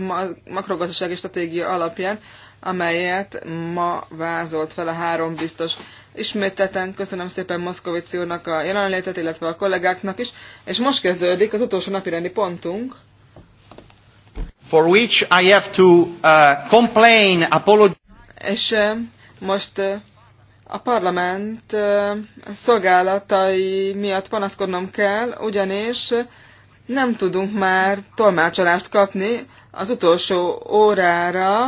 makrogazdasági stratégia alapján, amelyet ma vázolt fel a három biztos. Ismételten köszönöm szépen Moszkovic úrnak a jelenlétet, illetve a kollégáknak is, és most kezdődik az utolsó napirendi pontunk. For which I have to uh, complain, És uh, most uh, a parlament uh, szolgálatai miatt panaszkodnom kell, ugyanis uh, nem tudunk már tolmácsolást kapni az utolsó órára,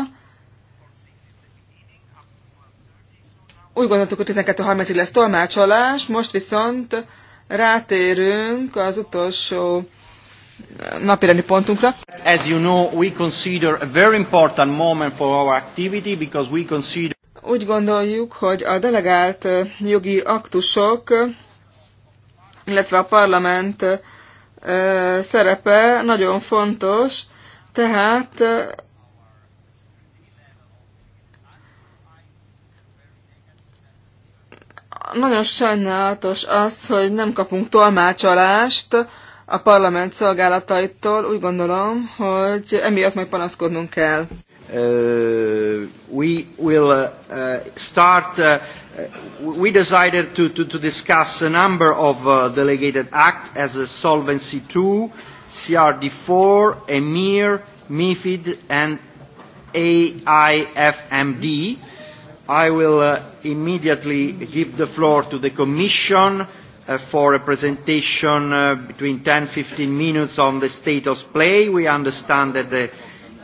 úgy gondoltuk, hogy 12.30-ig lesz tolmácsolás, most viszont rátérünk az utolsó eh, napirendi pontunkra. As you know, we consider a very important moment for our activity because we consider úgy gondoljuk, hogy a delegált eh, jogi aktusok, illetve a parlament eh, szerepe nagyon fontos, tehát Nagyon sajnálatos az, hogy nem kapunk tolmácsolást a parlament szolgálataitól. Úgy gondolom, hogy emiatt majd panaszkodnunk kell. Uh, we will uh, start uh, we decided to, to, to discuss a number of uh, delegated acts as a Solvency II, CRD4, EMIR, MIFID, and AIFMD. I will uh, immediately give the floor to the Commission uh, for a presentation uh, between 10-15 minutes on the state of play. We understand that the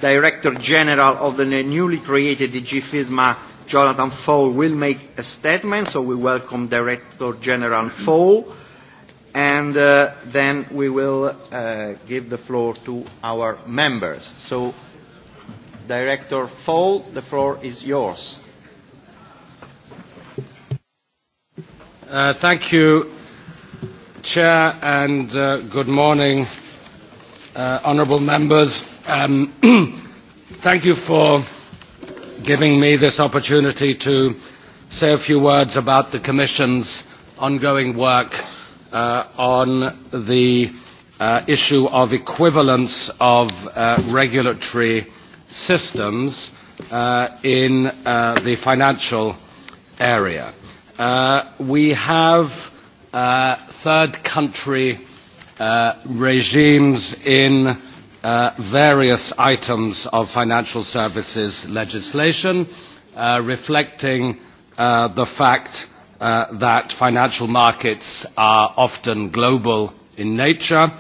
Director General of the newly created DG FISMA, Jonathan Fowle, will make a statement, so we welcome Director General Fowle. And uh, then we will uh, give the floor to our members. So, Director Fowle, the floor is yours. Uh, thank you, Chair, and uh, good morning, uh, honourable members. Um, thank you for giving me this opportunity to say a few words about the Commission's ongoing work uh, on the uh, issue of equivalence of uh, regulatory systems uh, in uh, the financial area. Uh, we have uh, third country uh, regimes in uh, various items of financial services legislation, uh, reflecting uh, the fact uh, that financial markets are often global in nature, uh,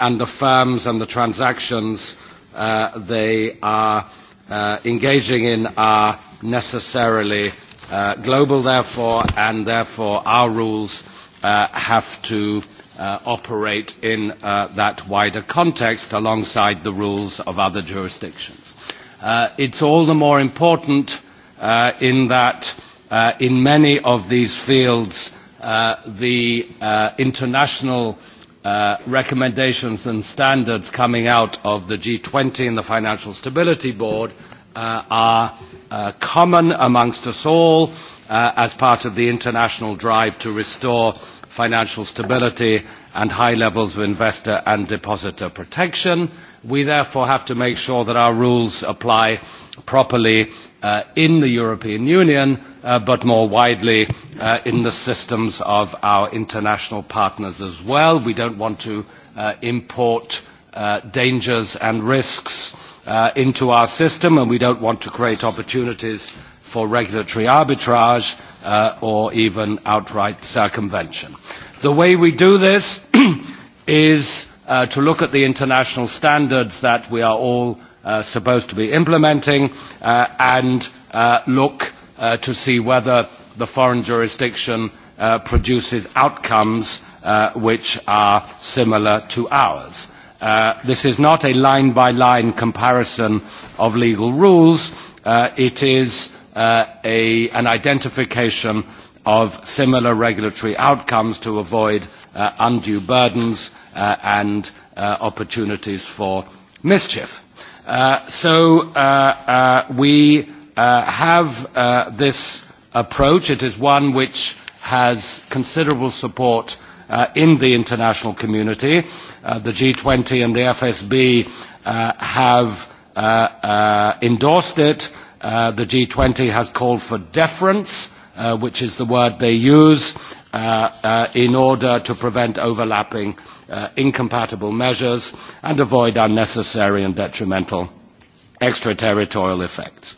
and the firms and the transactions uh, they are uh, engaging in are necessarily uh, Uh, global, therefore, and therefore our rules uh, have to uh, operate in uh, that wider context alongside the rules of other jurisdictions. Uh, it's all the more important uh, in that uh, in many of these fields uh, the uh, international uh, recommendations and standards coming out of the G20 and the Financial Stability Board uh, are uh, common amongst us all uh, as part of the international drive to restore financial stability and high levels of investor and depositor protection. We therefore have to make sure that our rules apply properly uh, in the European Union, uh, but more widely uh, in the systems of our international partners as well. We don't want to uh, import uh, dangers and risks uh, Uh, into our system, and we don't want to create opportunities for regulatory arbitrage uh, or even outright circumvention. The way we do this is uh, to look at the international standards that we are all uh, supposed to be implementing uh, and uh, look uh, to see whether the foreign jurisdiction uh, produces outcomes uh, which are similar to ours. Uh, this is not a line-by-line -line comparison of legal rules. Uh, it is uh, a, an identification of similar regulatory outcomes to avoid uh, undue burdens uh, and uh, opportunities for mischief. Uh, so uh, uh, we uh, have uh, this approach. It is one which has considerable support uh, in the international community. Uh, Uh, the G20 and the FSB uh, have uh, uh, endorsed it. Uh, the G20 has called for deference, uh, which is the word they use, uh, uh, in order to prevent overlapping uh, incompatible measures and avoid unnecessary and detrimental extraterritorial effects.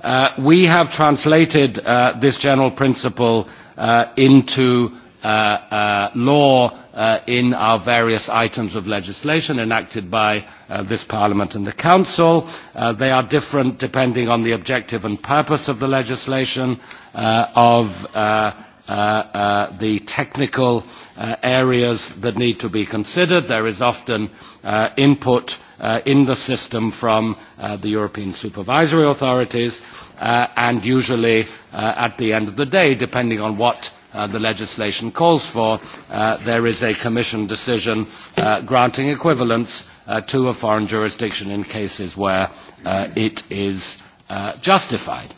Uh, we have translated uh, this general principle uh, into uh, uh, law uh, in our various items of legislation enacted by uh, this Parliament and the Council. Uh, they are different depending on the objective and purpose of the legislation, uh, of uh, uh, uh, the technical uh, areas that need to be considered. There is often uh, input uh, in the system from uh, the European supervisory authorities uh, and usually uh, at the end of the day, depending on what uh, Uh, the legislation calls for, uh, there is a Commission decision uh, granting equivalence uh, to a foreign jurisdiction in cases where uh, it is uh, justified.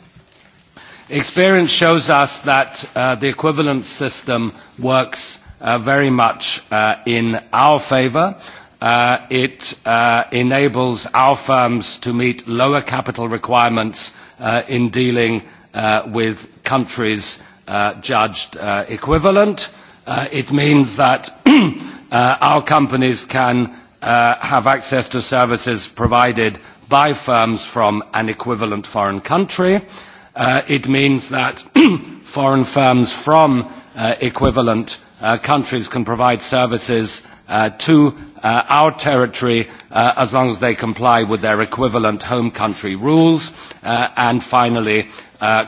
Experience shows us that uh, the equivalence system works uh, very much uh, in our favour. Uh, it uh, enables our firms to meet lower capital requirements uh, in dealing uh, with countries uh, Uh, judged uh, equivalent. Uh, it means that our companies can have access to services provided by firms from an equivalent foreign country. it means that foreign firms from equivalent countries can provide services to our territory as long as they comply with their equivalent home country rules. and finally,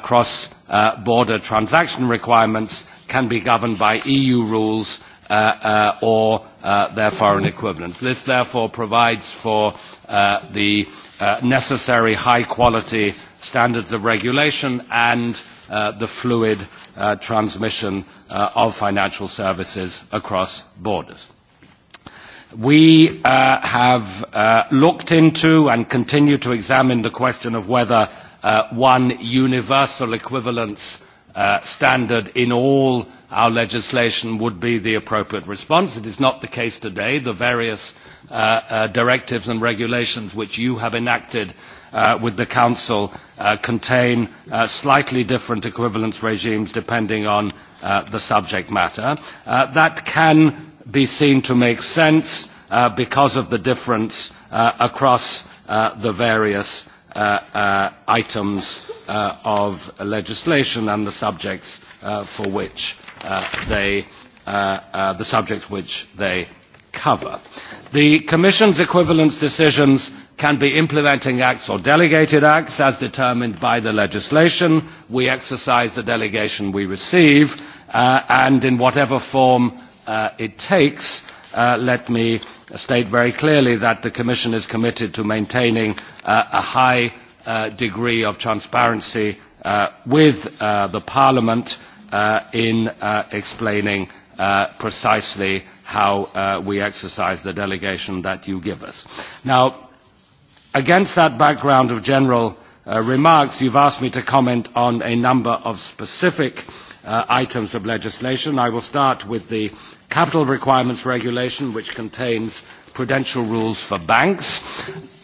cross Uh, border transaction requirements can be governed by EU rules uh, uh, or uh, their foreign equivalents. This therefore provides for uh, the uh, necessary high quality standards of regulation and uh, the fluid uh, transmission uh, of financial services across borders. We uh, have uh, looked into and continue to examine the question of whether Uh, one universal equivalence uh, standard in all our legislation would be the appropriate response. It is not the case today. The various uh, directives and regulations which you have enacted with the Council contain slightly different equivalence regimes depending on the subject matter. that can be seen to make sense because of the difference across the various uh, uh, items uh, of legislation and the subjects uh, for which uh, they, uh, uh, the subjects which they cover. The Commission's equivalence decisions can be implementing acts or delegated acts as determined by the legislation. We exercise the delegation we receive uh, and in whatever form uh, it takes, uh, let me uh, state very clearly that the Commission is committed to maintaining uh, a high uh, degree of transparency uh, with uh, the Parliament uh, in uh, explaining uh, precisely how uh, we exercise the delegation that you give us. Now, against that background of general uh, remarks, you've asked me to comment on a number of specific uh, items of legislation. I will start with the uh, Capital Requirements Regulation, which contains prudential rules for banks.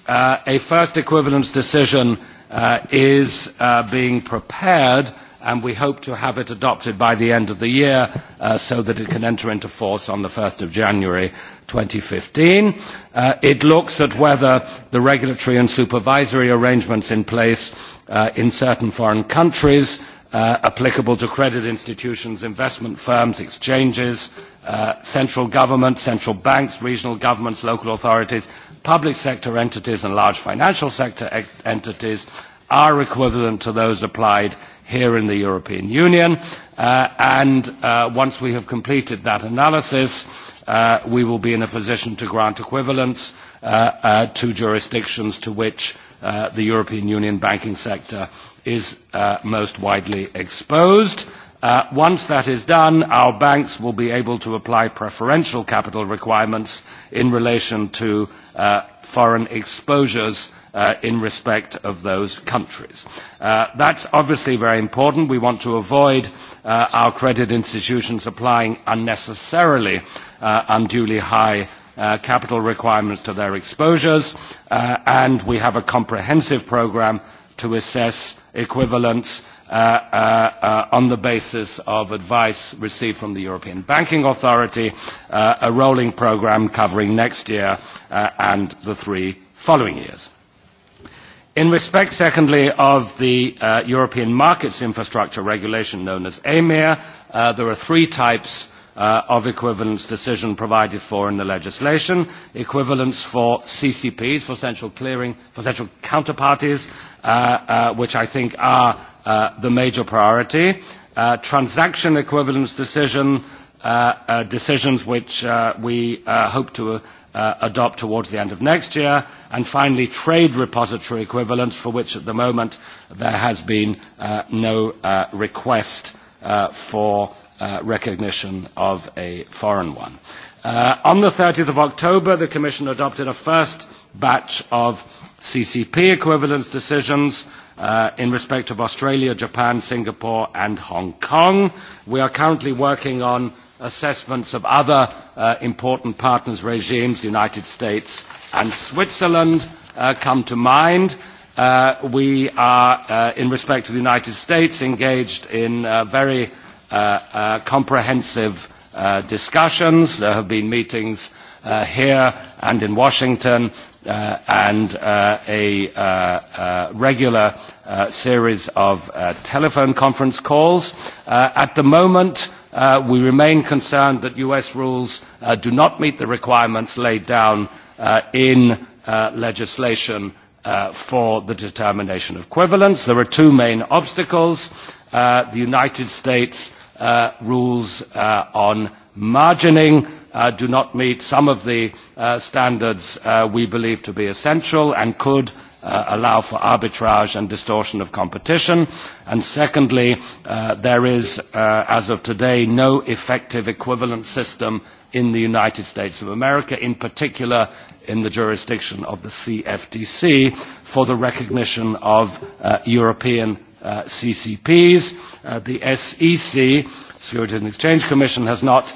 Uh, a first equivalence decision uh, is uh, being prepared and we hope to have it adopted by the end of the year uh, so that it can enter into force on the 1st of January 2015. Uh, it looks at whether the regulatory and supervisory arrangements in place uh, in certain foreign countries uh, applicable to credit institutions, investment firms, exchanges, uh, Uh, central government, central banks, regional governments, local authorities, public sector entities and large financial sector e-, entities are equivalent to those applied here in the European Union. Uh, and uh, once we have completed that analysis, uh, we will be in a position to grant equivalence uh, uh, to jurisdictions to which uh, the European Union banking sector is uh, most widely exposed. Uh, Uh, once that is done, our banks will be able to apply preferential capital requirements in relation to uh, foreign exposures uh, in respect of those countries. that's obviously very important. We want to avoid our credit institutions applying unnecessarily unduly high capital requirements to their exposures, and we have a comprehensive program to assess equivalence Uh, uh, uh, on the basis of advice received from the European Banking Authority, a rolling programme covering next year and the three following years. In respect, secondly, of the European Markets Infrastructure Regulation known as EMIR, there are three types of equivalence decision provided for in the legislation. Equivalence for CCPs, for central clearing, for central counterparties, which I think are uh, the major priority. Uh, transaction equivalence decision, uh, uh, decisions which uh, we uh, hope to uh, adopt towards the end of next year, and finally trade repository equivalence, for which at the moment there has been uh, no uh, request uh, for uh, recognition of a foreign one. Uh, on the 30th of October, the Commission adopted a first batch of CCP equivalence decisions. Uh, in respect of Australia, Japan, Singapore and Hong Kong. We are currently working on assessments of other uh, important partners regimes, the United States and Switzerland uh, come to mind. Uh, we are, uh, in respect of the United States, engaged in uh, very uh, uh, comprehensive uh, discussions. There have been meetings uh, here and in Washington uh, and uh, a uh, uh, regular uh, series of uh, telephone conference calls. Uh, at the moment, uh, we remain concerned that US rules uh, do not meet the requirements laid down uh, in uh, legislation uh, for the determination of equivalence. There are two main obstacles. Uh, the United States uh, rules uh, on margining Uh, do not meet some of the uh, standards uh, we believe to be essential and could allow for arbitrage and distortion of competition. And secondly, there is, as of today, no effective equivalent system in the United States of America, in particular in the jurisdiction of the CFTC, for the recognition of European CCPs. the SEC, Securities and Exchange Commission, has not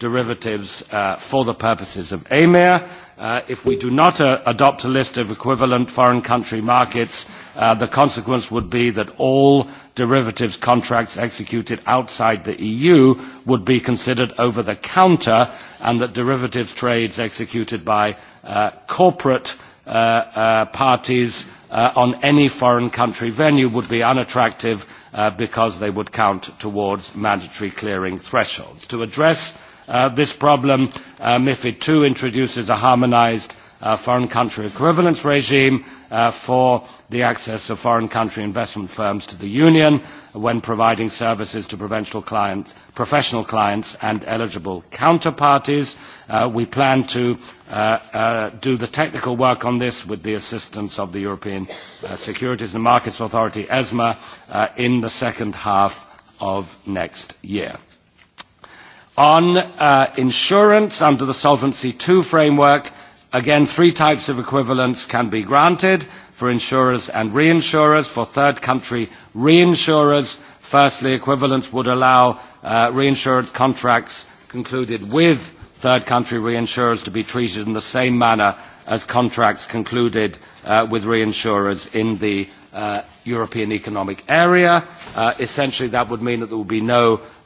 derivatives uh, for the purposes of AMIR. E uh, if we do not uh, adopt a list of equivalent foreign country markets, uh, the consequence would be that all derivatives contracts executed outside the EU would be considered over the counter and that derivatives trades executed by uh, corporate uh, uh, parties uh, on any foreign country venue would be unattractive uh, because they would count towards mandatory clearing thresholds. To address uh, Uh, this problem, uh, MIFID II introduces a harmonised uh, foreign country equivalence regime uh, for the access of foreign country investment firms to the Union when providing services to provincial clients, professional clients and eligible counterparties. Uh, we plan to uh, uh, do the technical work on this with the assistance of the European uh, Securities and Markets Authority, ESMA, uh, in the second half of next year. On uh, insurance under the Solvency II framework, again, three types of equivalence can be granted for insurers and reinsurers. For third country reinsurers, firstly, equivalence would allow uh, reinsurance contracts concluded with third country reinsurers to be treated in the same manner as contracts concluded uh, with reinsurers in the uh, European Economic Area. Uh, essentially, that would mean that there would be no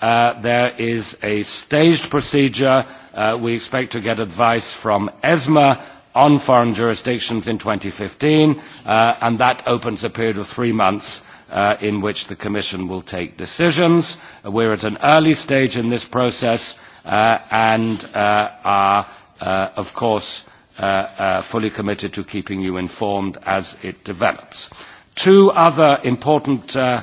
Uh, there is a staged procedure. Uh, we expect to get advice from ESMA on foreign jurisdictions in 2015, uh, and that opens a period of three months uh, in which the Commission will take decisions. Uh, we're at an early stage in this process uh, and uh, are, uh, of course, uh, uh, fully committed to keeping you informed as it develops. Two other important uh,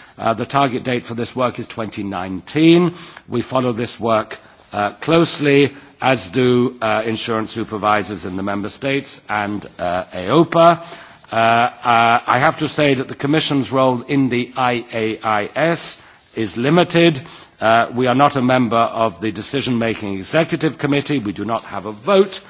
Uh, the target date for this work is 2019. We follow this work uh, closely, as do uh, insurance supervisors in the Member States and uh, AOPA. Uh, uh, I have to say that the Commission's role in the IAIS is limited. Uh, we are not a member of the decision-making executive committee. We do not have a vote. Uh,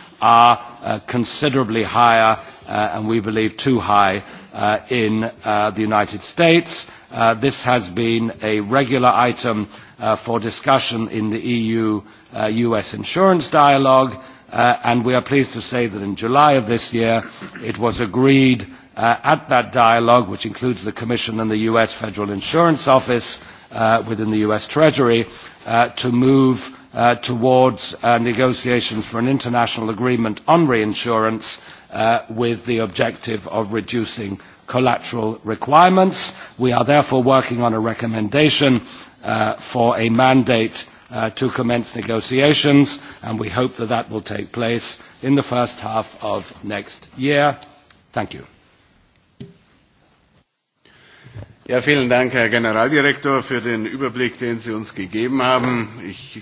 are uh, considerably higher uh, and we believe too high uh, in uh, the United States. Uh, this has been a regular item uh, for discussion in the EU-US uh, insurance dialogue uh, and we are pleased to say that in July of this year it was agreed uh, at that dialogue, which includes the Commission and the US Federal Insurance Office uh, within the US Treasury, uh, to move Uh, towards uh, negotiations for an international agreement on reinsurance uh, with the objective of reducing collateral requirements. We are therefore working on a recommendation for a mandate to commence negotiations and we hope that that will take place in the first half of next year. Thank you. Ja, vielen Dank, Herr Generaldirektor, für den Überblick, den Sie uns gegeben haben. Ich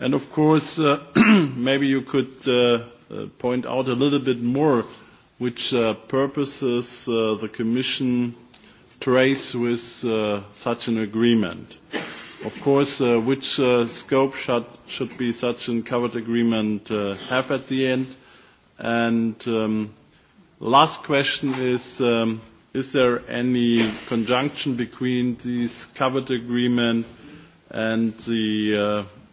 And of course, uh, maybe you could uh, uh, point out a little bit more which uh, purposes uh, the Commission trace with uh, such an agreement. Of course, uh, which uh, scope should, should be such a covered agreement uh, have at the end? And um, last question is, um, is there any conjunction between this covered agreement and the uh,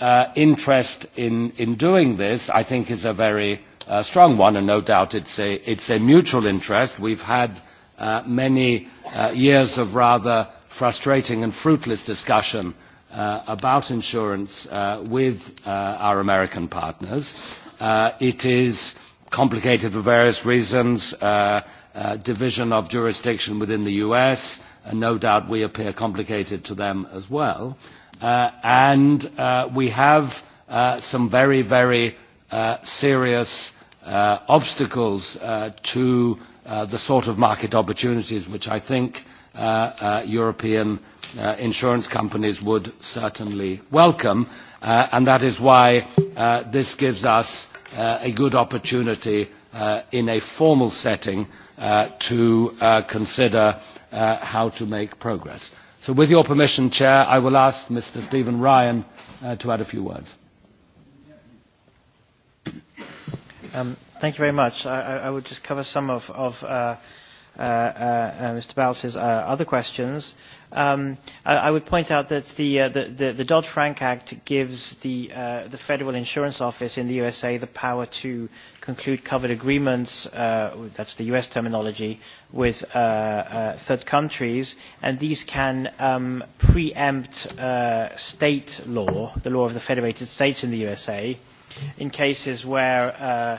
Uh, interest in, doing this, I think, is a very uh, strong one, and no doubt it's a, a mutual interest. We've had uh, many years of rather frustrating and fruitless discussion about insurance with our American partners. it is complicated for various reasons, division of jurisdiction within the US, and no doubt we appear complicated to them as well uh, and uh, we have uh, some very, very uh, serious uh, obstacles uh, to uh, the sort of market opportunities which I think uh, uh, European uh, insurance companies would certainly welcome, uh, and that is why uh, this gives us uh, a good opportunity uh, in a formal setting uh, to uh, consider uh, how to make progress. So with your permission, Chair, I will ask Mr. Stephen Ryan uh, to add a few words. Um, thank you very much. I, I would just cover some of, of uh, uh, uh, uh Mr. Balz's uh, other questions. Um, I, I would point out that the, uh, the, the, the Dodd-Frank Act gives the, uh, the Federal Insurance Office in the USA the power to uh, conclude covered agreements, uh, that's the US terminology, with uh, uh, third countries, and these can um, preempt uh, state law, the law of the Federated States in the USA, in cases where uh,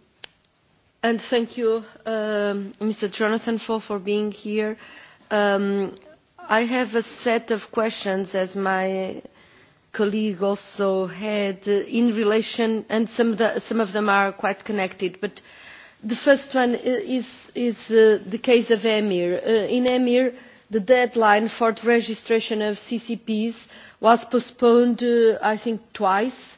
And thank you, Mr. Um, Jonathan, for, for being here. Um, I have a set of questions, as my colleague also had, uh, in relation, and some of, them are quite connected. But the first one is, uh, the case of EMIR. Uh, in EMIR, the deadline for the registration of CCPs was postponed, I think, twice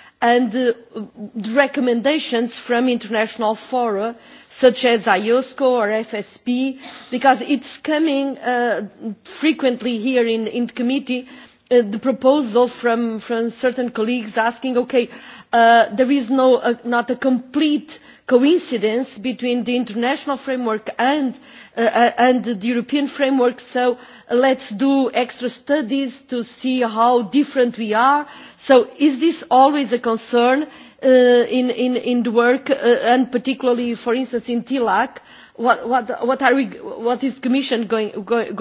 and uh, the recommendations from international fora such as iosco or fsp because it is coming uh, frequently here in, in committee uh, the proposal from, from certain colleagues asking okay uh, there is no, uh, not a complete coincidence between the international framework and, uh, uh, the european framework so uh, let us do extra studies to see how different we are. so is this always a concern in, the work and particularly for instance in tlac? what, are we, what is the commission going,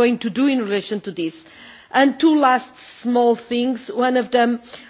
going to do in relation to this? and two last small things one of them is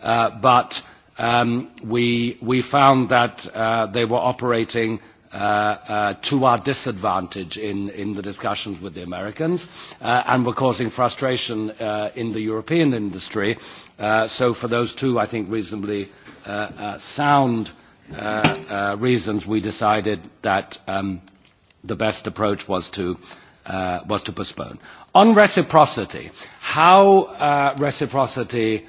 Uh, but um, we, we found that uh, they were operating uh, uh, to our disadvantage in, in the discussions with the Americans uh, and were causing frustration uh, in the European industry. Uh, so for those two, I think, reasonably uh, uh, sound uh, uh, reasons, we decided that um, the best approach was to, uh, was to postpone. On reciprocity, how uh, reciprocity uh,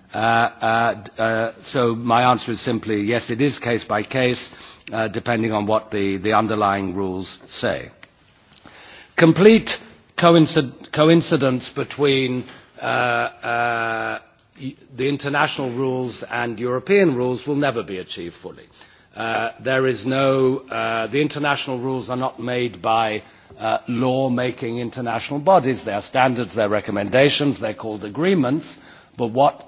Uh, uh, uh, so my answer is simply yes, it is case by case, depending on what the, underlying rules say. Complete coincidence between the international rules and European rules will never be achieved fully. there is no, the international rules are not made by law-making international bodies. They are standards, they are recommendations, they are called agreements, but what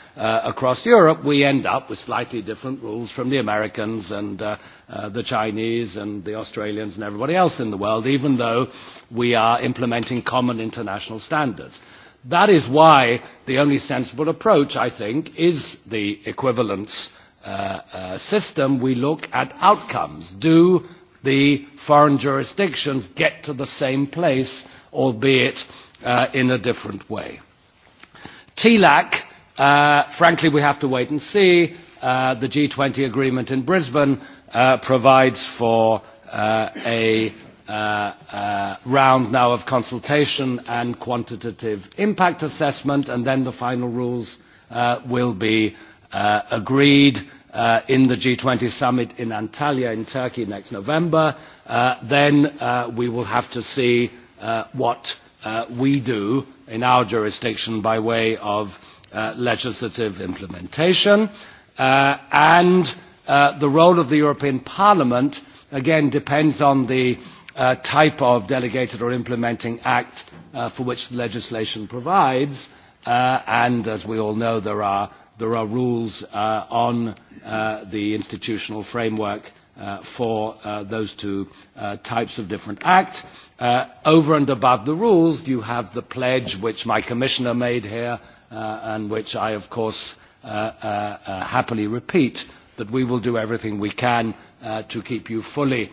uh, across Europe, we end up with slightly different rules from the Americans and uh, uh, the Chinese and the Australians and everybody else in the world, even though we are implementing common international standards. That is why the only sensible approach, I think, is the equivalence uh, uh, system. We look at outcomes. Do the foreign jurisdictions get to the same place, albeit uh, in a different way? TLAC Uh, frankly, we have to wait and see. Uh, the G20 agreement in Brisbane uh, provides for uh, a uh, uh, round now of consultation and quantitative impact assessment, and then the final rules uh, will be uh, agreed uh, in the G20 summit in Antalya in Turkey next November. Uh, then uh, we will have to see uh, what uh, we do in our jurisdiction by way of Uh, legislative implementation. Uh, and uh, the role of the European Parliament, again, depends on the uh, type of delegated or implementing act uh, for which the legislation provides. Uh, and as we all know, there are, there are rules uh, on uh, the institutional framework uh, for uh, those two uh, types of different act. Uh, over and above the rules, you have the pledge which my commissioner made here Uh, and which I, of course, uh, uh, happily repeat, that we will do everything we can to keep you fully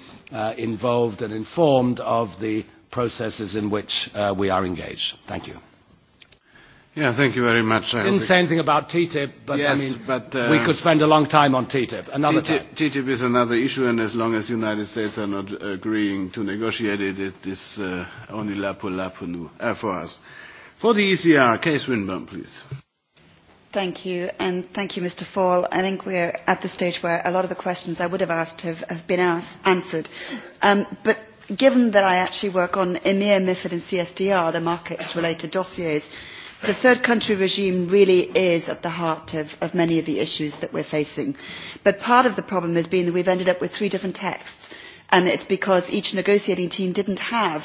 involved and informed of the processes in which we are engaged. Thank you. Yeah, thank you very much. I didn't say anything about TTIP, but yes, I mean, but, uh, we could spend a long time on TTIP. Another TTIP, time. TTIP is another issue, and as long as the United States are not agreeing to negotiate it, it is uh, only la pour la pour nous, uh, for us. For the ECR, Case Winburn, please. Thank you, and thank you, Mr. Fall. I think we're at the stage where a lot of the questions I would have asked have, have been asked, answered. Um, but given that I actually work on EMIR, MIFID and CSDR, the markets-related dossiers, the third country regime really is at the heart of, of many of the issues that we're facing. But part of the problem has been that we've ended up with three different texts, and it's because each negotiating team didn't have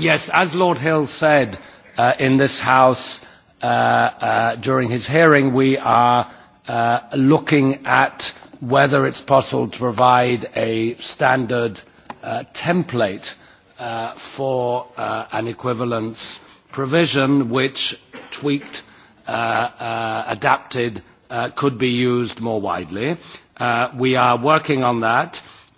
Yes, as Lord Hill said uh, in this House uh, uh, during his hearing, we are uh, looking at whether it's possible to provide a standard uh, template uh, for uh, an equivalence provision which tweaked, uh, uh, adapted, uh, could be used more widely. Uh, we are working on that. Uh,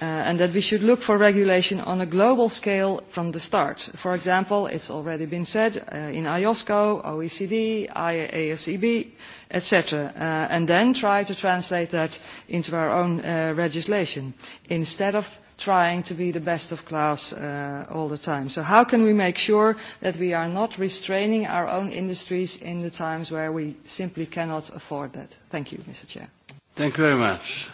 uh, and that we should look for regulation on a global scale from the start. For example, it's already been said uh, in IOSCO, OECD, IASEB, etc. Uh, and then try to translate that into our own uh, legislation instead of trying to be the best of class uh, all the time. So how can we make sure that we are not restraining our own industries in the times where we simply cannot afford that? Thank you, Mr. Chair. Thank you very much.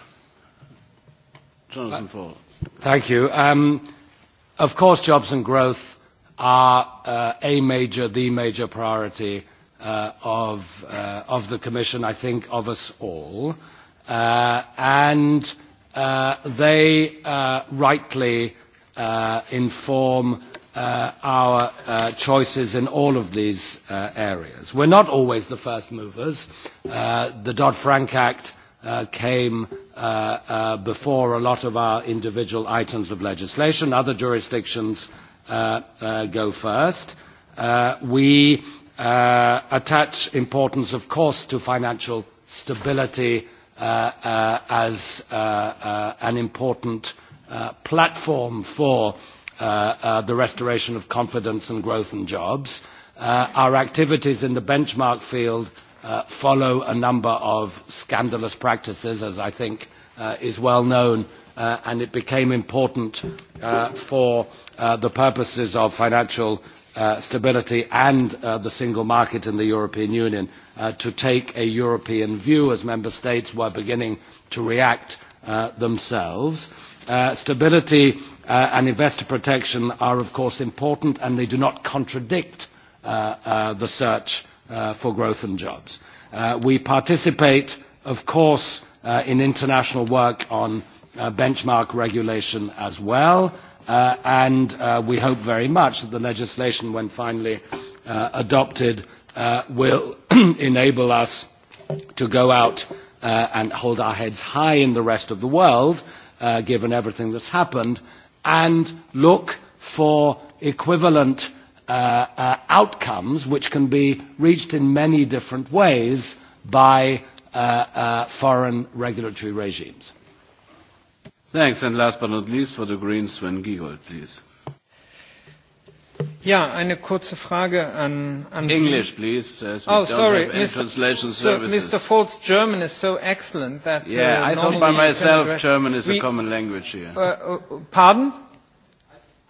Jonathan Thank you. Um, of course, jobs and growth are uh, a major, the major priority uh, of, uh, of the Commission, I think, of us all. Uh, and uh, they uh, rightly uh, inform uh, our uh, choices in all of these uh, areas. We're not always the first movers. Uh, the Dodd-Frank Act uh, came uh, uh, before a lot of our individual items of legislation. Other jurisdictions uh, uh, go first. Uh, we uh, attach importance, of course, to financial stability uh, uh, as uh, uh, an important uh, platform for uh, uh, the restoration of confidence and growth and jobs. Uh, our activities in the benchmark field uh, Uh, follow a number of scandalous practices, as I think uh, is well known, uh, and it became important uh, for uh, the purposes of financial uh, stability and uh, the single market in the European Union uh, to take a European view as member states were beginning to react uh, themselves. Uh, stability uh, and investor protection are of course important and they do not contradict uh, uh, the search uh, uh, for growth and jobs. Uh, we participate, of course, uh, in international work on uh, benchmark regulation as well, uh, and uh, we hope very much that the legislation, when finally uh, adopted, uh, will enable us to go out uh, and hold our heads high in the rest of the world, uh, given everything that's happened, and look for equivalent uh, uh, outcomes which can be reached in many different ways by uh, uh, foreign regulatory regimes. Thanks. And last but not least, for the Greens, Sven Giegold, please. Ja, eine kurze Frage an, an English, Sie. please. As we oh, don't sorry, have Mr. Translation so services. Mr. Folt's German is so excellent that. Yeah, uh, I thought by myself German is we, a common language here. Uh, uh, pardon?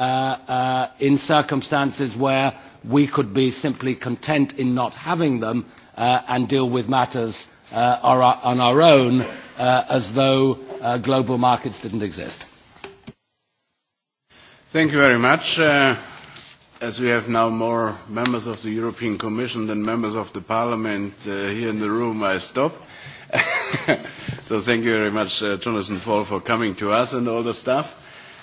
Uh, uh, in circumstances where we could be simply content in not having them uh, and deal with matters uh, on our own uh, as though uh, global markets didn't exist. Thank you very much. Uh, as we have now more members of the European Commission than members of the Parliament uh, here in the room, I stop. so thank you very much, uh, Jonathan Fall, for coming to us and all the stuff